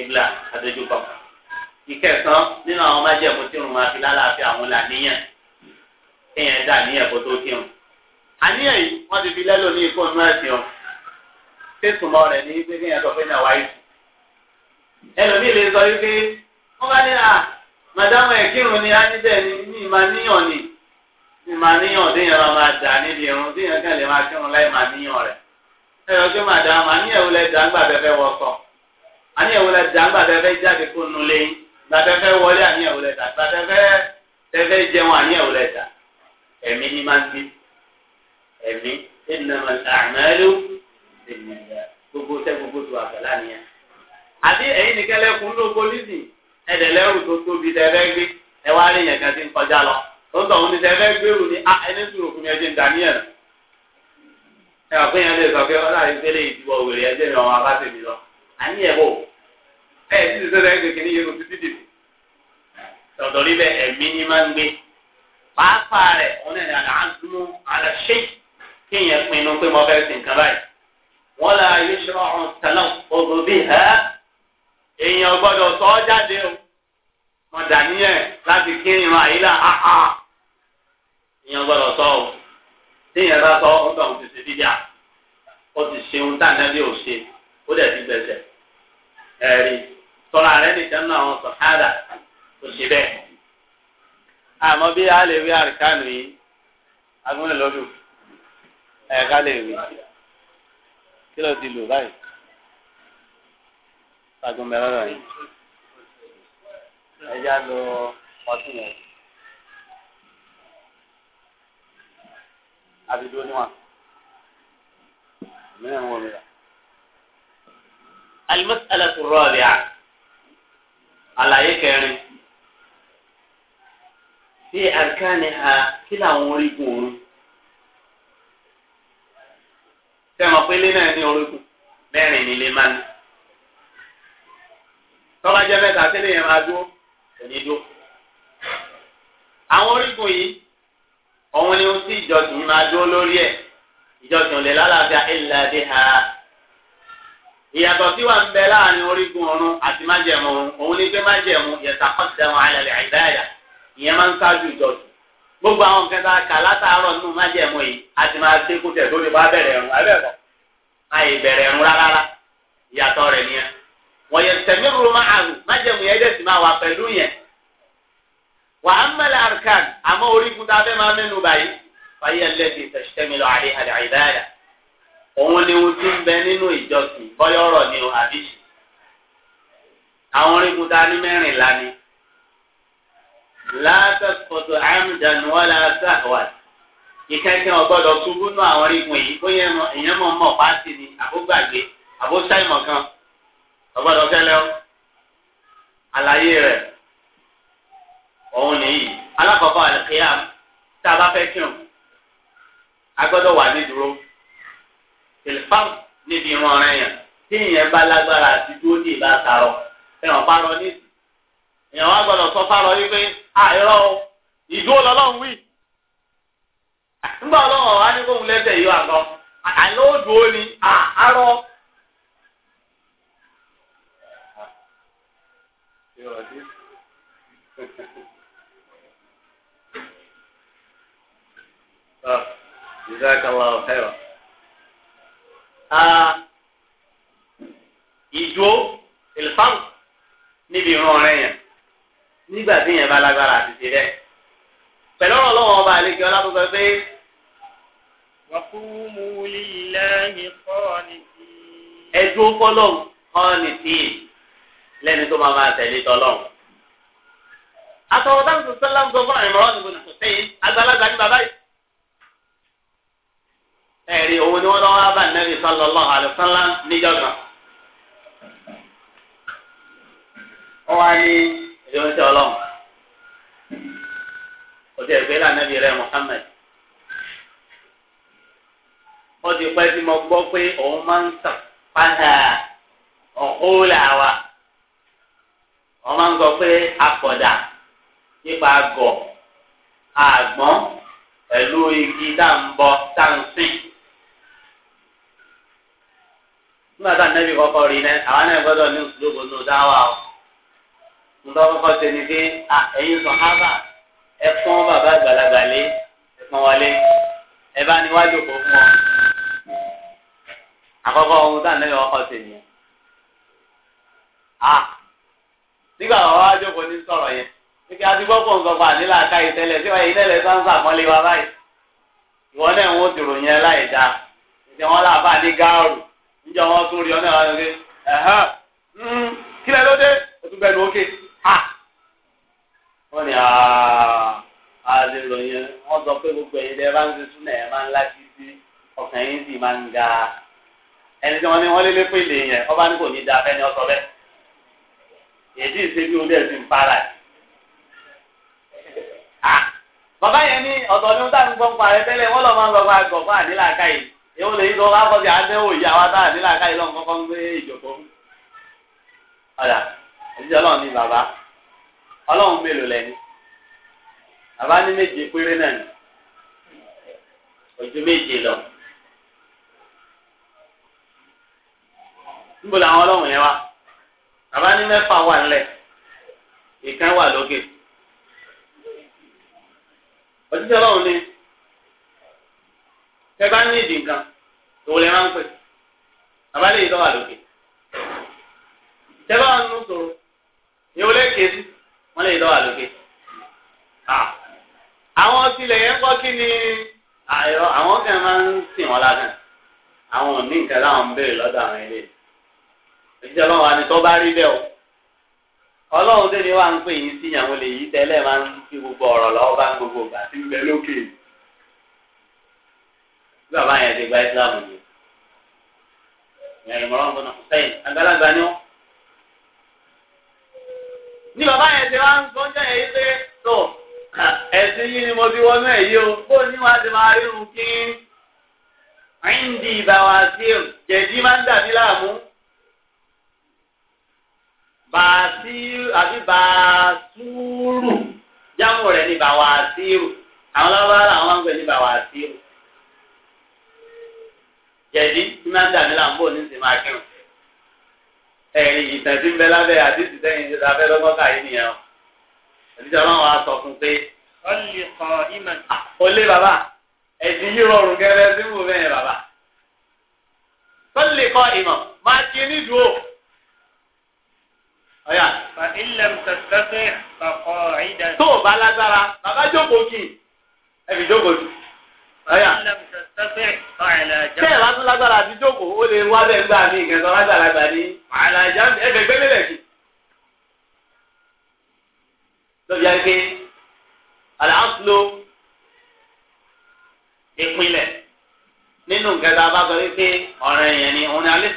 ìbìlà àdójú kọ̀. ìkẹsàn nínú àwọn májẹ̀mú tí òun máa fi lálàáfíà àwọn làníyàn kéèyàn dà níyàn kó tó kírun. àníyàn yìí wọ́n ti fi lẹ́lò ní ìkóńtù ẹ̀sìn ọ̀ tẹ̀sùmọ̀ rẹ̀ ní pé kéèyàn sọ pé náà wáyé ẹlòmíì lè sọ wípé wọ́n bá ní à màdámù ẹ̀kírun ni á níbẹ̀ ni ní ìmà níyàn ni ìmà níyàn déèyàn máa dà níbi irun kàn lè máa kírun láì máa níyàn màdámù lẹ dàgbà lẹ dàgbà jáde kó wọlé lẹ dà jẹun lẹ dà ẹ̀mí ni máa ń gbé ẹ̀mí ṣe yìí gbogbo sẹ́ gbogbo tó àgbàlá nìyẹn. àbí ẹ̀yin nìkan lẹ́kùn ló polisi ẹ̀dẹ̀ lẹ́rù tó tóbi tẹ́fẹ́ gbé ẹ wá rí yẹn kan ti ń kọjá lọ tó ń tọ̀ wọn ni tẹ́fẹ́ gbèrú ni a ah, ẹni sùn òkú mi ẹ jẹ́ ń dání ẹ̀ ẹ wà pé yẹn lè sọ pé ọlọ́run ìgbélé ìdìbò òwèrè ẹjẹ́ mi ọmọ abá tèmi lọ àní ẹ ẹ̀ sì sọ́dọ̀ ẹgbẹ́ kìíní yẹn ló fi dídì bò tọ̀dọ̀ rí ẹ̀mí ni máa ń gbé pàápàá rẹ̀ wọn náà àdúmọ̀ àlàṣe kéèyàn pinnu pé mo fẹ́ sin nǹkan báyìí wọn là yóò ṣe ọrùn tẹlẹ bí èèyàn gbọ́dọ̀ sọ jáde o wọn dà níyẹn láti kí áhà èèyàn gbọ́dọ̀ sọ o bá sọ dídá ó ti ṣe ohun ò ṣe ó dẹ̀ ti gbẹ̀sẹ̀ ẹ̀rí nìkan náà wọn sọ̀ hádà ó ṣe bẹ́ẹ̀ àmọ́ bí a lè wí àríkánu yìí agbóhùn lọ́dún ẹ̀ka lè kí ló di lò báyìí sago mẹ́rọ̀rọ̀ yìí ẹja lo ọtún yẹn àti dúró níwọ̀n mìíràn wọ̀ mìíràn. المسألة الرابعة àlàyé kẹrin في أركانها كلا وريقون sẹ́wọ̀n pé ilé náà ní orogún mẹ́rin ní ilé máa ní. tọ́ba jẹ́ mẹ́ta sílẹ̀ yẹn máa dúró kò ní dúró. àwọn orígun yìí òun ni ohun tí ìjọsìn máa dúró lórí ẹ̀ ìjọsìn ò lè lálàáfíà ìlà dé ha. ìyàtọ̀ tí wà ń bẹ láàrin orígun ọ̀run àti májẹ̀mú òun ni pé májẹ̀mú yẹ̀ta kọ́ ìdáhùn àyàlẹ̀ àìdáyà ìyẹn máa ń ṣáájú ìjọsìn. gbogbo àwọn nǹkan tá a kà látàárọ̀ nínú májẹ̀mú yìí a ti máa ṣe kúndẹ̀ tó lè bá bẹ̀rẹ̀ ẹ̀rùn ma àyè bẹ̀rẹ̀ ẹ̀rùn rárá ìyàtọ̀ rẹ̀ nìyẹn wọ́n yẹ tẹ̀mí ru májẹ̀mú yẹn dẹ̀sí máa wà pẹ̀lú yẹn wà á mẹ́lẹ̀ arkan àmọ́ orígun tá a fẹ́ máa mẹ́nu báyìí fàyẹ̀ lẹ́bi tẹ̀sítẹ́mìlọ látàkùtù àmdàn wọlé àtàwà ìkẹkẹ ọgbọdọ ṣubú nù àwọn igun yìí bóyá èèyàn mọ mọ pàṣẹ ni àbúgbàgbé àbúṣàìmọ kan ọgbọdọ kẹlẹ ọ àlàyé rẹ òun nìyí alákọọkọ àlùkìyàm tá a bá fẹ́ kírun a gbọ́dọ̀ wà ní dúró tẹlifáàmù níbi ìran ọ̀rẹ́ yẹn tí ìyẹn bá lágbára àti dúró ní ìbá tarọ ẹ̀wọ̀n parọ ní ìyẹn wà gbọ́dọ̀ sọ fárọ yìí pé àìrọ ah, o ìdúró lọ́lọ́run wí nígbà ọlọ́run wa ní kóun lẹ́sẹ̀ yìí wà lọ àìlọ́ òdùó ni àárọ̀. Ah, Jazakallahu khairan. Ah, Ìjó ìlfàm níbi ìran ọ̀rẹ́ yẹn nígbà tí yẹn bá lágbára àti ti rẹ̀ pẹ̀lú ọ̀rọ̀ lọ́wọ́ ọba àlejò ọlábùkọ pé. wàkúmù lílẹ́yìn kọ́ọ̀nì tí. ẹ̀dùn fọlọ́ọ̀ kọ́ọ̀nì tí lẹ́ni tó máa máa tẹ̀lé tọ́lọ́ọ̀. àtọ̀wọ̀ táwọn sọ sọ́lá ń sọ fún àyìnbó ọ̀nìbó nìkò sẹ́yìn àgbàlagbà ní bàbá yìí. ẹ̀rí òun ni wọ́n lọ́wọ́ bá nẹ́bí sallallahu alaihi wasallam níjọ́ kan. wọ́n á ní. ìjọ ń ṣe ọlọ́run òtí ẹ̀gbẹ́ lànàbí rẹ Muhammad wọ́n ti pẹ́ tí mo gbọ́ pé òun máa ń sàn wa wọ́n máa ń sọ pé nípa àgọ̀ igi nígbà tá a nẹ́bí kọ́kọ́ rí náà náà gbọ́dọ̀ ní ìṣòro nígbà kọ́kọ́ ṣe ni pé ẹ̀yin sọ hábà ẹ fún bàbá àgbàlagbà lé ẹ fún wọlé ẹ bá níwájú kó fún ọ. àkọ́kọ́ ohun tá à ń lẹ́yìn ọkọ̀ ṣe nìyẹn. nígbà wàá wá jókòó ní sọ̀rọ̀ yẹn nígbà tí gbọ́kọ̀ ń sọ pa nílà ká ìtẹ́lẹ̀ tí wọ́n ìtẹ́lẹ̀ sáńsà mọ́lé wa báyìí. ìwọ náà ń wo tòrò yẹn láì dáa ìṣe wọn là bá ní gáàrù níjọ wọn tún rí ọ náà wá lóde ẹ̀hán hmm, kí lóde o ókè. ha wọ́n a ah, àdìrò ah, yẹn wọ́n sọ pé gbogbo ẹ̀yin lẹ́ẹ̀ máa ń ṣe súnà ẹ̀ máa ń láti sí ọkàn yín sì máa ń ga ẹni tí wọ́n ní wọ́n lé lépè lè yẹn ní kò ní da èdè ìṣèlú ń para bàbá yẹn ní ọ̀dọ̀ ní gbọ́n tẹ́lẹ̀ wọ́n máa ń fún lè yìí òjijì ọlọ́run ní bàbá ọlọ́run mélòó lẹ́ni bàbá ní méje péré náà ni ojú méje lọ. níbo làwọn ọlọ́run yẹn wá bàbá ní mẹ́fà wà ńlẹ̀ ìkan wà lókè òjijì ọlọ́run ní tẹ bá ní ìdì nǹkan tòun lè máa ń pè bàbá lè yí lọ́wọ́ tẹ bá ń nù yóò lè wọn lè dọ́wà lókè. àwọn tilẹ̀ yẹn kọ́ kí ni àwọn kan wọn lásán àwọn ní nǹkan láwọn ń béèrè lọ́dọ̀ àwọn ilé ìjọba ni tó bá rí bẹ́ẹ̀ o ọlọ́run tó ní wà ń pè yín sí ìyàwó lè yí tẹ́lẹ̀ máa ń gbogbo ọ̀rọ̀ lọ́wọ́ bá gbogbo ìgbà tí ń bẹ lókè bàbá yẹn ti gba yìí ìyàrá ìmọ̀ràn ní bàbá yẹn ti wá ń gbọ́njọ́ yẹn pé tó ẹ̀sìn yìí ni mo ti wọnú ẹ̀ yìí o kó ní wàá ti máa rírun kí ẹ̀ǹdì ìbáwá sí ẹ̀ jẹ̀dí máa ń dà mí láàmú. Bàásí àbí bàásúrù jámù rẹ̀ ní bàwá sí ẹ̀ àwọn lábára àwọn ń pè ní bàwá sí ẹ̀ jẹ̀dí máa ń dà láàmú bò ní ti máa kírun ẹ̀yìn ìtẹ̀sí ń bẹ lábẹ́ àdìsí sẹ́yìn ti ta fẹ́ lọ́gọ́ta yìí nìyẹn o àdìsí ọlọ́run wa sọ fún pé. ọ̀lẹ́ kọ ìmọ̀. olè bàbá ẹ̀sìn yìí rọrùn gẹ́gẹ́ sí wù mẹ́rin bàbá. ọ̀lẹ́ kọ ìmọ̀ máa ti ní dùn ọ̀yà. fa ilẹ̀m tẹ̀síkẹ́ fàkọ̀ ìdá. tó o bá lágbára bàbá jókòó kì í ẹ jókòó kì í. Tẹ́ ẹ̀ bá tún lágbára àti jókòó, ó lè wá bẹ́ẹ̀ gbà mí ìgbẹ́sọ̀ lágbàlagbà ní àlàjá ẹgbẹ́ gbẹ́lẹ́ lẹ̀ sí. Lọ́bi á gbé àlàáfúlò ìpínlẹ̀ nínú nǹkan tá a bá sọ wípé ọ̀rọ̀ èèyàn ni òun ni alẹ́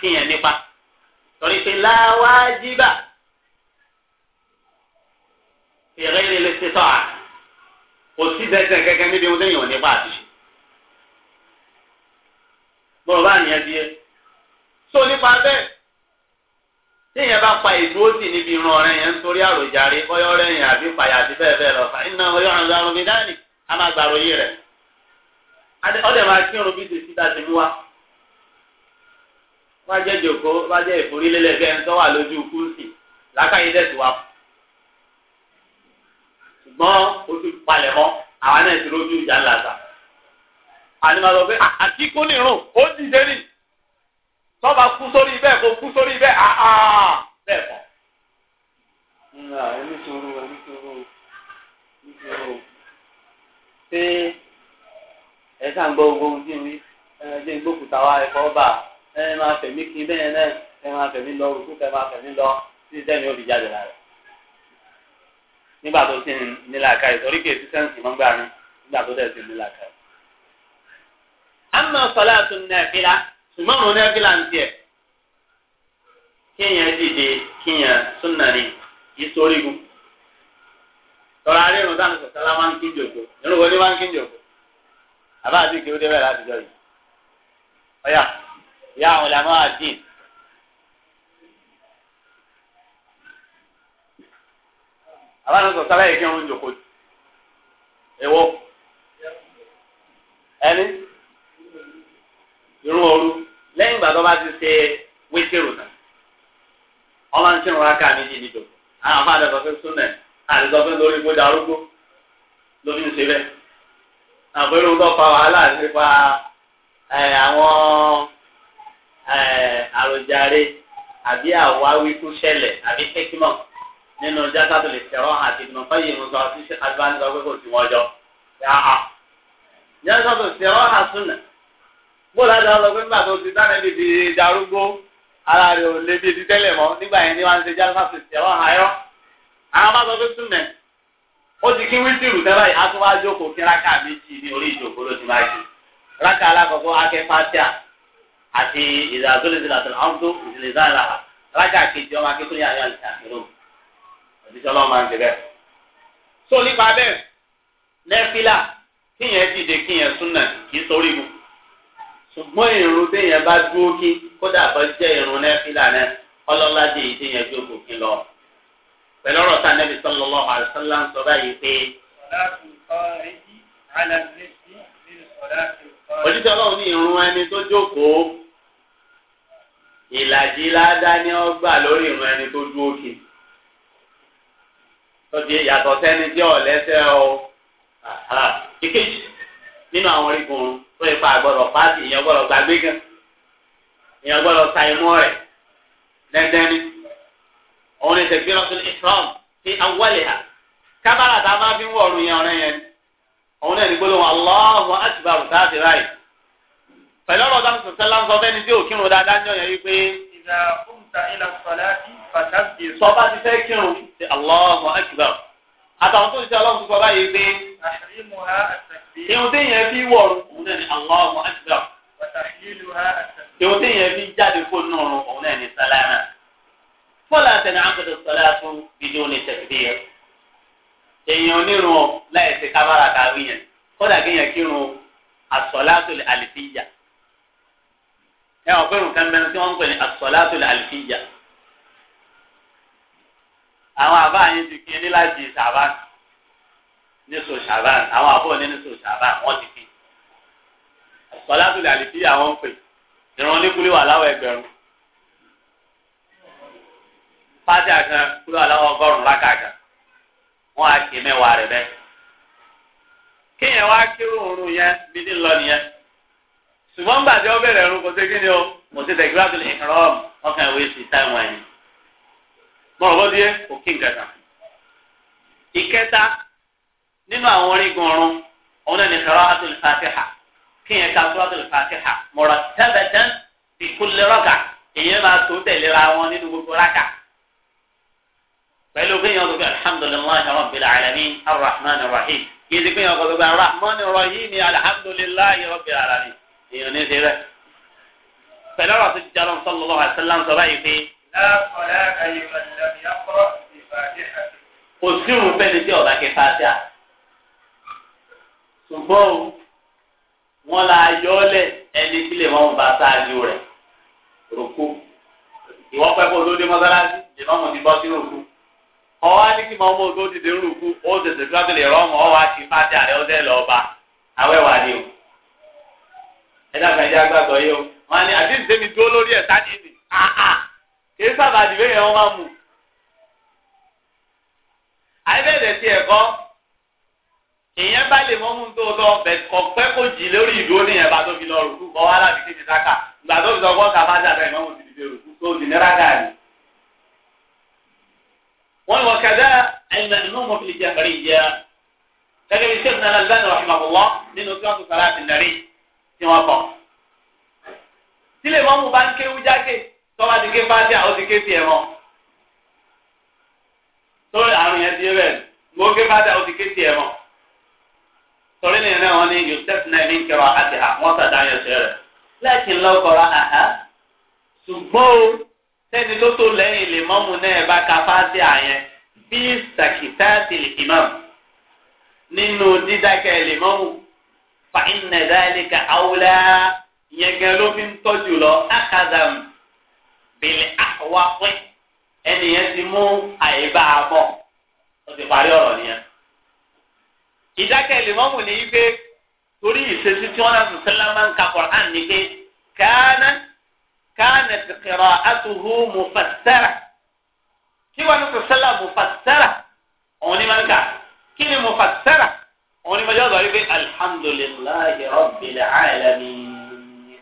ti nípa. Torí pé láwájíbà fèrè lè ti tọ́ àkíyàn. kò sí dẹ́sẹ̀ níbi ohun téèyàn nípa àti ṣe. bọ́lá bá nìyẹn bí yẹ. tó nípa bẹ́ẹ̀ téèyàn bá pa ìdúró sí níbi ìran ọ̀rẹ́ yẹn nítorí àròjàre bọ́yọ̀ ọ̀rẹ́ yẹn àbí pàyà àti bẹ́ẹ̀ bẹ́ẹ̀ lọ fà iná ọyọ́ àrùn àrùn dání a máa yé máa kí irun bí ti mú wa. jòkó ń tọ́wà lójú dẹ̀ fún. ṣùgbọ́n o ti palẹ̀ mọ́ àwa náà ti rójú ìjà ńlá ta. ànímọ̀lọ́ pé àti kó lè rùn ó dìde nì tọ́ba kú sórí bẹ́ẹ̀ kó kú sórí bẹ́ẹ̀ àá bẹ́ẹ̀ kọ́. ẹni sọ̀rọ̀ ẹni sọ̀rọ̀ ẹni sọ̀rọ̀ ṣé ẹ sá ń gbọ́ gbogbo ohun tí ń rí ẹ jẹ́ ìgbókùtà wa ẹ̀kọ́ bà ẹ máa fẹ̀mí kí bẹ́ẹ̀ náà ẹ máa fẹ̀mí lọ òkú ẹ máa fẹ̀mí lọ sí ìtẹ́ni ó fi nígbà tó ti nílà ká ìtọ́rí kì í ti sẹ́ǹsì mọ́ gbà ní nígbà tó dẹ̀ ti nílà ká. àmọ́ sọlá tó ní ẹ̀fílà ṣùgbọ́n òun ní ẹ̀fílà ń tiẹ̀. kíyàn dìde kíyàn súnà ní ìsorígun. tọ́lá rí irun táwọn sọ̀tàlá máa ń kí jòkó irun wo ni máa ń kí jòkó. àbá àti ìkéwé débẹ̀ láti jọ yìí. ọ̀yà ìyá àwọn ìlànà àdín àbáyọ sọ sáláyé kí wọn jòkó ẹwọ ẹni irun ooru lẹ́yìn ìgbà tó bá ti ṣe wíṣírù náà ọmọ ń ṣèrun aka méjì níjò àwọn afá àdàbọ fẹ súnẹ àdìsọ fẹ lórí ipò darúgbó ló fi ń ṣe bẹ́ẹ̀ àbúrò irun tó fa wàhálà nípa àwọn àròjàre àbí àwáwí kú ṣẹlẹ̀ àbí tẹkímọ nínú jákàtò lè tẹ̀rọ àti ìgbìmọ̀ fẹ́ yìí mo sọ fún ṣe adúláńtì sọ pé kò sí wọn jọ yàrá jákàtò tẹ̀rọ àsùnà bó ládàá lọ pé nígbà tó ti dáná ibi ti darúgbó ara rẹ̀ ò lè bí ti tẹ́lẹ̀ mọ́ nígbà yẹn ni wọ́n ń ṣe jákàtò tẹ̀rọ àyọ́ àwọn máa sọ pé túnmẹ̀ ó ti kí wíńtìrù tẹ́lá yìí á tún wáá kí rákà méjì ní orí ìjòkó ló ti máa ṣe rákà alákọ̀ọ́kọ́ òjíṣẹ́ ọlọ́run máa ń ṣe bẹ́ẹ̀. tó nípa bẹ́ẹ̀ nẹ́fílà kíyẹn dìde kíyẹn súnà kì í sórí mu ṣùgbọ́n ìrun téèyàn bá dúró kí kódà bá jẹ́ ìrun nẹ́fílà náà ọlọ́lá dé èyí téèyàn jókòó kí lọ. pẹ̀lú ọ̀rọ̀ tá nẹ́bí sallallahu alaihi wasallam sọ báyìí pé. òjíṣẹ́ ọlọ́run ní ìrun ẹni tó jókòó ìlàjì ládá ni ó lórí ìrun ẹni tó dúró kí. tọ́jú yàtọ̀ sẹ́ni tí ọ̀ lẹ́sẹ̀ o nínú àwọn orígun tó ipa àgbọ̀dọ̀ pàṣẹ ìyẹn gbọ́dọ̀ gbàgbé gan ìyẹn gbọ́dọ̀ ta imú rẹ̀ dẹ́ndẹ́ni òun ni ti awọ́lẹ̀ ha kábàrà tá a máa fi ń yẹn ọ̀rẹ́ yẹn òun náà ní gbólóhùn ti pẹ̀lú ọ̀rọ̀ dáhùn sọ̀tẹ́lá ń sọ fẹ́ni tí dáadáa ìdá kúmta ilà sọlá ti fàtàbí. sọba ti fẹ́ kírun ṣe Allahu akbar àtàwọn tó ń ṣe ọlọ́run sọ báyìí pé. àṣírímù ha àtàkì. ìhun tí yẹn fi wọ̀ òun náà ni Allahu akbar. wàtàkìlù ha àtàkì. ìhun tí yẹn fi jáde kó nù òun náà ni sálámà. fọlá tẹ̀lé àkọ́tọ̀ sọlá tún ni tẹ̀síbí yẹn. èèyàn onírun láì ṣe kábàrà káwí yẹn kódà ẹ wọn pẹ̀lú nǹkan mẹ́rin tí wọ́n ń pè ní asọ́látò àlùfíjà àwọn àbá yẹn ti kí ní láti ṣàbá níṣò ṣàbá àwọn àbọ̀ ní níṣò ṣàbá wọ́n ti fi asọ́látò àlùfíjà wọ́n ń pè ìran oníkúlé wà láwọ̀ ẹgbẹ̀rún pátí àkàn kúlé wà láwọ̀ ọgọ́rùn-ún lákàkà wọ́n á kí mẹ́wàá rẹ̀ bẹ́ẹ̀ kéèyàn wá kírun òórùn yẹn bí ní lọ nìyẹn ṣùgbọ́n ń bàjẹ́ ọbẹ̀rẹ̀ ẹ̀rù kò ṣe kí ni o kò ṣe tẹ̀gíwájú lè kàn ọ́ ọkàn ìwé sí táìmù ẹ̀yìn. mo rọ̀ bọ́dí ẹ̀ kò kí nkẹta. ìkẹta nínú àwọn orígun ọ̀run òun náà ní kẹrọ àtúlù fàtíhà kí yẹn ká sọ́ọ́ àtúlù fàtíhà mọ̀rọ̀ tẹ́bẹ̀tẹ́n bí kúlẹ̀ rọ́kà èyí máa tó tẹ̀léra wọn nínú gbogbo alamin arrahmanir rahim kì ti kéèyàn gbogbo arrahmanir rahim alhamdulillahi alamin èèyàn ní ti rẹ̀. pẹ̀lú ọ̀rọ̀ tó ti jalọ́ sallallahu alaihi wasallam ń sọ báyìí pé. láàpọ̀lá ayọ̀mọ̀ lẹ́mí akọ́rọ̀ ìbàdí àti. kò sí òun fẹ́ni tí ọ̀bá kẹ fàtíà. ṣùgbọ́n wọn la yọ́lẹ̀ ẹni tí lè mọ́mú bá sáájú rẹ̀ rògbò. ìwọ́n pẹ́ kó lóde mọ́sálásí lè mọ́mú ti bọ́ sínú òkú ọwọ́ aliki ma ọmọ ogo dìde ó tètè gbàgbélé rọmọ ọwọ́ ẹ̀dá àgbàjẹ́ agbágbọ́ yìí o wọn ni àdéhùn tèmi dúró lórí ẹ̀ sáàdì ni àhà kì í sábà dìbò yẹn wọn máa mú. àìbẹ̀rẹ̀ ti ẹ̀kọ́ ìyẹn bá lè mọ́mú tó lọ bẹ̀ kọ̀pẹ́ kò jì lórí ìdó nìyẹn bá tó fi lọ rùkú kọ́ wá láti kéde sáka ìgbà tó fi sọ fọ́ kàfá dàbẹ̀ mọ́mú ti dìbò rùkú tó di náírà káàdì. wọ́n ní wọ́n kẹ́dá ẹ̀yìn ẹ̀yìn mọ́mú fi lè tí wọ́n kọ́. tílé mọ́mú bá ń kéwú jákè tọ́ba ti ké fáti àwọn ti ké tiẹ̀ mọ́. sórí àrùn yẹn ti rẹ̀ mo ké fáti àwọn ti ké tiẹ̀ mọ́. sọ̀rí ni ìrìn àwọn ni yosef náà ní kẹrọ àti hà wọ́n sàdá yẹn ṣe rẹ̀. lẹ́ẹ̀kì lọ́kọ̀ọ́ra àhá ṣùgbọ́n o sẹ́ni tó tó lẹ́yìn lè mọ́mú náà bá ka fáti àyẹn bí sàkítà tìlì ìmọ̀ nínú dídákẹ́ lè mọ́mú fa iná ìdáyẹlẹ ka awúlá ìyẹn gan ló fi ń tọ́jú lọ akadam bìlẹ̀ àwa pẹ́ ẹnìyẹn ti mú àyíbá bọ̀ ó ti parí ọ̀rọ̀ nìyẹn. ìdákẹ́lẹ̀ mọ́mù ní í pé torí ìṣesí tí wọ́n náà sọ sẹ́lá máa ń ka Qur'an ní pé kánà kánà kí wọ́n ní sọ sẹ́lá òun ní máa ń kí ni mufassara òun ni mọ̀jọ́ sọ wípé alhamdulillahi rabbil alamin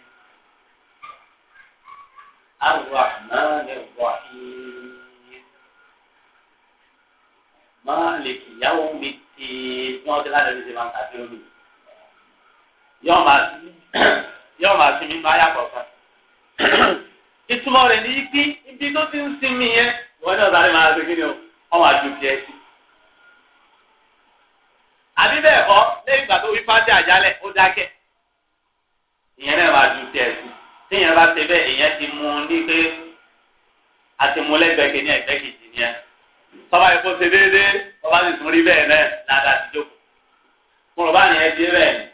arrahmanir rahim maliki yawmiddin ní ọdún láti ẹni tí máa ń kà sí omi yóò sinmi máa yàtọ̀ kan ìtumọ̀ rẹ̀ ní ibi tó ti ń sinmi yẹn wọ́n ní ọ̀sán ni máa ṣe kí ni o wọ́n máa ju tiẹ̀ sí àbí bẹ́ẹ̀ kọ́ lẹ́yìn ìgbà tó wí fáti àjálẹ̀ ó dákẹ́ ìyẹn náà máa ju tiẹ̀ kú téèyàn bá ṣe bẹ́ẹ̀ èèyàn ti mú un ní pé àti mú lẹ́gbẹ̀ẹ́ kìíní ẹ̀gbẹ́ kìíní ni ẹ tọ́ba yìí kó ṣe déédéé tọ́ba sì tún rí bẹ́ẹ̀ náà dáadáa ti jókòó mo rò bá nìyẹn dé bẹ́ẹ̀ ni.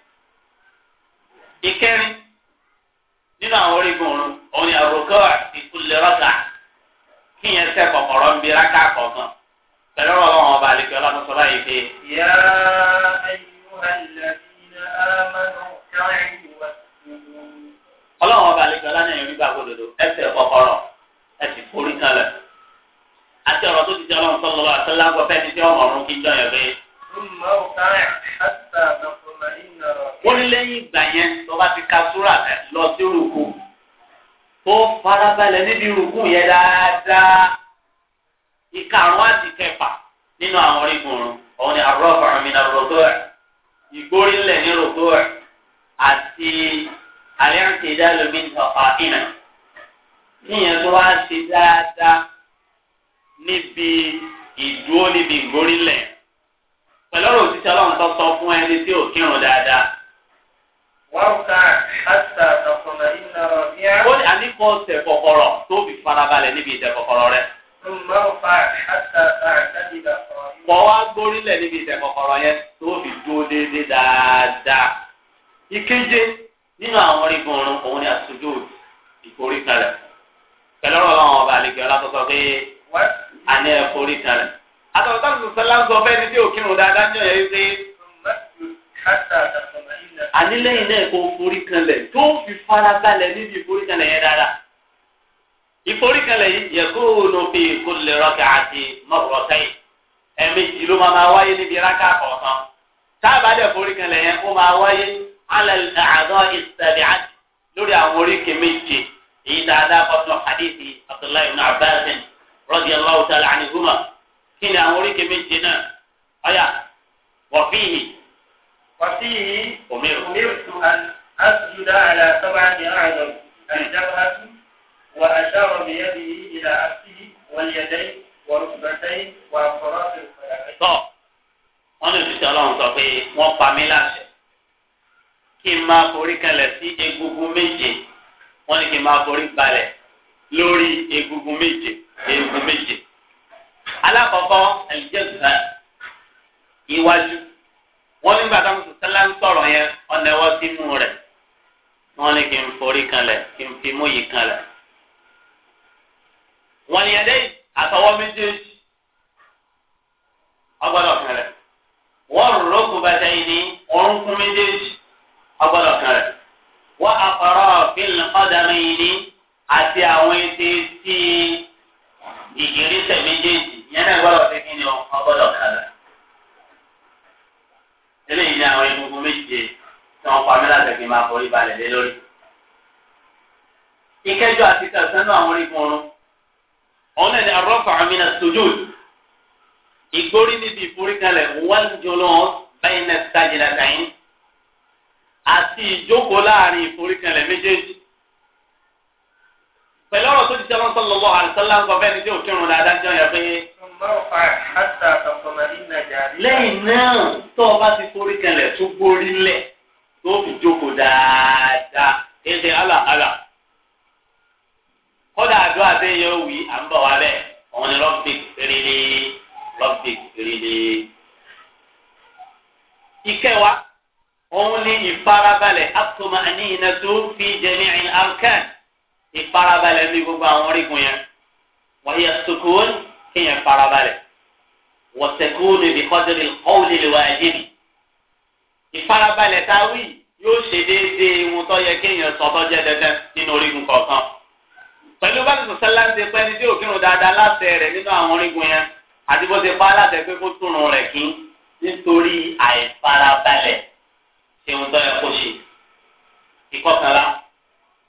ìkẹrin nínú àwọn orígun òun òun ni àròkọ́ àti kúlẹ̀ rọ́gà kíyẹn pẹ̀lú ọ̀rọ̀ wọn ọba àlejò ọlọ́run sọ báyìí pé. yá ayyuhalladhina amanu káyìn wá. ọlọ́run ọba àlejò ọlá náà nígbà gbódòdó ẹsẹ̀ kọkọrọ ẹsẹ̀ forí kalẹ̀ àti ọ̀rọ̀ tó ti jẹ́ ọlọ́run sọ́lọ́wọ́ àtẹ́lágbọ́ fẹ́ẹ́ ti jẹ́ ọmọọ̀rún kí jọ yẹn pé. wọ́n ní lẹ́yìn ìgbà yẹn lọ́ba ti ka súrà lọ sí rùkù tó farabalẹ̀ níbi rùkù yẹn dáadáa ìkarùn àti kẹfà nínú àwọn orígun oorun òun ni arọ́bà àmìnà rògbò ẹ̀ ìgbórílẹ̀ ní rògbò ẹ̀ àti àlẹ́ǹtì ìdálómi ọ̀pá ìnà níyẹn tó wá ṣe dáadáa níbi ìdúró níbi ìgbórílẹ̀ pẹ̀lú ọ̀rọ̀ òṣìṣẹ́ ọlọ́run tó sọ fún ẹni tí ò kírun dáadáa. wọ́n ká àṣà àtàkùnrin náà ní. ó ní àníkọ́ tẹ̀ kọ̀kọ̀rọ̀ tó farabalẹ̀ níbi ìtẹ̀ kọ̀kọ̀rọ̀ Wọ́n wá gbórílẹ̀ níbi ìtẹ̀kọ̀kọ̀rọ̀ yẹn tó fi dúró déédéé dáadáa. Ìkéje nínú àwọn orígun ọ̀run òun ni àtúndò ìforí kalẹ̀. Pẹ̀lú ọ̀rọ̀ àwọn ọba àlejò alátọ́sọ pé àní ẹ̀forí kalẹ̀. Àtọ̀tọ̀ táwọn sọ̀tọ̀ láǹsọ̀ fẹ́ ni tí ò kírun dáadáa ní ọ̀yẹ́ pé àní lẹ́yìn náà kò forí kalẹ̀ tó fi fara balẹ̀ níbi ìforí kalẹ̀ yẹn dáadáa ìforíkalẹ̀ yìí yakunu fi kulli rak'ati marratayn ẹ̀ẹ̀mejì ló máa wáyé níbi rákà kọ̀ọ̀kan táàbà dẹ̀ foríkalẹ̀ yẹn ó máa wáyé ala al-a'dha'i as-sab'ati lórí àwọn oríkè méje èyí dáadáa kọ́tún hadithi abdullahi ibn abbas radiyallahu ta'ala anhuma kí ni àwọn oríkè méje náà ọ̀yà wa fihi. wa fihi umirtu an asjuda ala sab'ati وأشار بيده إلى أكفه واليدين وركبتين وأطراف القدمين. طب wọ́n lè ṣiṣẹ́ ọlọ́run sọ pé wọ́n pa mí láṣẹ kí n máa forí kalẹ̀ sí egungun méje wọ́n ní kí n máa forí balẹ̀ lórí egungun méje egungun méje. alákọ̀ọ́kọ́ ẹ̀lìjẹ́gùsá iwájú wọ́n nígbà táwọn sọ̀tẹ́lá ń sọ̀rọ̀ yẹn ọ̀nà ẹ̀wọ́ sínú rẹ̀ wọ́n ní kí n forí kalẹ̀ kí n fi mú yìí kalẹ̀ wọ́n ní ẹ̀dẹ́yìn àtọwọ́ méjèèjì ọgbọ́dọ̀ kan méjèèjì pẹ̀lú ọ̀rọ̀ tó ti jẹ́ wọn sọ lọ́wọ́ àlùsọ́lá ń kọ́ bẹ́ẹ̀ ni tí ò kírun dáadáa jọ yẹn pé. lẹ́yìn náà tó o bá ti forí kẹlẹ̀ tó gbórí lẹ̀. gbogbo àwọn orígun yẹn wọ́n yẹ sukun kéèyàn farabalẹ̀ wọ́n sẹ́kúnù ìdíkọ́dúnrì ọ̀wùlì lè wá ẹ̀jẹ̀bì ìfarabalẹ̀ táwí yóò ṣe déédéé ohun tó yẹ kéèyàn sọ tó jẹ́ dandan nínú orígun kọ̀ọ̀kan pẹ̀lú bá tuntun sẹ́lá ń ṣe pẹ́ ní tí òkìrùn dáadáa láṣẹ rẹ̀ nínú àwọn orígun yẹn àti bó ṣe pa aláṣẹ pé kó túnrun rẹ̀ kí nítorí àìfarabalẹ̀ ṣe ohun tó yẹ kó ṣe ìkọkànlá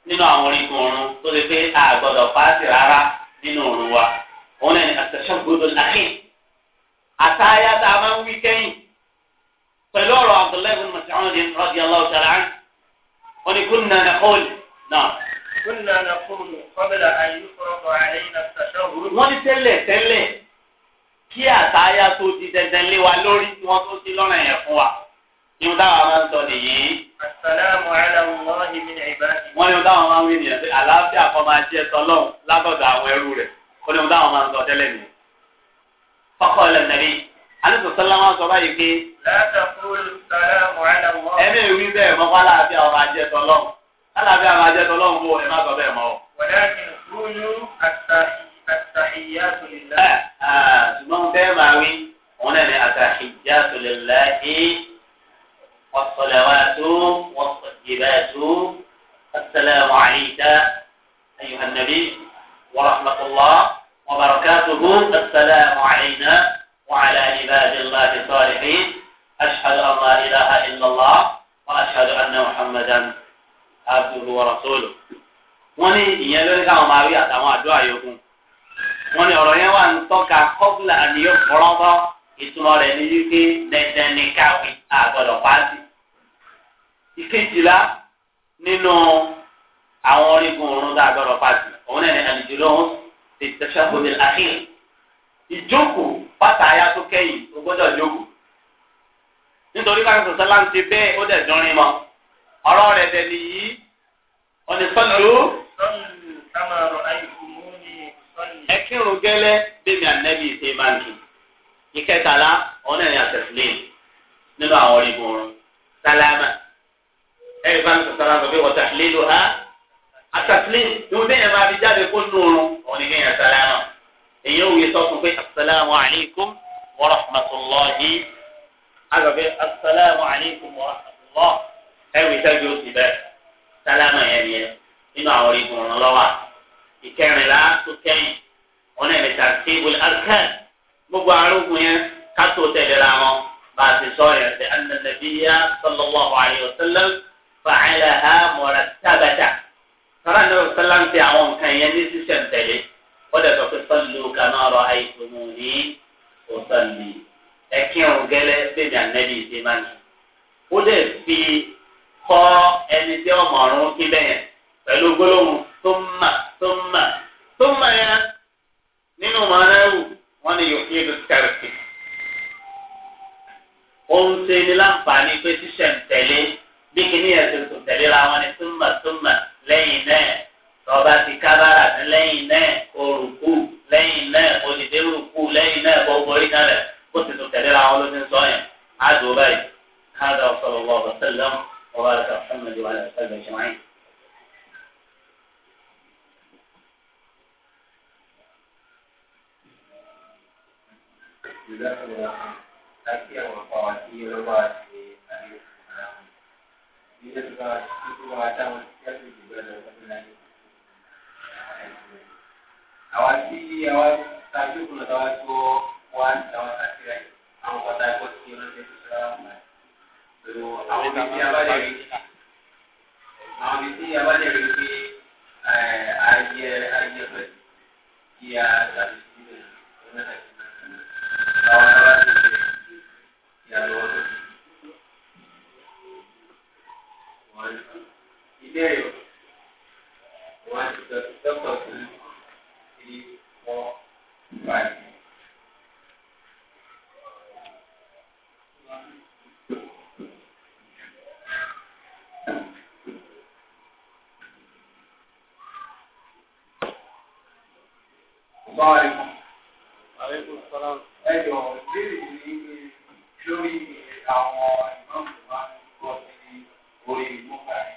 nínú àwọn orígun ọ̀run tó lè pé a gbọ́dọ̀ fàásì rárá nínú ọ̀run wa òun náà ni àtẹ̀sán gbọdọ̀ láàyè àtàyà tá a máa ń wí kẹ́yìn pẹ̀lú ọ̀rọ̀ Abdullahi bin Mas'ud radiyallahu ta'ala anhu wọn ni kunna naqul náà. kunna naqul qabla an yufrada alayna at-tashahhud. wọ́n ní tẹ́lẹ̀ tẹ́lẹ̀ kí àtàyà tó di dandan lé wa lórí tí wọ́n tó ti lọ́rọ̀ yẹn fún wa. ìmúdáwà máa ń sọ nìyí wọ́n ní wọ́n táwọn máa ń wí nìyẹn pé àlàáfíà kan máa jẹ́ tọ́lọ́hún lágọ̀dọ̀ àwọn ẹrú rẹ̀ ó ní wọ́n táwọn máa ń sọ tẹ́lẹ̀ nìyẹn. fọ́kọ̀ ọ̀lẹ̀ nàbí alẹ́sọ̀ sọ́lá wọn sọ báyìí pé. ẹ̀mí ìwí bẹ́ẹ̀ mọ́ kó àlàáfíà ọba jẹ́ tọ́lọ́hún àlàáfíà ọba jẹ́ tọ́lọ́hún kó ẹ̀ má sọ bẹ́ẹ̀ mọ́. Eh, eh, ṣùgbọ́n bẹ́ẹ̀ máa wí òun náà والصلوات والطيبات السلام عليك أيها النبي ورحمة الله وبركاته السلام علينا وعلى عباد الله الصالحين أشهد أن لا إله إلا الله وأشهد أن محمدا عبده ورسوله وني ní ìyẹn lórí káwọn máa rí وني àdúrà وان wọ́n قبل أن yẹn wà ń tọ́ka kọ́bùlà àníyàn fọ́nrán bá ìtumọ̀ ìkejìlá nínú àwọn orígun òórùn tá a gbọ́dọ̀ pàtì òun náà ní àlìjùlọ́hún ti tẹ̀sán kò ní àkíyè ìjókòó bàtà ayá tó kẹ́yìn ó gbọ́dọ̀ jókòó nítorí ká sọ̀tọ̀ láǹtí bẹ́ẹ̀ ó dẹ̀ dúnrin mọ́ ọ̀rọ̀ rẹ̀ dẹ̀ nìyí ọ̀nìfọ́lù. ẹ kírun gẹ́lẹ́ bẹ́ẹ̀ mi ànẹ́bí ṣe ìkẹtàlá ọ̀nà ìrìn nínú àwọn orígun ọ̀run sálámà ẹ̀rí bá ń sọ sára sọ pé wọ́n ta lélo ha àtàkùnlé ìwọ́n tẹ̀yẹ̀ máa fi jáde kó nùrùn òun ni kéèyàn sálámà èyí ò yẹ sọ fún pé asalaamu alaykum wa rahmatulahi àgbẹ̀ asalaamu alaykum wa rahmatulah òsì bẹ́ẹ̀ sálámà yẹn ni yẹn nínú àwọn orígun ọ̀run lọ́wọ́ ìkẹrìnlá tó kẹ́yìn wọn náà ta tébùl arkán gbogbo arógun yẹn kátó tẹ̀lé ra wọn bá a ti sọ yẹn ṣe anna nabiyya sallallahu fàcẹ́lẹ̀ ha mọ̀ra tábàtà sọ́ra ní ọ̀sán ti àwọn nǹkan yẹn ní sísẹ̀ tẹ̀lé ó dẹ̀ sọ pé sọ́ọ̀lù kaná ọ̀rọ̀ àìsùnmù ní ọ̀sán mi ẹ̀kí ọ̀hún gẹ́lẹ́ bèbí ànẹ́bí ìdí máa ní. ó dẹ̀ fi kọ́ ẹni tí ó mọ̀ọ́rún kí bẹ́yẹn pẹ̀lú gbólóhùn tó mà tó mà tó mà yẹn nínú mọ̀ọ́rẹ́wù wọ́n ní yóò fi ó ń ṣe ní láǹfààní pé sísẹ̀ ń tẹ̀lé bí kìíní yẹn ti tún tẹ̀léra wọn ni túmọ̀ túmọ̀ lẹ́yìn náà tọ́ba ti kábàrà ní lẹ́yìn náà orùkú lẹ́yìn náà òdìdé orùkú lẹ́yìn náà gbogbo orí kan rẹ̀ ó ti tún tẹ̀léra wọn ló ti ń sọ yẹn àdó báyìí هذا وصلى الله وسلم وبارك على محمد وعلى اله اجمعين بسم الله الرحمن الرحيم àwa tí àwa tàbí òkúlọ̀ tàwa tó wá àwọn àtàkìrà yìí àwọn ọ̀tá ẹ̀kọ́ tí wọ́n ti sọ́ra wọn báyìí. pẹ̀lú àwọn ibi tí a bá lè rí àwọn ibi tí a bá lè rí pé ayé ayé rẹ̀ kí a tàbí sílẹ̀ ọ̀nà àti náà. àwọn ará ti rẹ̀ kí a lọ. ìbéèrè o wọn ti sọ dókítà fún three four five. Bye. Aleykum salaam. Ẹ jọ ìbéèrè yìí lórí àwọn ìmọ̀ọ́mù wa ń kọ́ sí orí ìmúkàrí.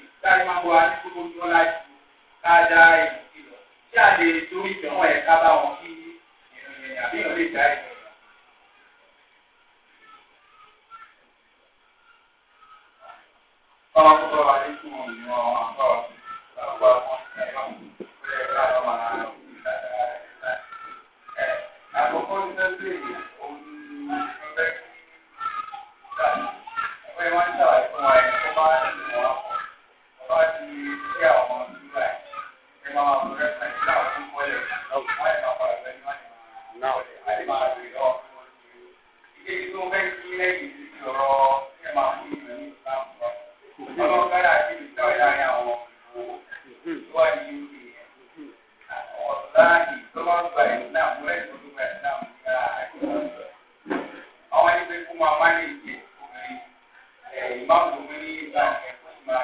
káàdì máa ń àti gbogbo ní ọlá ju káàdà ìdí lọ tí a lè torí ìdánwò ẹ̀ ká bá wọn kí ìrìn àbí ìrìn lè dá ìrìn. Báwo kọ́ Àwọn ẹni pé kó máa máa ní ìdí obìnrin ìmáàmù obìnrin ìgbà yẹn kó sì máa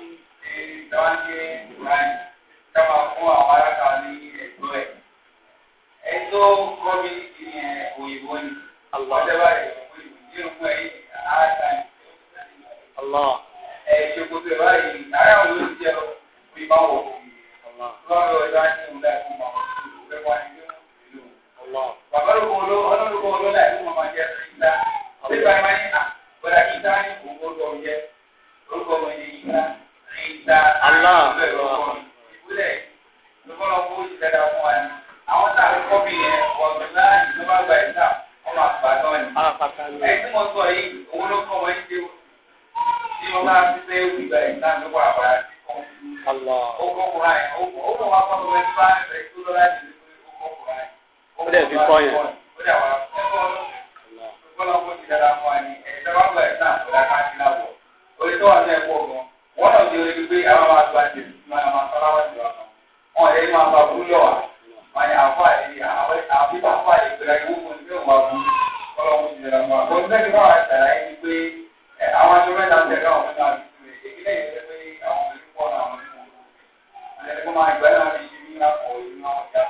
ìjọba ń gbé ìwádìí káma fún àwọn aráta ní ẹ̀tọ́ ẹ̀. ẹ̀tọ́ kọ́bí ti ní òyìnbó ni. ọ̀dẹ́bà rẹ̀ òyìnbó ní ìrùkú ẹ̀yìn aráta ní ìjọba. ẹ̀ ṣòkòtò ẹ̀ báyìí ara òun ló jẹ́ òyìnbó wọ̀. lọ́rọ̀ ẹ̀ bá ní ìwúlẹ̀ fún ọmọ òṣèlú bàbá ló kọ́ ló ọlọ́run kọ́ ló láì ìgbà ìwúlẹ̀ lọ́kọ́lọ́ kó o ti dada fún wa ni. Àwọn tá a lè kọ́ bí yẹn wọ̀gbìn náà ìjọba gba ìta ọmọ àgbà náà ni. Ah, Ẹ tí mo sọ yìí, òun ló kọ́ wọn ṣe tí wọ́n bá ti fẹ́ wù ìgbà ìta ló wà wá sí kan. Ó kọ́ kura yẹn, ó kọ́ wá kọ́ tó wọ́n náà ti rí pé àwọn máa gba jù máa máa sọ́ra wá jù wọn. wọn ò lè máa gba búlọ̀ wa wọn ni àfa yìí àwọn àfihàn àfa yìí pẹ̀lú ẹ̀wọ̀n fún mi ò máa bú ọlọ́run ti rẹ̀ wọn. àwọn ọ̀gbẹ́ni náà wà sàlàyé ni pé àwọn aṣọ mẹ́ta tẹ̀lé àwọn mẹ́ta tẹ̀lé ìpínlẹ̀ yìí pé àwọn òbí pọ̀ náà wọn ní wọn. ẹni kó máa gbẹ́ náà fi ṣe ní àpò ìlú àwọn ìyá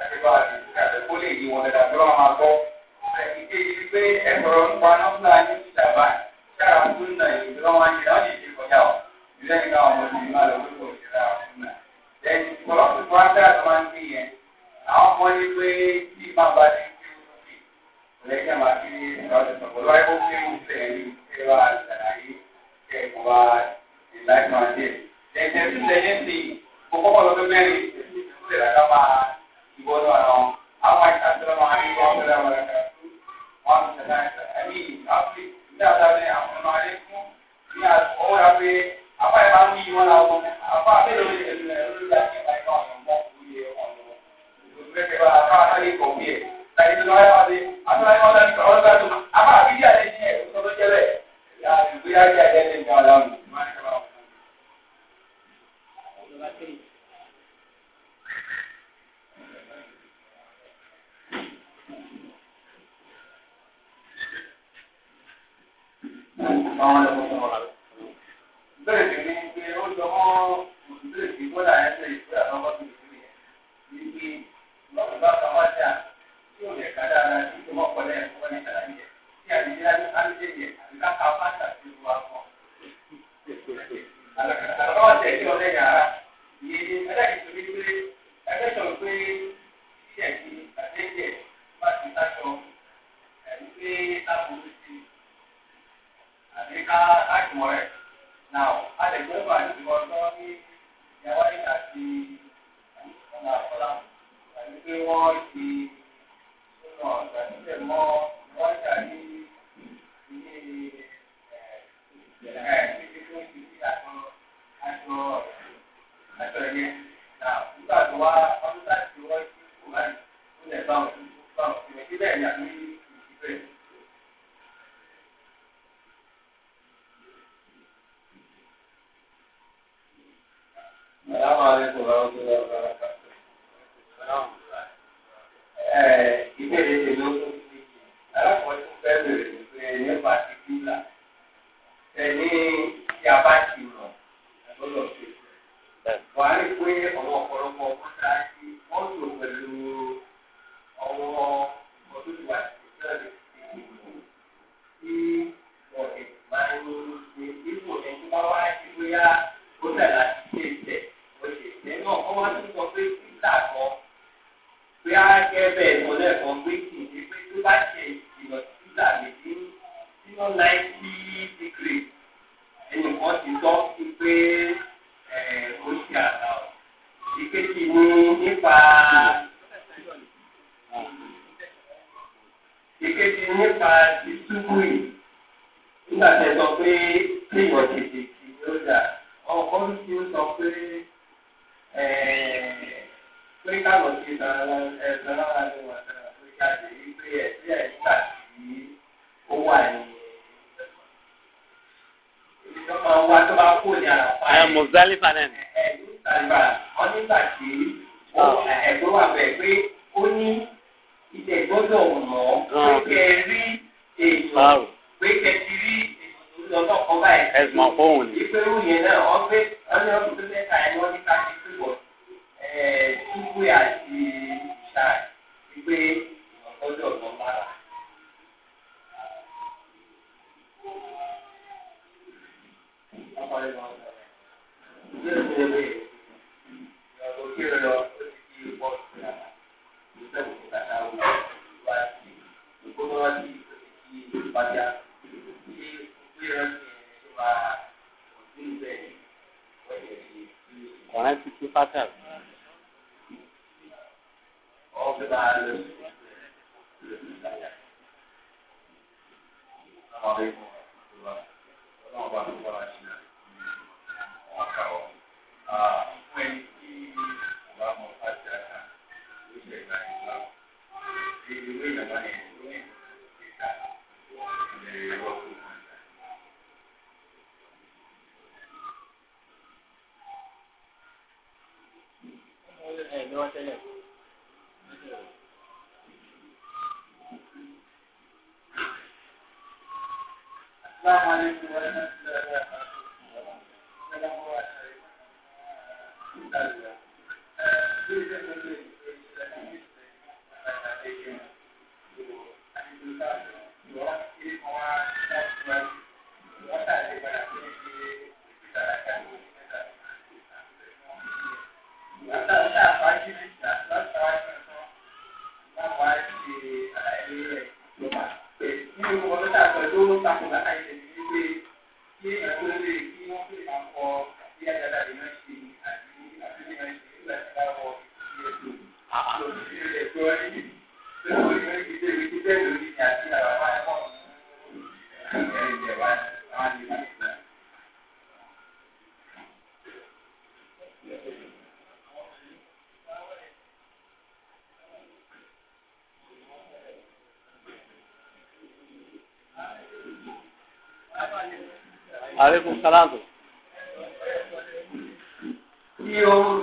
àti ìlú àti ìlú dára fún náà yìí tí wọ́n wá ń ṣe wọ́n sì ṣe kọjá ọ̀ ìrẹ́ nígbà wọn lọ sí ìmọ̀ lọ pé kò ṣe dára fún náà. lẹ́yìn ìpọ̀lọ́pọ̀ tó wá dára tó máa ń gbé yẹn àwọn ọmọ ní pé tí máa bá ti kí ó fi lẹ́yìn àmà kí ní ìrọ̀lẹ́ sọ̀kọ̀lọ́ ẹ̀ ó kí ó fẹ́ ní ẹ wá àlàyé kẹ́ ẹ̀ wá ìlànà àdé. lẹ́yìn tí lẹ́yìn tí mo kọ́kọ́ lọ fẹ́ mẹ́rin ìṣẹ̀lẹ̀ lára máa ìwọ́nú ara wọn àwọn àìsàn tó lọ́wọ́ àríwá ọ̀gbẹ́lẹ́ wọn lọ́kàtú wọn ti sẹ̀dá ẹ̀mí ìṣàfihàn. السلام عليكم ورحمة الله aleykum salaam. Iyo.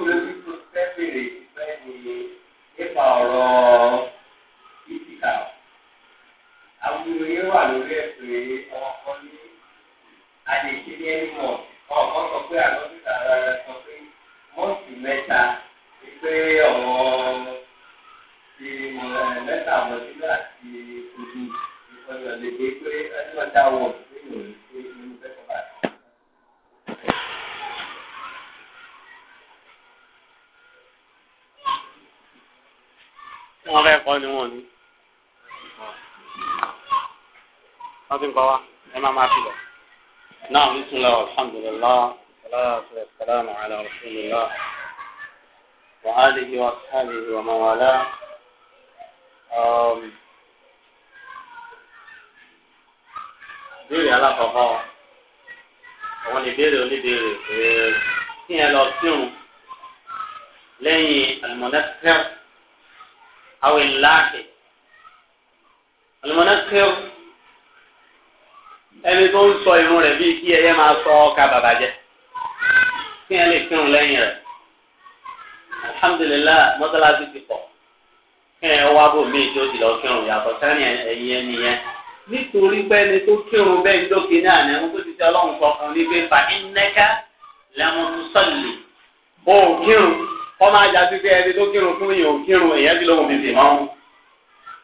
ànábì lóhùn fífi mọ́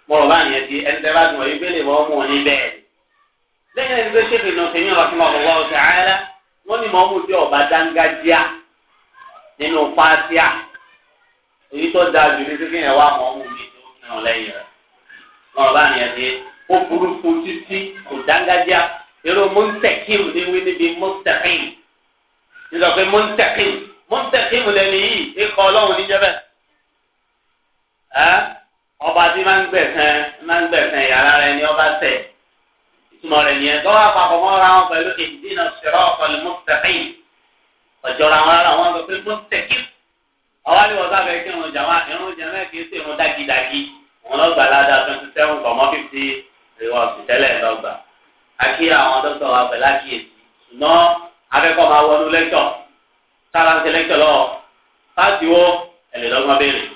mo rọ̀ báyìí ẹ ti ẹni tẹ́ bá dùn ọ̀yí gbélé wọ́n mú òní bẹ́ẹ̀. lẹ́yìn ẹni tó ṣèkè ní òfin yọ̀rọ̀ fún ọ̀rọ̀ wọ́n ṣe ààrẹ wọ́n ní mọ́ mú sí ọ̀bá dángájíà nínú fásíà èyí tó da jù ní sísè yẹn wà mọ́ mú mi tó kí wọn lẹ́yìn mo rọ̀ báyìí ẹ ti ó burú títí kò dángájíà irú mọ́ńtẹ́kìm ní níbi mọ́ńtẹ́kìm nígbà pé mọ́ńtẹ́kìm mọ́ńtẹ́kìm lẹ́nu yìí ikọ̀ ọlọ́run níjẹ́ bẹ́ẹ̀ ọba tí máa ń gbẹ̀sán máa ń gbẹ̀sán yàrá rẹ ni ọba tẹ̀ ìtumọ̀ rẹ̀ nìyẹn tọ́wọ́ àpapọ̀ mọ́ ra wọn pẹ̀lú ìdínà sọ̀rọ̀ ọ̀pọ̀lù mọ́tẹ́kìn ọ̀jọ̀ra wọn rárá wọn sọ pé mọ́tẹ́kìn ọwọ́ ni wọ́n sábẹ́ kí irun jàmá irun jàmá kì í ṣe irun dágídágí wọn lọ gbà ládàá twenty seven kọ̀mọ́ fifty rìwọ̀sì tẹ́lẹ̀ lọ́gbà àkí àwọn dókítà wa pẹ̀lú àkíyèsí ṣùgbọ́n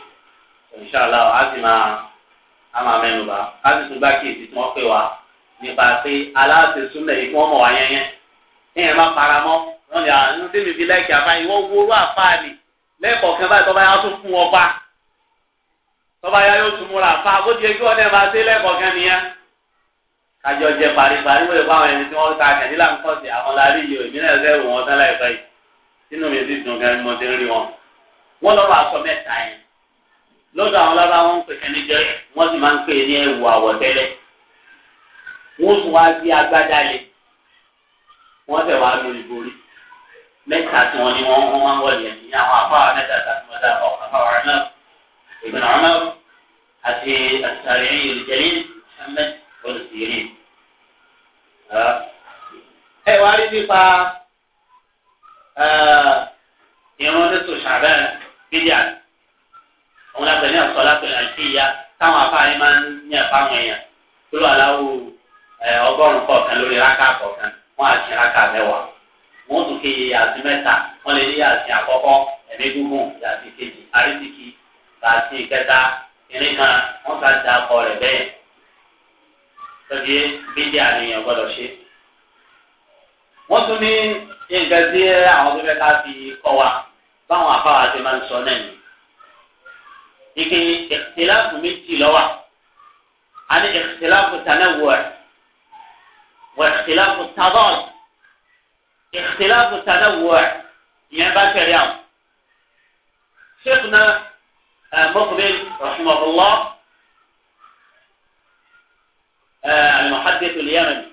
ìṣàlá a sì máa a máa mẹ́nu bá a sì tún bá kíyèsí tí wọ́n pè wá nípa pé aláàtẹ súnlẹ̀ yìí kí wọ́n mọ̀ wá yẹnyẹn èèyàn má para mọ́ wọ́n ní àwọn tí mi fi láìkí àfáàní wọ́n wo orú àfáàní lẹ́ẹ̀kọ̀ọ̀kan báyìí tọ́ba yá tún fún ọba tọ́ba yá yóò tún múra àfáà bó ti yẹ kí wọ́n dẹ̀ máa ṣe lẹ́ẹ̀kọ̀ọ̀kan nìyẹn kájọ jẹ paripari wọ́n fún àwọn ẹni tí wọ́n ta kẹ̀dílà ń àwọn lárí yìí ò ìmíràn ẹ̀sẹ̀ wò wọ́n tán láìpẹ́ yìí sínú mi sì dùn gan ni mo ti ń rí wọn. wọ́n lọ́wọ́ lọ́dọ̀ àwọn lára wọn ń pè kẹ́ni jẹ́ wọ́n sì máa ń pè ní ẹ̀wù àwọ̀tẹ́lẹ̀ wọ́n tún wá sí agbádá lé wọ́n tẹ̀ wá lu ìborí mẹ́ta tí wọ́n ní wọ́n wọ́n máa ń wọlé ẹ̀mí ní àwọn afọ àwọn mẹ́ta tàbí mọ́tà ọ̀kàfà ọ̀rẹ́ náà ìgbìmọ̀ ọ̀rẹ́ náà àti àtàrí ìrìjẹ́lì Ahmed olùsìrì. ẹ wá rí nípa ìrún oníṣòṣàbẹ̀ bíjà òun láti ní ọ̀sọ́ láti àti ìyá táwọn afáàní máa ń ní ẹ̀fáwọn èèyàn tó lọ aláwo ọgọ́rùn-ún lórí rákà kọ̀ọ̀kan wọ́n àti rákà mẹ́wàá wọ́n tún ké yàtí mẹ́ta wọ́n lè ní yàtí àkọ́kọ́ ẹ̀mí gúngùn yàtí kejì àrísìkì yàtí kẹta ìrìn kan wọ́n ká da ọkọ rẹ̀ bẹ́ẹ̀ tọ́jú bídí àníyàn gbọ́dọ̀ ṣe. wọ́n tún ní nǹkan tí àwọn tó fẹ́ ká fi kọ́ wa báwọn afáwà ti máa ń sọ náà ike ìtìláfù méjì lọ́wọ́ àti ìtìláfù tanawwu' wà ìtìláfù tadad ìtìláfù tanawwu' ìyẹn bá tẹ̀lé àwọn. شيخنا مقبل رحمه الله المحدث اليمني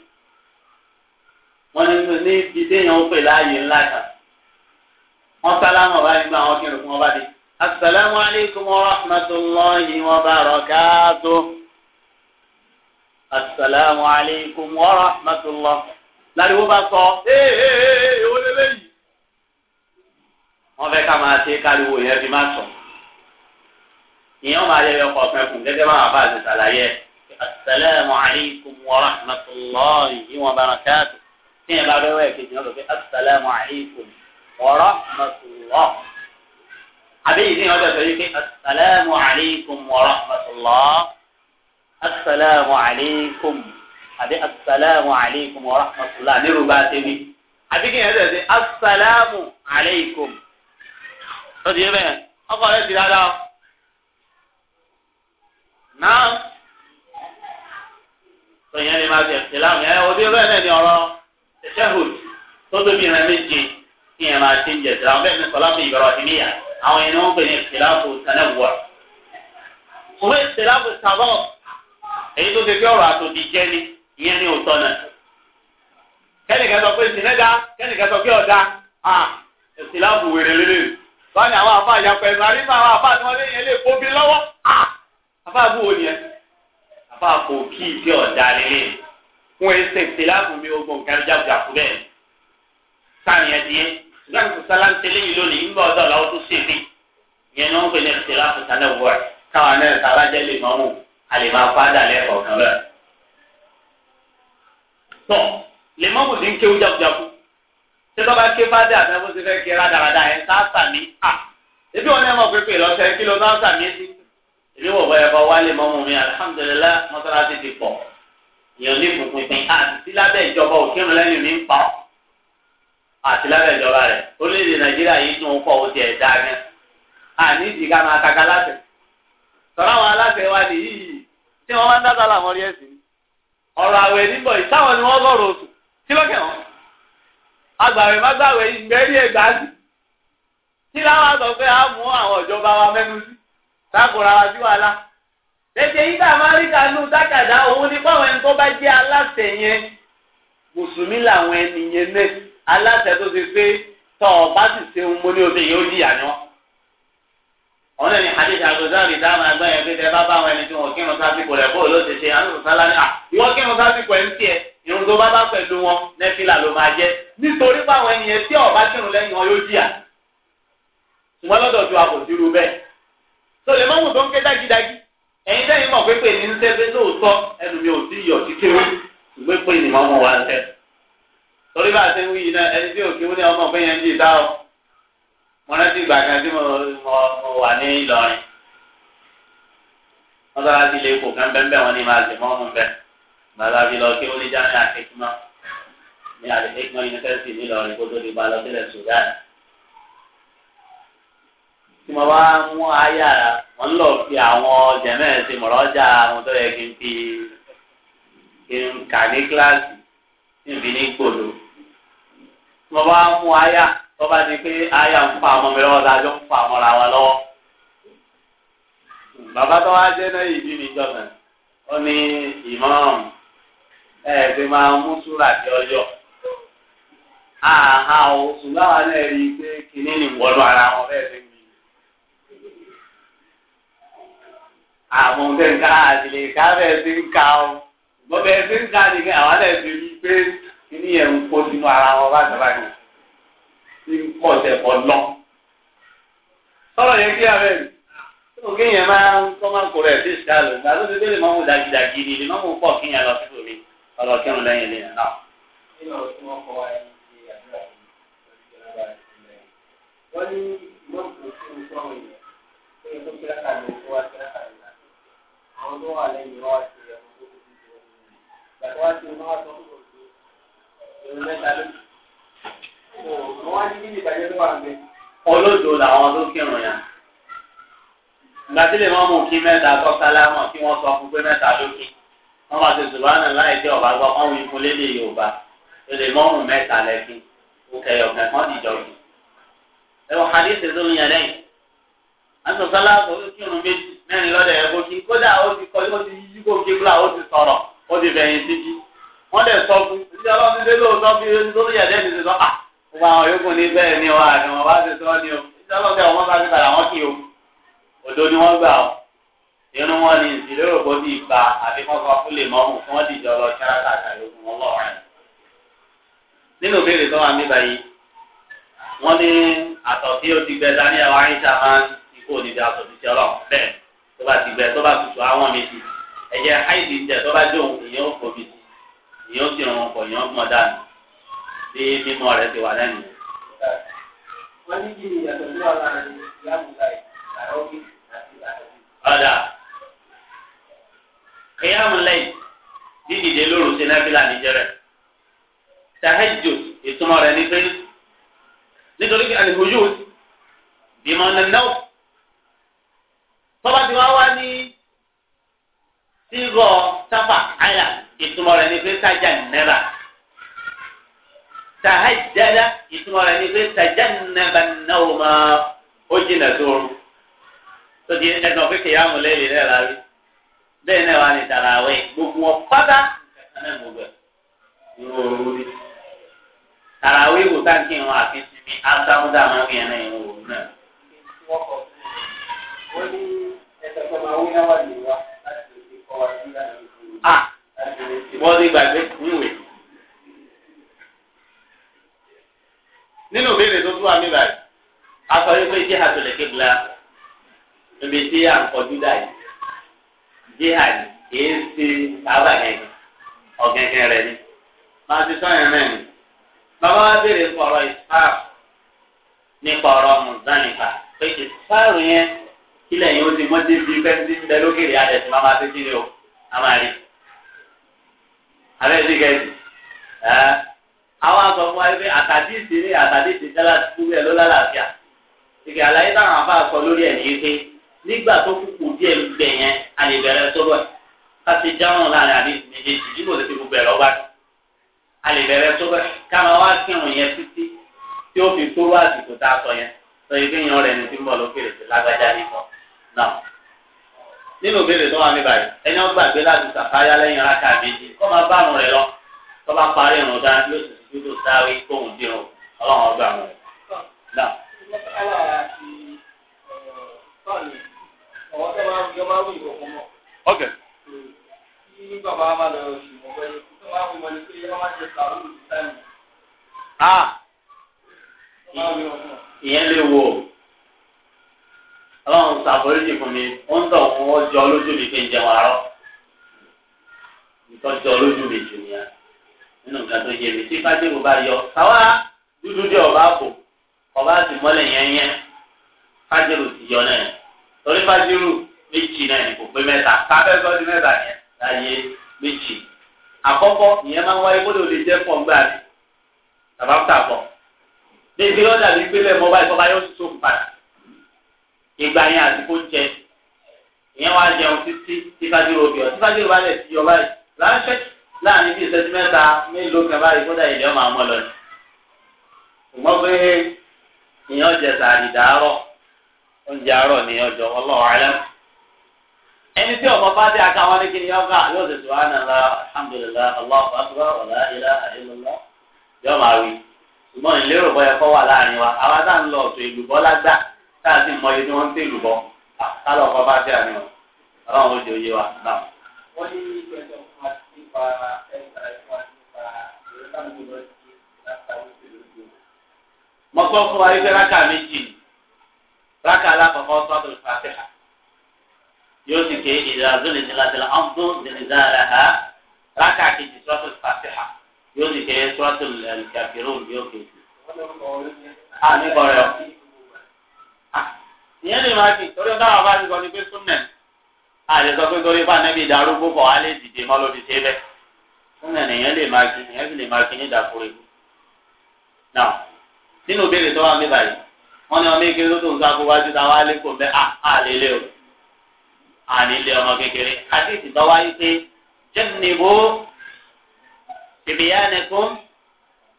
wọ́n ní ní bíi téèyàn ó pè láàyè ńlá kan wọ́n sálámọ̀ báyìí gbọ́ àwọn kírun fún ọba dé. السلام عليكم ورحمة الله وبركاته السلام عليكم ورحمة الله láti wọ́n bá sọ ee o lé léyìí wọ́n fẹ́ ká máa ṣe káriwo yẹn fi máa sọ ìyẹn máa yẹ ọkọ̀ ọ̀fẹ́kùn gẹ́gẹ́ bá wàá àti ṣàlàyé asalaamu alaykum wa rahmatulahi wa barakatu tíyẹn bá bẹ́ẹ̀ wẹ̀ kejì náà lọ asalaamu alaykum wa rahmatulahi. àbẹ́yìí ní ọjọ́ sọ yìí pé asalaamu alaykum wa rahmatulah asalaamu alaykum àbí asalaamu alaykum wa rahmatulah nírú bá a ṣe wí àbí kí ẹ̀rọ ṣe asalaamu alaykum ó ti yé bẹ́ẹ̀ ọkọ rẹ ti dáadáa náà tòyẹn ni máa ṣe ìsìlámù yẹn ó ti yé bẹ́ẹ̀ náà ni ọ̀rọ̀ ṣẹ́hùd tó tóbi ìrìn méje kí ẹ̀ máa ṣe ń jẹ ìsìlámù bẹ́ẹ̀ ni sọlá mi ìbẹ̀rọ̀ ọ̀dìníyà. àwọn ẹni wọn pè ní ìsìláàbù tẹlẹwọ ṣùgbọ́n ìsìláàbù sábọ̀ èyí tó ti fi ọ̀rọ̀ àtòdì jẹ́ ni ìyẹn ní òótọ́ náà kẹ́nìkan sọ pé ìsìnẹ́dá kẹ́nìkan sọ pé ọ̀dá ìsìláàbù wèrè lélẹ̀ báyìí àwọn àfa àyàpọ̀ ẹ̀nu àríwá àwọn àfa àti wọn lé yẹn lè fóbi lọ́wọ́ àfa àbú wo nìyẹn àfa àpò kí ìdí ọ̀dà lélẹ̀ fún ẹsẹ̀ ìsìláàbù ìgbà tó sálám tẹ́lẹ̀ yìí lónìí ń bọ̀ ọ̀dọ̀ làwọn tó ṣèlè yẹn ni wọ́n pè ní ìṣẹ̀lá fún sanẹ́ wọ̀ ẹ̀ káwọn náà sábà jẹ́ lè mọ́mú a lè máa padà lẹ́kọ̀ọ́ kan bẹ́ẹ̀. tọ́ lè mọ́mú ti ń kéwú jagunjagun ṣé tọ́ bá ké fádé àtẹ́wó ti fẹ́ kí rádaràdà ẹ̀ sáàsà ní à ebi wọn náà mọ̀ pé lọ́sẹ̀ kí ló sáàsà ní sí ebi wọ̀ bọ́yọ̀ bọ́ wálé mọ́mú mi alihamudulilayi mọ́sálásí àti lábẹ́ ìjọba rẹ̀ orílẹ̀-èdè nàìjíríà yìí dùn pọ̀ ó ti dáa gan. àní ìdí máa kaka láṣẹ. sọ̀rọ̀ àwọn aláṣẹ wa nìyí tí wọ́n máa ń dáta làwọn rí ẹ̀sìn. ọ̀rọ̀ àwẹ̀ níbọ̀ yìí táwọn ni wọ́n oṣù lọ́kẹ̀ wọn. agbàwẹ̀ má gbàwẹ̀ yìí ẹ̀gbá sí. kí láwọn sọ a mú àwọn ìjọba wa mẹ́nu sí wa sí wàhálà. lẹ́sẹ̀ yìí òun ni ẹni tó bá jẹ́ aláṣẹ yẹn mùsùlùmí aláṣẹ tó ti pé tọ́ ọ bá sì ṣe ohun mo ní oṣù yóò jìyà ni wọ́n. ọ̀nà ni hadith àgùzárì dáhùn ẹgbẹ́ yẹn pé tẹ bá bá àwọn ẹni tí wọn kírun sásìkò rẹ̀ bóòlù ó ti ṣe àánú sálá ní à ìwọ kírun sásìkò ẹ̀ ń tiẹ̀ irun tó bá bá pẹ̀lú wọn nẹ́fìlà ló máa jẹ́ nítorí báwọn ẹni yẹn tí ó bá kírun lẹ́yìn wọn yóò jìyà. ṣùgbọ́n lọ́dọ̀ tí wa kò sí irú bẹ́ẹ̀. tó lè mọ́mù tó ń ké dágídágí ẹ̀yin tẹ́yìn mọ̀ pé pé ní ń tẹ́ torí bá a ṣe ń wí náà ẹni tí òkè wúni ọmọ ọ̀gbìn yẹn ń jì dá ọ mo rántí ìgbà kan tí mo wà ní Ìlọrin wọn sára sí ilé ipò kan bẹ́ẹ̀ wọn ni máa ṣe mọ́ bẹ́ẹ̀ bàbá mi lọ kí ó ní jáde àtẹkùnmọ́ ní àtẹkùnmọ́ yunifásitì nílọrin kó tó di ba lọ sílẹ̀ Sudan tí mo bá mú àyà wọn ń lọ fi àwọn jẹ̀mẹ́ẹ̀ ṣe mọ̀rọ́jà àwọn tó yẹ kí n fi kí n kà ní kíláàsì. níbi ní gbòdo mo bá mú aya tó bá di pé aya ń fa ọmọ mi lọ́wọ́ dájọ́ wọn lọ́wọ́ bàbá tó wá jẹ́ náà ìbí mi jọ̀gàn ó ní ìmọ̀ràn ẹ̀ ti máa mú súrà sí ọjọ́ àhà oṣù láwa náà rí i pé ni ara wọn bẹ́ẹ̀ ti ka o. bọ́bẹ̀ ẹ̀sìn ń ga nìkan àwọn alẹ́ ti pé kíní ẹ̀ ń kó sínú ara wọn bá dábàá yìí tí ń pọ̀ tẹ̀ pọ̀ lọ. sọ̀rọ̀ yẹn kí abẹ́ tó kéèyàn máa ń kọ́ máa ń kó sí ìṣá lò tó ti délé máa ń wò dàgídàgí ni máa ń wò pọ̀ kéèyàn lọ síbò mi ọ̀rọ̀ kẹrùn lẹ́yìn lẹ́yìn náà. wọ́n ní mọ́tò tí wọ́n wá gbàtọ́ wá sí ọmọ wa sọ fún òṣèlú ìrìn mẹ́ta lójú. mo wá ní kí ni ìbàjẹ́ tó wà níbẹ̀. olódò làwọn tó kírun yẹn gbàtí lè mọ́ mú kí mẹ́ta kọ́ sálámọ̀ kí wọ́n sọ fún pé mẹ́ta lókè wọ́n máa ṣe sùbánà láì jẹ́ ọ̀bá gbọ́ kọ́ wí fún lédè Yorùbá lè mọ́ mú mẹ́ta lẹ́kí òkè ọ̀gá kan dìjọ́ yìí. ẹ̀wọ̀n hadith tó ń yẹn lẹ́yìn àtọ̀ sálámọ̀ ó kírun méjì mẹ́rin lọ́dẹ̀ ẹ̀ kó kí kódà ó ti kọ́ ó ti yí kó kí kúlà ó ti sọ̀rọ̀ ó ti fẹ̀yìn títí wọ́n lè sọ fún títí ọlọ́run dé lóòótọ́ bí lórí ẹ̀dẹ́ ti sọ à ah, gbogbo àwọn yòókù ní bẹ́ẹ̀ ni wà ní wọn bá ti sọ ní o títí ọlọ́run dé wọn bá ti padà wọn kì í o òdo ni wọ́n gbà o inú wọn ni ìdílé òbó ti gba àbí wọn kọ fún lè mọ́mù fún wọn dìjọ lọ ṣáàtà àkàyòkù wọn lọ́ọ̀rẹ́ nínú ìbéèrè tó wà níbà yìí wọ́n ní àtọ̀tí ó ti gbẹ dání àwọn àyíṣà máa ń ikú òní ẹ̀jẹ̀ àìsí ìjẹ tó bá dùn ìyẹn ò fomi ìyẹn ò sì ràn ọkọ ìyẹn ò mọ dànù bí mímọ rẹ ti wà lẹ́nu. wọ́n ní kí ni ìyàtọ̀ tó wà láàrin ìyáàmùlá ìyàrọ́bí àti àtọ́jú. ọ̀dà ìyáàmùlá yìí lóru sí náfìlà níjẹrẹ tahajjud ìtumọ̀ rẹ̀ ní pẹ́ẹ́lí nítorí pé àlùfòyù bímọ nínú tọ́ba ti wá wá ní. sígọ̀ sáfà àyà ìtumọ̀ rẹ̀ ní pé sájà nẹ́bà sàhájàdá ìtumọ̀ rẹ̀ ní pé sájà nẹ́bà náà máa ó jìnà sóoru tó di ẹnu ọ̀fẹ́ kìí àmú lẹ́yìn rẹ̀ rárí bẹ́ẹ̀ náà wà ní gbogbo wọn pátá wọn àfi sinmi máa a ah, wọ́n ti gbàgbé níwè. nínú ìbéèrè tó tún wà níbà yìí a sọ wípé jíhà tó lè kébìlà ibi tí à ń kọjú dà yìí jíhà yìí kì í ṣe sábà yẹn ọ̀gẹ̀gẹ̀ rẹ̀ ni máa ti sọ̀yìn rẹ̀ ni bàbá wa béèrè nípa ọ̀rọ̀ ìsáà nípa ọ̀rọ̀ mùsàlìfà pé ìsáà yẹn kílẹ̀ yìí ó ti wọ́n ti fi pẹ́ńtì ń bẹ lókèrè adẹ̀sí máa máa tẹ́tí ni o a máa rí. abẹ́rẹ́ gẹ̀ẹ́sì àwọn aṣọ fún wa pé àtàdé ìṣeré àtàdé ìṣẹ̀dálà túwú ẹ̀ ló lálàáfíà ìgbà àlàyé táwọn afá sọ lórí ẹ̀ nìyí pé nígbà tó kúkú díẹ̀ ń bẹ̀ yẹn a lè bẹ̀rẹ̀ sọ́rọ̀ ẹ̀ ká ti láàrin àdéhùn méjèèjì nígbà tó ti gbogbo ẹ̀ lọ́wọ́ a lè bẹ̀rẹ̀ sọ́rọ̀ ẹ̀ ká wá kírun yẹn títí tí ó fi tó àsìkò tá a sọ yẹn sọ yìí rẹ̀ ní tí ń bọ̀ lókèrè sí lágbájá nìkan náà nínú ìbéèrè tó wà ní báyìí ẹni wọn gbàgbé láti sàkáyà lẹ́yìn raka méjì kó máa bá àrùn rẹ lọ tó bá parí ìrùn dá yóò sì fi dúdú sáré kóhùn dírun Ọlọ́run ọgbà wọn. náà. ok. ah ìyẹn lè wo ọlọ́run ṣàforíjì fún mi ó ń tọ̀ fún ọjọ́ lójú mi kí n jẹun àárọ̀ ìtọ́jọ́ lójú mi jù ní à nínú nǹkan tó yé mi tí fájìmù bá yọ káwá dúdú dé ọba bò ọba sì mọ́lẹ̀ yẹnyẹn fájìmù sì yọ náà torí fájìmù méjì náà ní kò pé mẹ́ta káfẹ́ sọ́ di mẹ́ta yẹn láyé méjì àkọ́kọ́ ìyẹn máa ń wáyé kó lè lè jẹ́ pọ̀ ńgbà ní tàbá ń tàbọ̀ bí ibi lọ́dà ní pélé mọ́ báyìí tọ́ba yóò tún tó padà. ìgbà yẹn àsìkò jẹ ìyẹn wàá jẹun títí bí ọ bá ti yọ báyìí láńṣẹ láàrin bíi ìṣẹ́jú mélòó kan báyìí kódà ìdí ọmọ àwọn lọ ni pé ìyẹn ọjà sàárì oúnjẹ ẹni tí ọmọ bá dé ní yóò la alhamdulilayi wàlá ilá máa wí ìlérò wà láàrin wa ìlú gbà. tá a sì mọ iye tí wọ́n ń tèlù bọ́ àtàlọ́ ọkọ bá dé àná ọlọ́run ó jẹ oyé wa náà. wọ́n ní ìgbẹ́jọ́ fún wa nípa ẹ̀ka ìfún wa nípa ìrẹ́pàá mi lọ sí ìlàkà méjì lójú. mo sọ fún wa wípé rákà méjì rákà alákọ̀ọ́kọ́ sọ́dọ̀ ìfàtẹ́hà yóò sì ké ìdàzúlẹ̀ nílàdìlà ọ̀dún nìlìdára ha rákà kejì sọ́dọ̀ ìfàtẹ́hà yóò sì ké sọ́dọ̀ ìkàfẹ́rọ̀ yóò kéjì. a ní kọrẹ o ìyẹn lè máa kì torí táwọn bá ti sọ ni pé súnmẹ̀ àlè sọ pé torí fún anẹ́bí ìdarúgbó kọ̀ á lè dìde mọ́ lóbi ṣe bẹ́ẹ̀ súnmẹ̀ nìyẹn lè máa kì ìyẹn sì lè máa kì ní ìdàkúrò ìlú. náà nínú ìbéèrè tó wà ní báyìí wọ́n ní ọmọ kékeré tó ń sá kó wájú táwọn á lè kó mẹ́ àlè lé o àní lé ọmọ kékeré àti ìtìtọ́ wáyé pé jẹ́nìbó tìbíyánẹkùn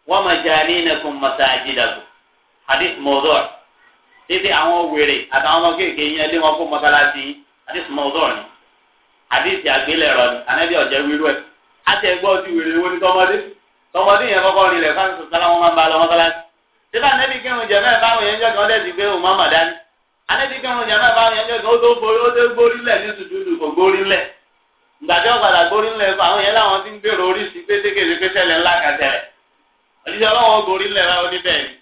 wọ́n mọ̀ jẹ́ àníyànẹkùn títí àwọn wèrè àtàwọn ọmọ kéèké yẹn lé wọn fún mọ́sálásí àdìsí mọ́tò ni àdìsí àgbélẹ̀rọ ni ànábì ọ̀jẹ̀ wíwú ẹ̀ àti ẹgbẹ́ ti wèrè wo ni tọmọdé tọmọdé yẹn kọ́kọ́ rinlẹ̀ fáńsì sọ́lá wọn máa ń ba lọ mọ́sálásí títí ànábì kírun jẹ mẹ́ẹ̀ báwọn yẹn jẹ́ kan dẹ̀ ti gbé òun mọ́ màdání ànábì kírun jẹ mẹ́ẹ̀ báwọn yẹn jẹ́ kan ó tó gbórí lẹ̀ ní sùdúdù kò gbórí lẹ̀ gbàjọ́ padà gbórí ńlẹ̀ fún àwọn yẹn láwọn ti ń gbèrò oríṣi pétékèlé pé ṣẹlẹ̀ ńlá kan tẹ̀lẹ̀ òṣìṣẹ́ ọlọ́wọ́ gbórí ńlẹ̀ rárá oníbẹ̀ẹ́ ni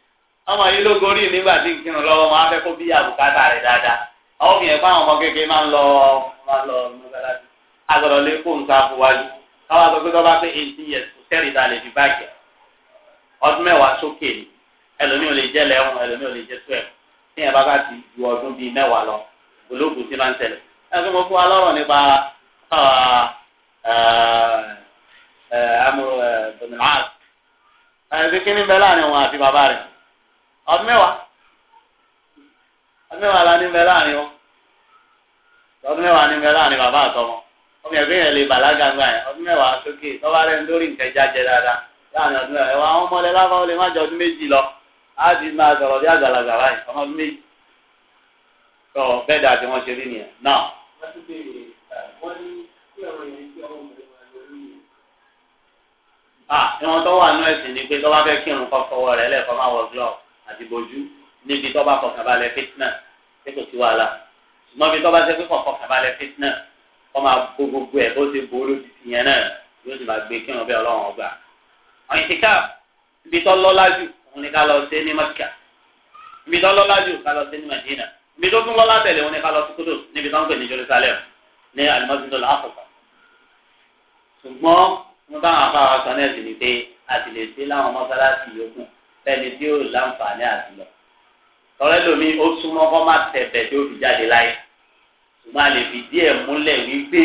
ọmọ yìí ló gorí nígbà tí ń kírun lọ́wọ́ wọn á fẹ́ kó bí àbùkátà rẹ̀ dáadáa àwọn obìnrin fáwọn ọmọ kékeré máa ń lọ máa ń lọ mọ́sálásí agbọ̀dọ̀ lé kó ń sáfù wájú káwá sọ pé tọ́ba pé eighteen years kò sẹ́rì ta lè fi báàgì ọdún mẹ́wàá sókè ni ẹlòmíì ò lè jẹ́ lẹ́wọ̀n ẹlòmíì ò lè jẹ́ twelve ní ẹ̀ bá bá ti ju ọdún bíi mẹ́wàá lọ olóògùn ti máa ń tẹ̀lé ẹgbẹ́ mo fún wa lọ́rọ̀ nípa amúrò bùnmáàsì ẹ̀ẹ́dẹ́gbẹ́ ní bẹ́ẹ̀ láàrin òun àti bàbá rẹ̀ ọdún mẹ́wàá ọdún mẹ́wàá la ní bẹ láàrin wọn ọdún mẹ́wàá ní bẹ láàrin bàbá àtọmọ ọmọ ẹgbẹ́ yẹn lè bàlágà gbà yẹn ọdún mẹ́wàá sókè tọ́ba rẹ̀ ń dórí nǹkan jáde dáadáa láàrin ọdún mẹ́wàá ẹ̀wọ̀n àwọn ọmọdé lábáwọ́ lè má jẹ ọdún méjì lọ á ti máa sọ̀rọ̀ bí àgbàlagbà báyìí ọmọ ọdún méjì tọ bẹ́ẹ̀ dà tí wọ́n ṣe rí nìyẹn náà. ah ìwọ̀n tó wà nú ẹ̀sìn ni pé tọ́ba fẹ́ kírun kọ́ fọwọ́ rẹ̀ lẹ́ẹ̀kọ́ máa wọ glove àti bojú níbi tó bá fọkànbalẹ̀ fitna tí kò sí wàhálà ṣùgbọ́n bí tó bá ṣe pé kàn fọkànbalẹ̀ fitna kọ́ máa bó gbogbo ẹ̀ bó ṣe borí òtítì yẹn náà yóò sì máa gbé kí wọn bẹ ọlọ́run ọgbà. ọ̀yìn ti ká ibi tó lọ́lá jù òun ni ká lọ sí ní Mẹ́kà ibi tó lọ́lá jù ká lọ sí ní Madina ibi tó tún lọ́lá tẹ̀lé òun ni ká lọ sí kúdò níbi tó ń pè ní Jerusalem ní alimọ́sí tó ṣùgbọ́n mo bá àwọn afárá sọ náà sì ni pé àtìlẹ́sí láwọn mọ́sálásí yòókù fẹ́ni tí ó láǹfààní àti lọ. tọ́lẹ́ lomi ó súnmọ́ kọ́ máa tẹ̀bẹ̀ tí ó fi jáde láyé. ṣùgbọ́n a lè fi díẹ̀ múlẹ̀ wípé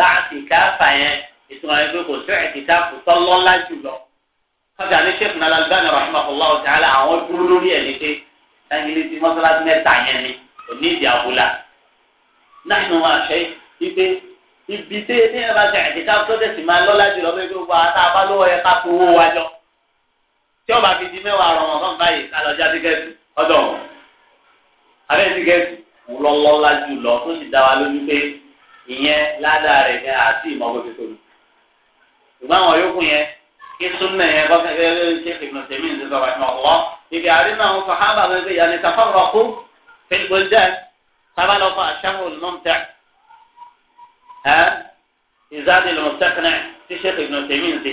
láti káfà yẹn ìtumọ̀ yẹn pé kò sí ẹ̀kíkà kò tọ́lọ́ ńlá jùlọ. kọjá ní sèkùn alágbáni rahimahullah ta'ala àwọn dúró lórí ẹ̀ ní pé táyìlì tí mọ́sálásí mẹ́ta yẹn ni òní ìdí àbúlà. náà nù àṣẹ ipe ibi tí ẹni ẹ bá ṣe ẹ̀kíkà tó dẹ̀ sì máa lọ́lá jùlọ pé gbogbo àtàbálówó yẹ ká fowó wájọ́ tí ọba fi di mẹ́wàá Ramadan báyìí alọ́jà tíkẹ́tì ọ̀dọ̀ wọn abẹ́ tíkẹ́tì lọ́lọ́lá jù lọ tó sì dá wa lójú pé ìyẹn ládàá rẹ̀ ní àti ìmọ̀gbọ́n tó tóbi ṣùgbọ́n àwọn yòókù yẹn kí súnmọ́ yẹn kọ́ fẹ́ fẹ́ ṣe ìgbìmọ̀ tèmi ní sọ́kọ̀ àti ọ̀wọ́ ibi àrínà àwọn sàhábà ló ń pè yàní sàfọ́rọ̀ kú fẹ́gbọ́n jẹ́ sábàlọ́kọ̀ àṣàmù olùmọ̀tẹ́ ẹ́ ìzádìlùmọ̀tẹ́kùnrin tí ṣe ìgbìmọ̀ tèmi ní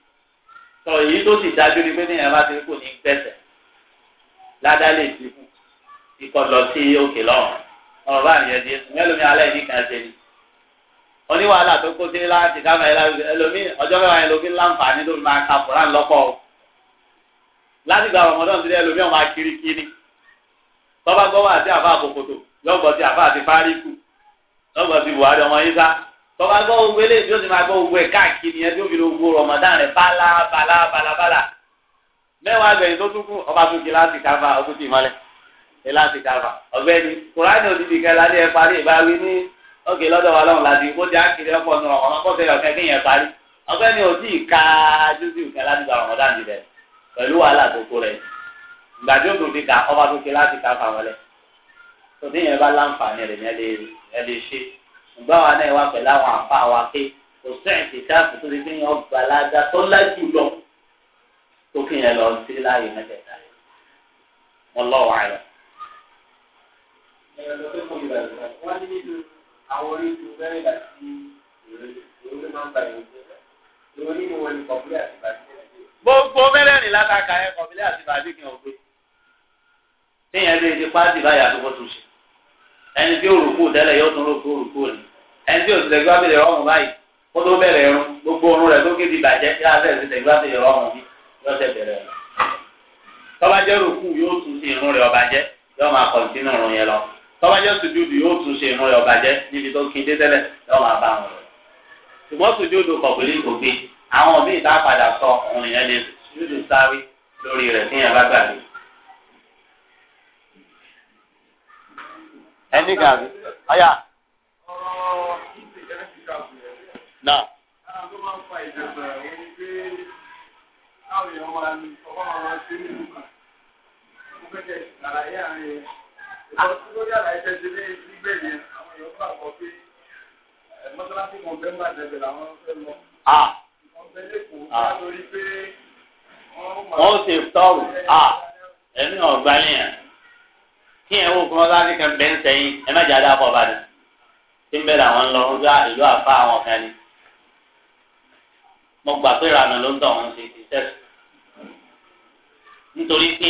sọ èyí tó sì dájú ni pé ní ẹ̀rọ àti kò ní gbẹ̀sẹ̀ ládàá lè ti kù ikọ̀ lọ sí òkè lọ́wọ́ ọ̀rọ̀ bá nìyẹn di ẹ̀sùn mẹ́lòmí alẹ́ ní kan ṣe ni oníwàhálà tó kó dé láti dáhùn ẹlòmí ọjọ́ mẹ́wàá ẹlòmí láǹfààní ló máa ka fúnra lọ́pọ̀ o láti gba ọmọdé ti dé ẹlòmí ọmọ akirikiri tọ́ba gbọ́wọ́ àti àfa àbòkòtò lọ́gbọ̀ ti àfa àti fáríkù lọ́gbọ̀ ti Buhari ọmọ yín tọ́ba gbọ́ gbogbo eléyìí tí ó sì máa gbọ́ gbogbo ẹ̀ káàkiri yẹn tí ó fi lọ gbogbo rọmọdán rẹ̀ bálá bálá bálá bálá mẹ́wàá gbẹ̀yìn tó tún kú ọba tún kí láti káfa ọdún tì mọ́lẹ̀ ẹ láti káfa ọ̀gbẹ́ni kùránì òdìdí kẹla ní ẹ parí ìbáwí ní ọ̀gẹ̀ lọ́dọ̀ wa lọ́hùn láti kó ti ákiri ọkọ̀ nù ọ̀nà kọ́sẹ̀ ọ̀kẹ́ kí yẹn parí ọ̀gbẹ́ni òdì ká jújù kẹ láti gba rọmọdán jù rẹ pẹ̀lú ṣùgbọ́n àwa náà wà pẹ̀lú àwọn àfa wa pé kò sẹ́yìn tí káàpù tó ti fi yàn gbalaga tó lájú lọ tó fi yàn lọ sí láàyè mẹ́tẹ̀ẹ̀ta rẹ̀ wọ́n lọ́ wà lọ. ẹ̀rọ tó kọ́ ìbàdàn wọ́n ní nínú àwọn orí tó bẹ́ẹ̀ dà sí ìròyìn máa ń bàyẹ̀ ìròyìn ni látàkà ẹ̀ kọ̀bílẹ̀ àti bàbí kìí ọ̀gbẹ́. téèyàn lè di pàṣẹ báyà tó bọ́ tó ṣe ẹni tí òrùkú tẹ́lẹ̀ yóò tún rògbò òrùkú ni ẹni tí òsèlè gbá bèrè ọrùn báyìí kó tó bẹ̀rẹ̀ ẹrun gbogbo orun rẹ̀ tó kébi bàjẹ́ kí láti ẹ̀sìn tẹ̀ gbá bèrè ọrùn bí lọ́sẹ̀ bẹ̀rẹ̀ ẹ̀rùn. tọ́ba jẹ́ rúkú yóò tún sí irun rẹ̀ ọba jẹ́ yóò máa kọ̀ǹtínú irun yẹn lọ tọ́ba jẹ́ sùjúdù yóò tún sí irun rẹ̀ ọba jẹ́ níbi tó kí dé tẹ́lẹ̀ yóò máa bá wọn rẹ̀. ṣùgbọ́n sùjúdù kọ̀bùlì kò gbé àwọn náà. wọ́n bẹ tọ́rù ẹ̀mí ọ̀gbá yẹn kí ẹ̀ wò kọ́mọ́tà ní kan bẹ́ẹ̀ ẹ má jáde àpọ̀ bá ní tí ń bẹ̀rẹ̀ àwọn lọ ń gbá àfa àwọn kan ni mo gbà pé ìlànà ló ń tọ̀ wọ́n ṣe ti sẹ́sù. nítorí pé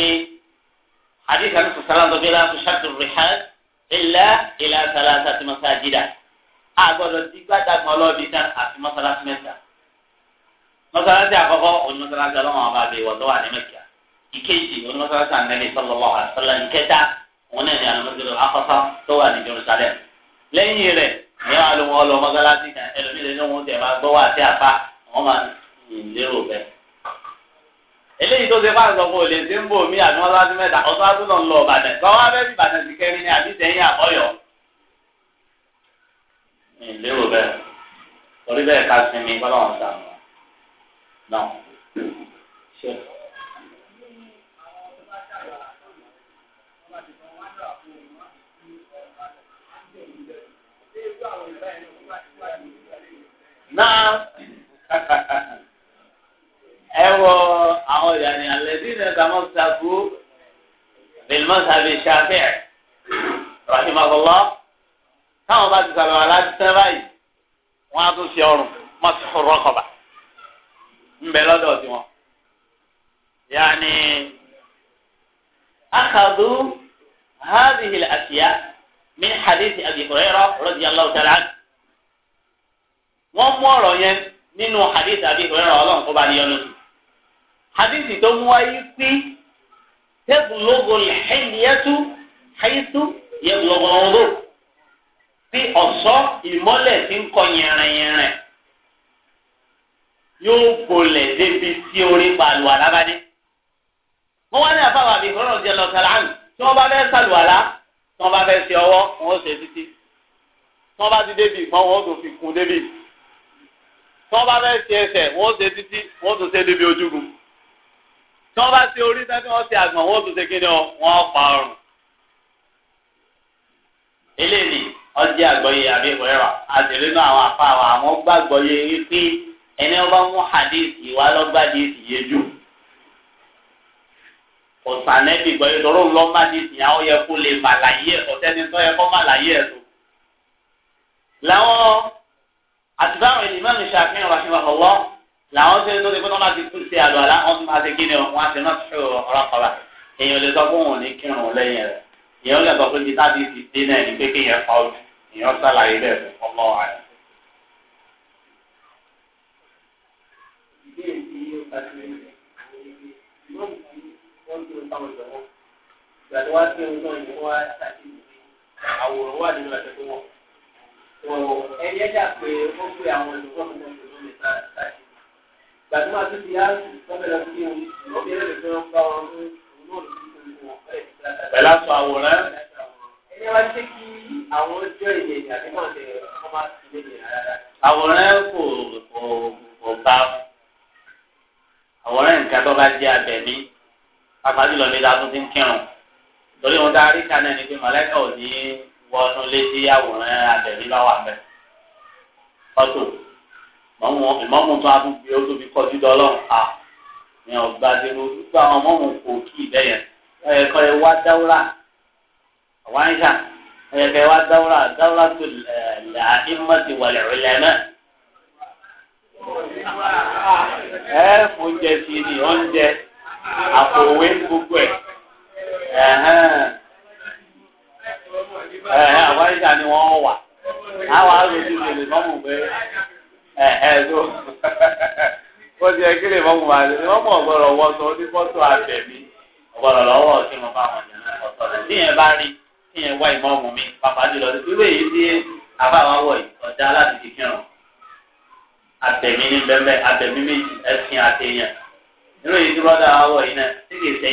hadith àti sàlám tó bẹ́ẹ̀ láti ṣàtò rìhàn ilẹ̀ ilẹ̀ àtàlà àti mọ́sáàjìdá a gbọ́dọ̀ ti gbàdàgbà ọlọ́ọ̀bì tán àti mọ́sálásí mẹ́ta. mọ́sálásí àkọ́kọ́ òní mọ́sálásí ọlọ́wọ́n ọba àbẹ̀ ìwọ̀ tó wà ní mẹ́kà ìkejì òní mọ́sálásí ànẹ́bí sallallahu alaihi wasallam ìkẹta òun náà ní àlùmọ́sílẹ̀ akọ́sọ́ tó wà ní Jerusalem lẹ́yìn rẹ̀ ní àlùmọ́ ọlọ́ mọ́sálásí ní wọ́n máa ń eléyìí tó ṣe bá ń sọ fún olè ń bò mí àti wọn mẹ́ta ọ̀tún adún náà ń lọ ọ̀bàdàn kí wọ́n fẹ́ẹ́ kẹrin ní àbí tẹ̀yìn àbọ̀yọ̀. lérò torí ká sinmi wọn sàn náà. ẹ wọ àwọn ìyàní alẹ́bí nìkan mọ́ sàkó bẹ̀lmọ́ sàbẹ̀ ṣàfẹ́ rahimahullah táwọn bá ti sàbẹ̀ wà láti tẹ́ báyìí wọ́n á tún fi ọrùn mọ́tò rọ́kọ̀bà ń bẹ lọ́dọ̀ tiwọn. yàní akadu هذه الأشياء من حديث أبي هريرة رضي الله تعالى عنه wọ́n mú ọ̀rọ̀ yẹn nínú hadith àbí ìrẹ́ràn ọlọ́run kó bá ní yọnu sí. hadith tó mú wáyé pé tẹ́gùlógó lẹ́yìnyẹ́tú hayitú yẹ́gùlógó ọ̀rọ̀ bí ọ̀ṣọ́ ìmọ́lẹ̀ ti ń kọ yẹ̀rẹ̀yẹ̀rẹ̀ yóò bolẹ̀ débi tí orí balùwà alábàdé. wọ́n wá ní àbáwọ̀ àbí ìrẹ́ràn ọ̀jẹ̀ lọ́tà láàmì tí wọ́n bá fẹ́ sàlùwà lá tí wọ́n bá fẹ́ ṣe ọwọ́ wọn ó ṣe títí tí wọ́n bá ti débi ìgbọ́n tó fi kún débi tí wọ́n bá fẹ́ ṣe ẹsẹ̀ wọ́n ṣe títí wọ́n tún ṣe débi ojúgun tí wọ́n bá ṣe orí tán tí wọ́n ṣe àgbọ̀n wọ́n tún ṣe kíni ọ wọ́n pa ọrùn. eléyìí ọjọ́ àgbọ̀yé àbí ìwẹ́rà àtẹ̀lé náà àwọn afá wa àwọn gbàgbọ́yé wípé ẹni ọba mú hadith ìwà lọ́gbàdì ìyẹ jù ọ̀sánẹ́bì gbọ́yé tọ́rọ̀ lọ́gbàdì ìyà ó yẹ kó lè màlàyé ẹ̀ ọ̀sẹ́ni tó yẹ kó màlàyé ẹ̀ àti báwọn ènìyàn máa ń ṣe àfihàn wà fún ọwọ́ làwọn ṣe ń tó ṣe pé wọ́n máa ti tún ṣe àlọ́ àlá wọ́n tún máa ṣe kí ni wọ́n á ṣe náà ṣe ọ̀rọ̀ kọ́ra èèyàn lè sọ fún òun ní kírun lẹ́yìn rẹ̀ èèyàn lè sọ pé bí tábí ti dé náà ní pé kí pa ojú èèyàn ṣàlàyé bẹ́ẹ̀ fún ọmọ àyà. àwòrán wà nínú àtẹ̀kọ́ wọn tó ẹyẹ dà pé ó pé àwọn olùkọ́ mi lọ́sọ̀ ló lè sára sáyé. gbàdúrà tó ti yá lọ́bẹ̀rẹ̀ fún mi obìnrin rẹ̀ fẹ́ràn bá wọn ní òun náà lórí ìlú wọn fẹ́rẹ̀ sí lára. pẹ̀lú aṣọ àwòrán. ẹyẹ wá ṣé kí àwọn ọjọ́ ìyẹn ìyá kò kò kò bá àwòrán nǹkan tó bá jẹ́ abẹ̀mí pàpàdé lọ nígbà tó ti ń kírun torí wọn darí kan náà ni pé mọ̀lẹ́kà ò ní wọnú létí àwòrán abẹ̀mí bá wà mẹ́. ọ̀tún ìmọ̀mù tó àdúgbò ó tóbi kọjú dọ́lọ́run a ní ọgbà dèrò gbogbo àwọn ọmọọmọ kò kí ìbẹ́yẹn ẹ̀kọ́ ẹ wá dáwúrà wáyà ẹ̀kọ́ ẹ wá dáwúrà dáwúrà tó là ìmọ̀tì wà lẹ́rọ̀lẹ́ náà. ẹ fún jẹ sí ni oúnjẹ àpòwé gbogbo ẹ ẹ̀hẹ́ eh, eh, àwáríjà ni wọ́n wà àwọn arojú lè lè mọ́mù pé ẹ̀hẹ́ ló ó ti ẹ lè mọ́mù wà lè mọ́mù ọ̀gbọ́dọ̀ wọ́ sọ ní fọ́tò àbẹ̀mí ọ̀gbọ́dọ̀ lọ́wọ́ kí mo bá wọn jẹun ọ̀tọ̀ rẹ̀ tí yẹn bá rí tí yẹn wá ìmọ̀mù mi pàpà jùlọ irú èyí tí àbá wa wọ̀ ọ̀dà láti fi kírun àbẹ̀mí ní bẹ́ẹ̀ àbẹ̀mí méjì ẹ̀sìn àtẹ̀yàn irú èyí tí wọ́n dá wa wọ̀ yìí náà tí kì í sẹ́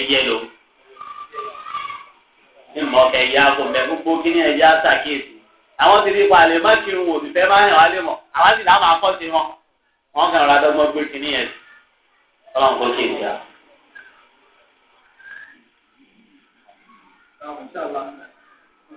ní mọ̀ ya kò mẹ́ gbogbo kí ni ẹ̀yà ṣàkíyèsí àwọn ti di ipa àlè má n má hàn wá lé mọ̀ àwa sì má akọ́ sí wọn wọn kàn rà dọ́gbọ́n gbé kí ni kò kí n jà.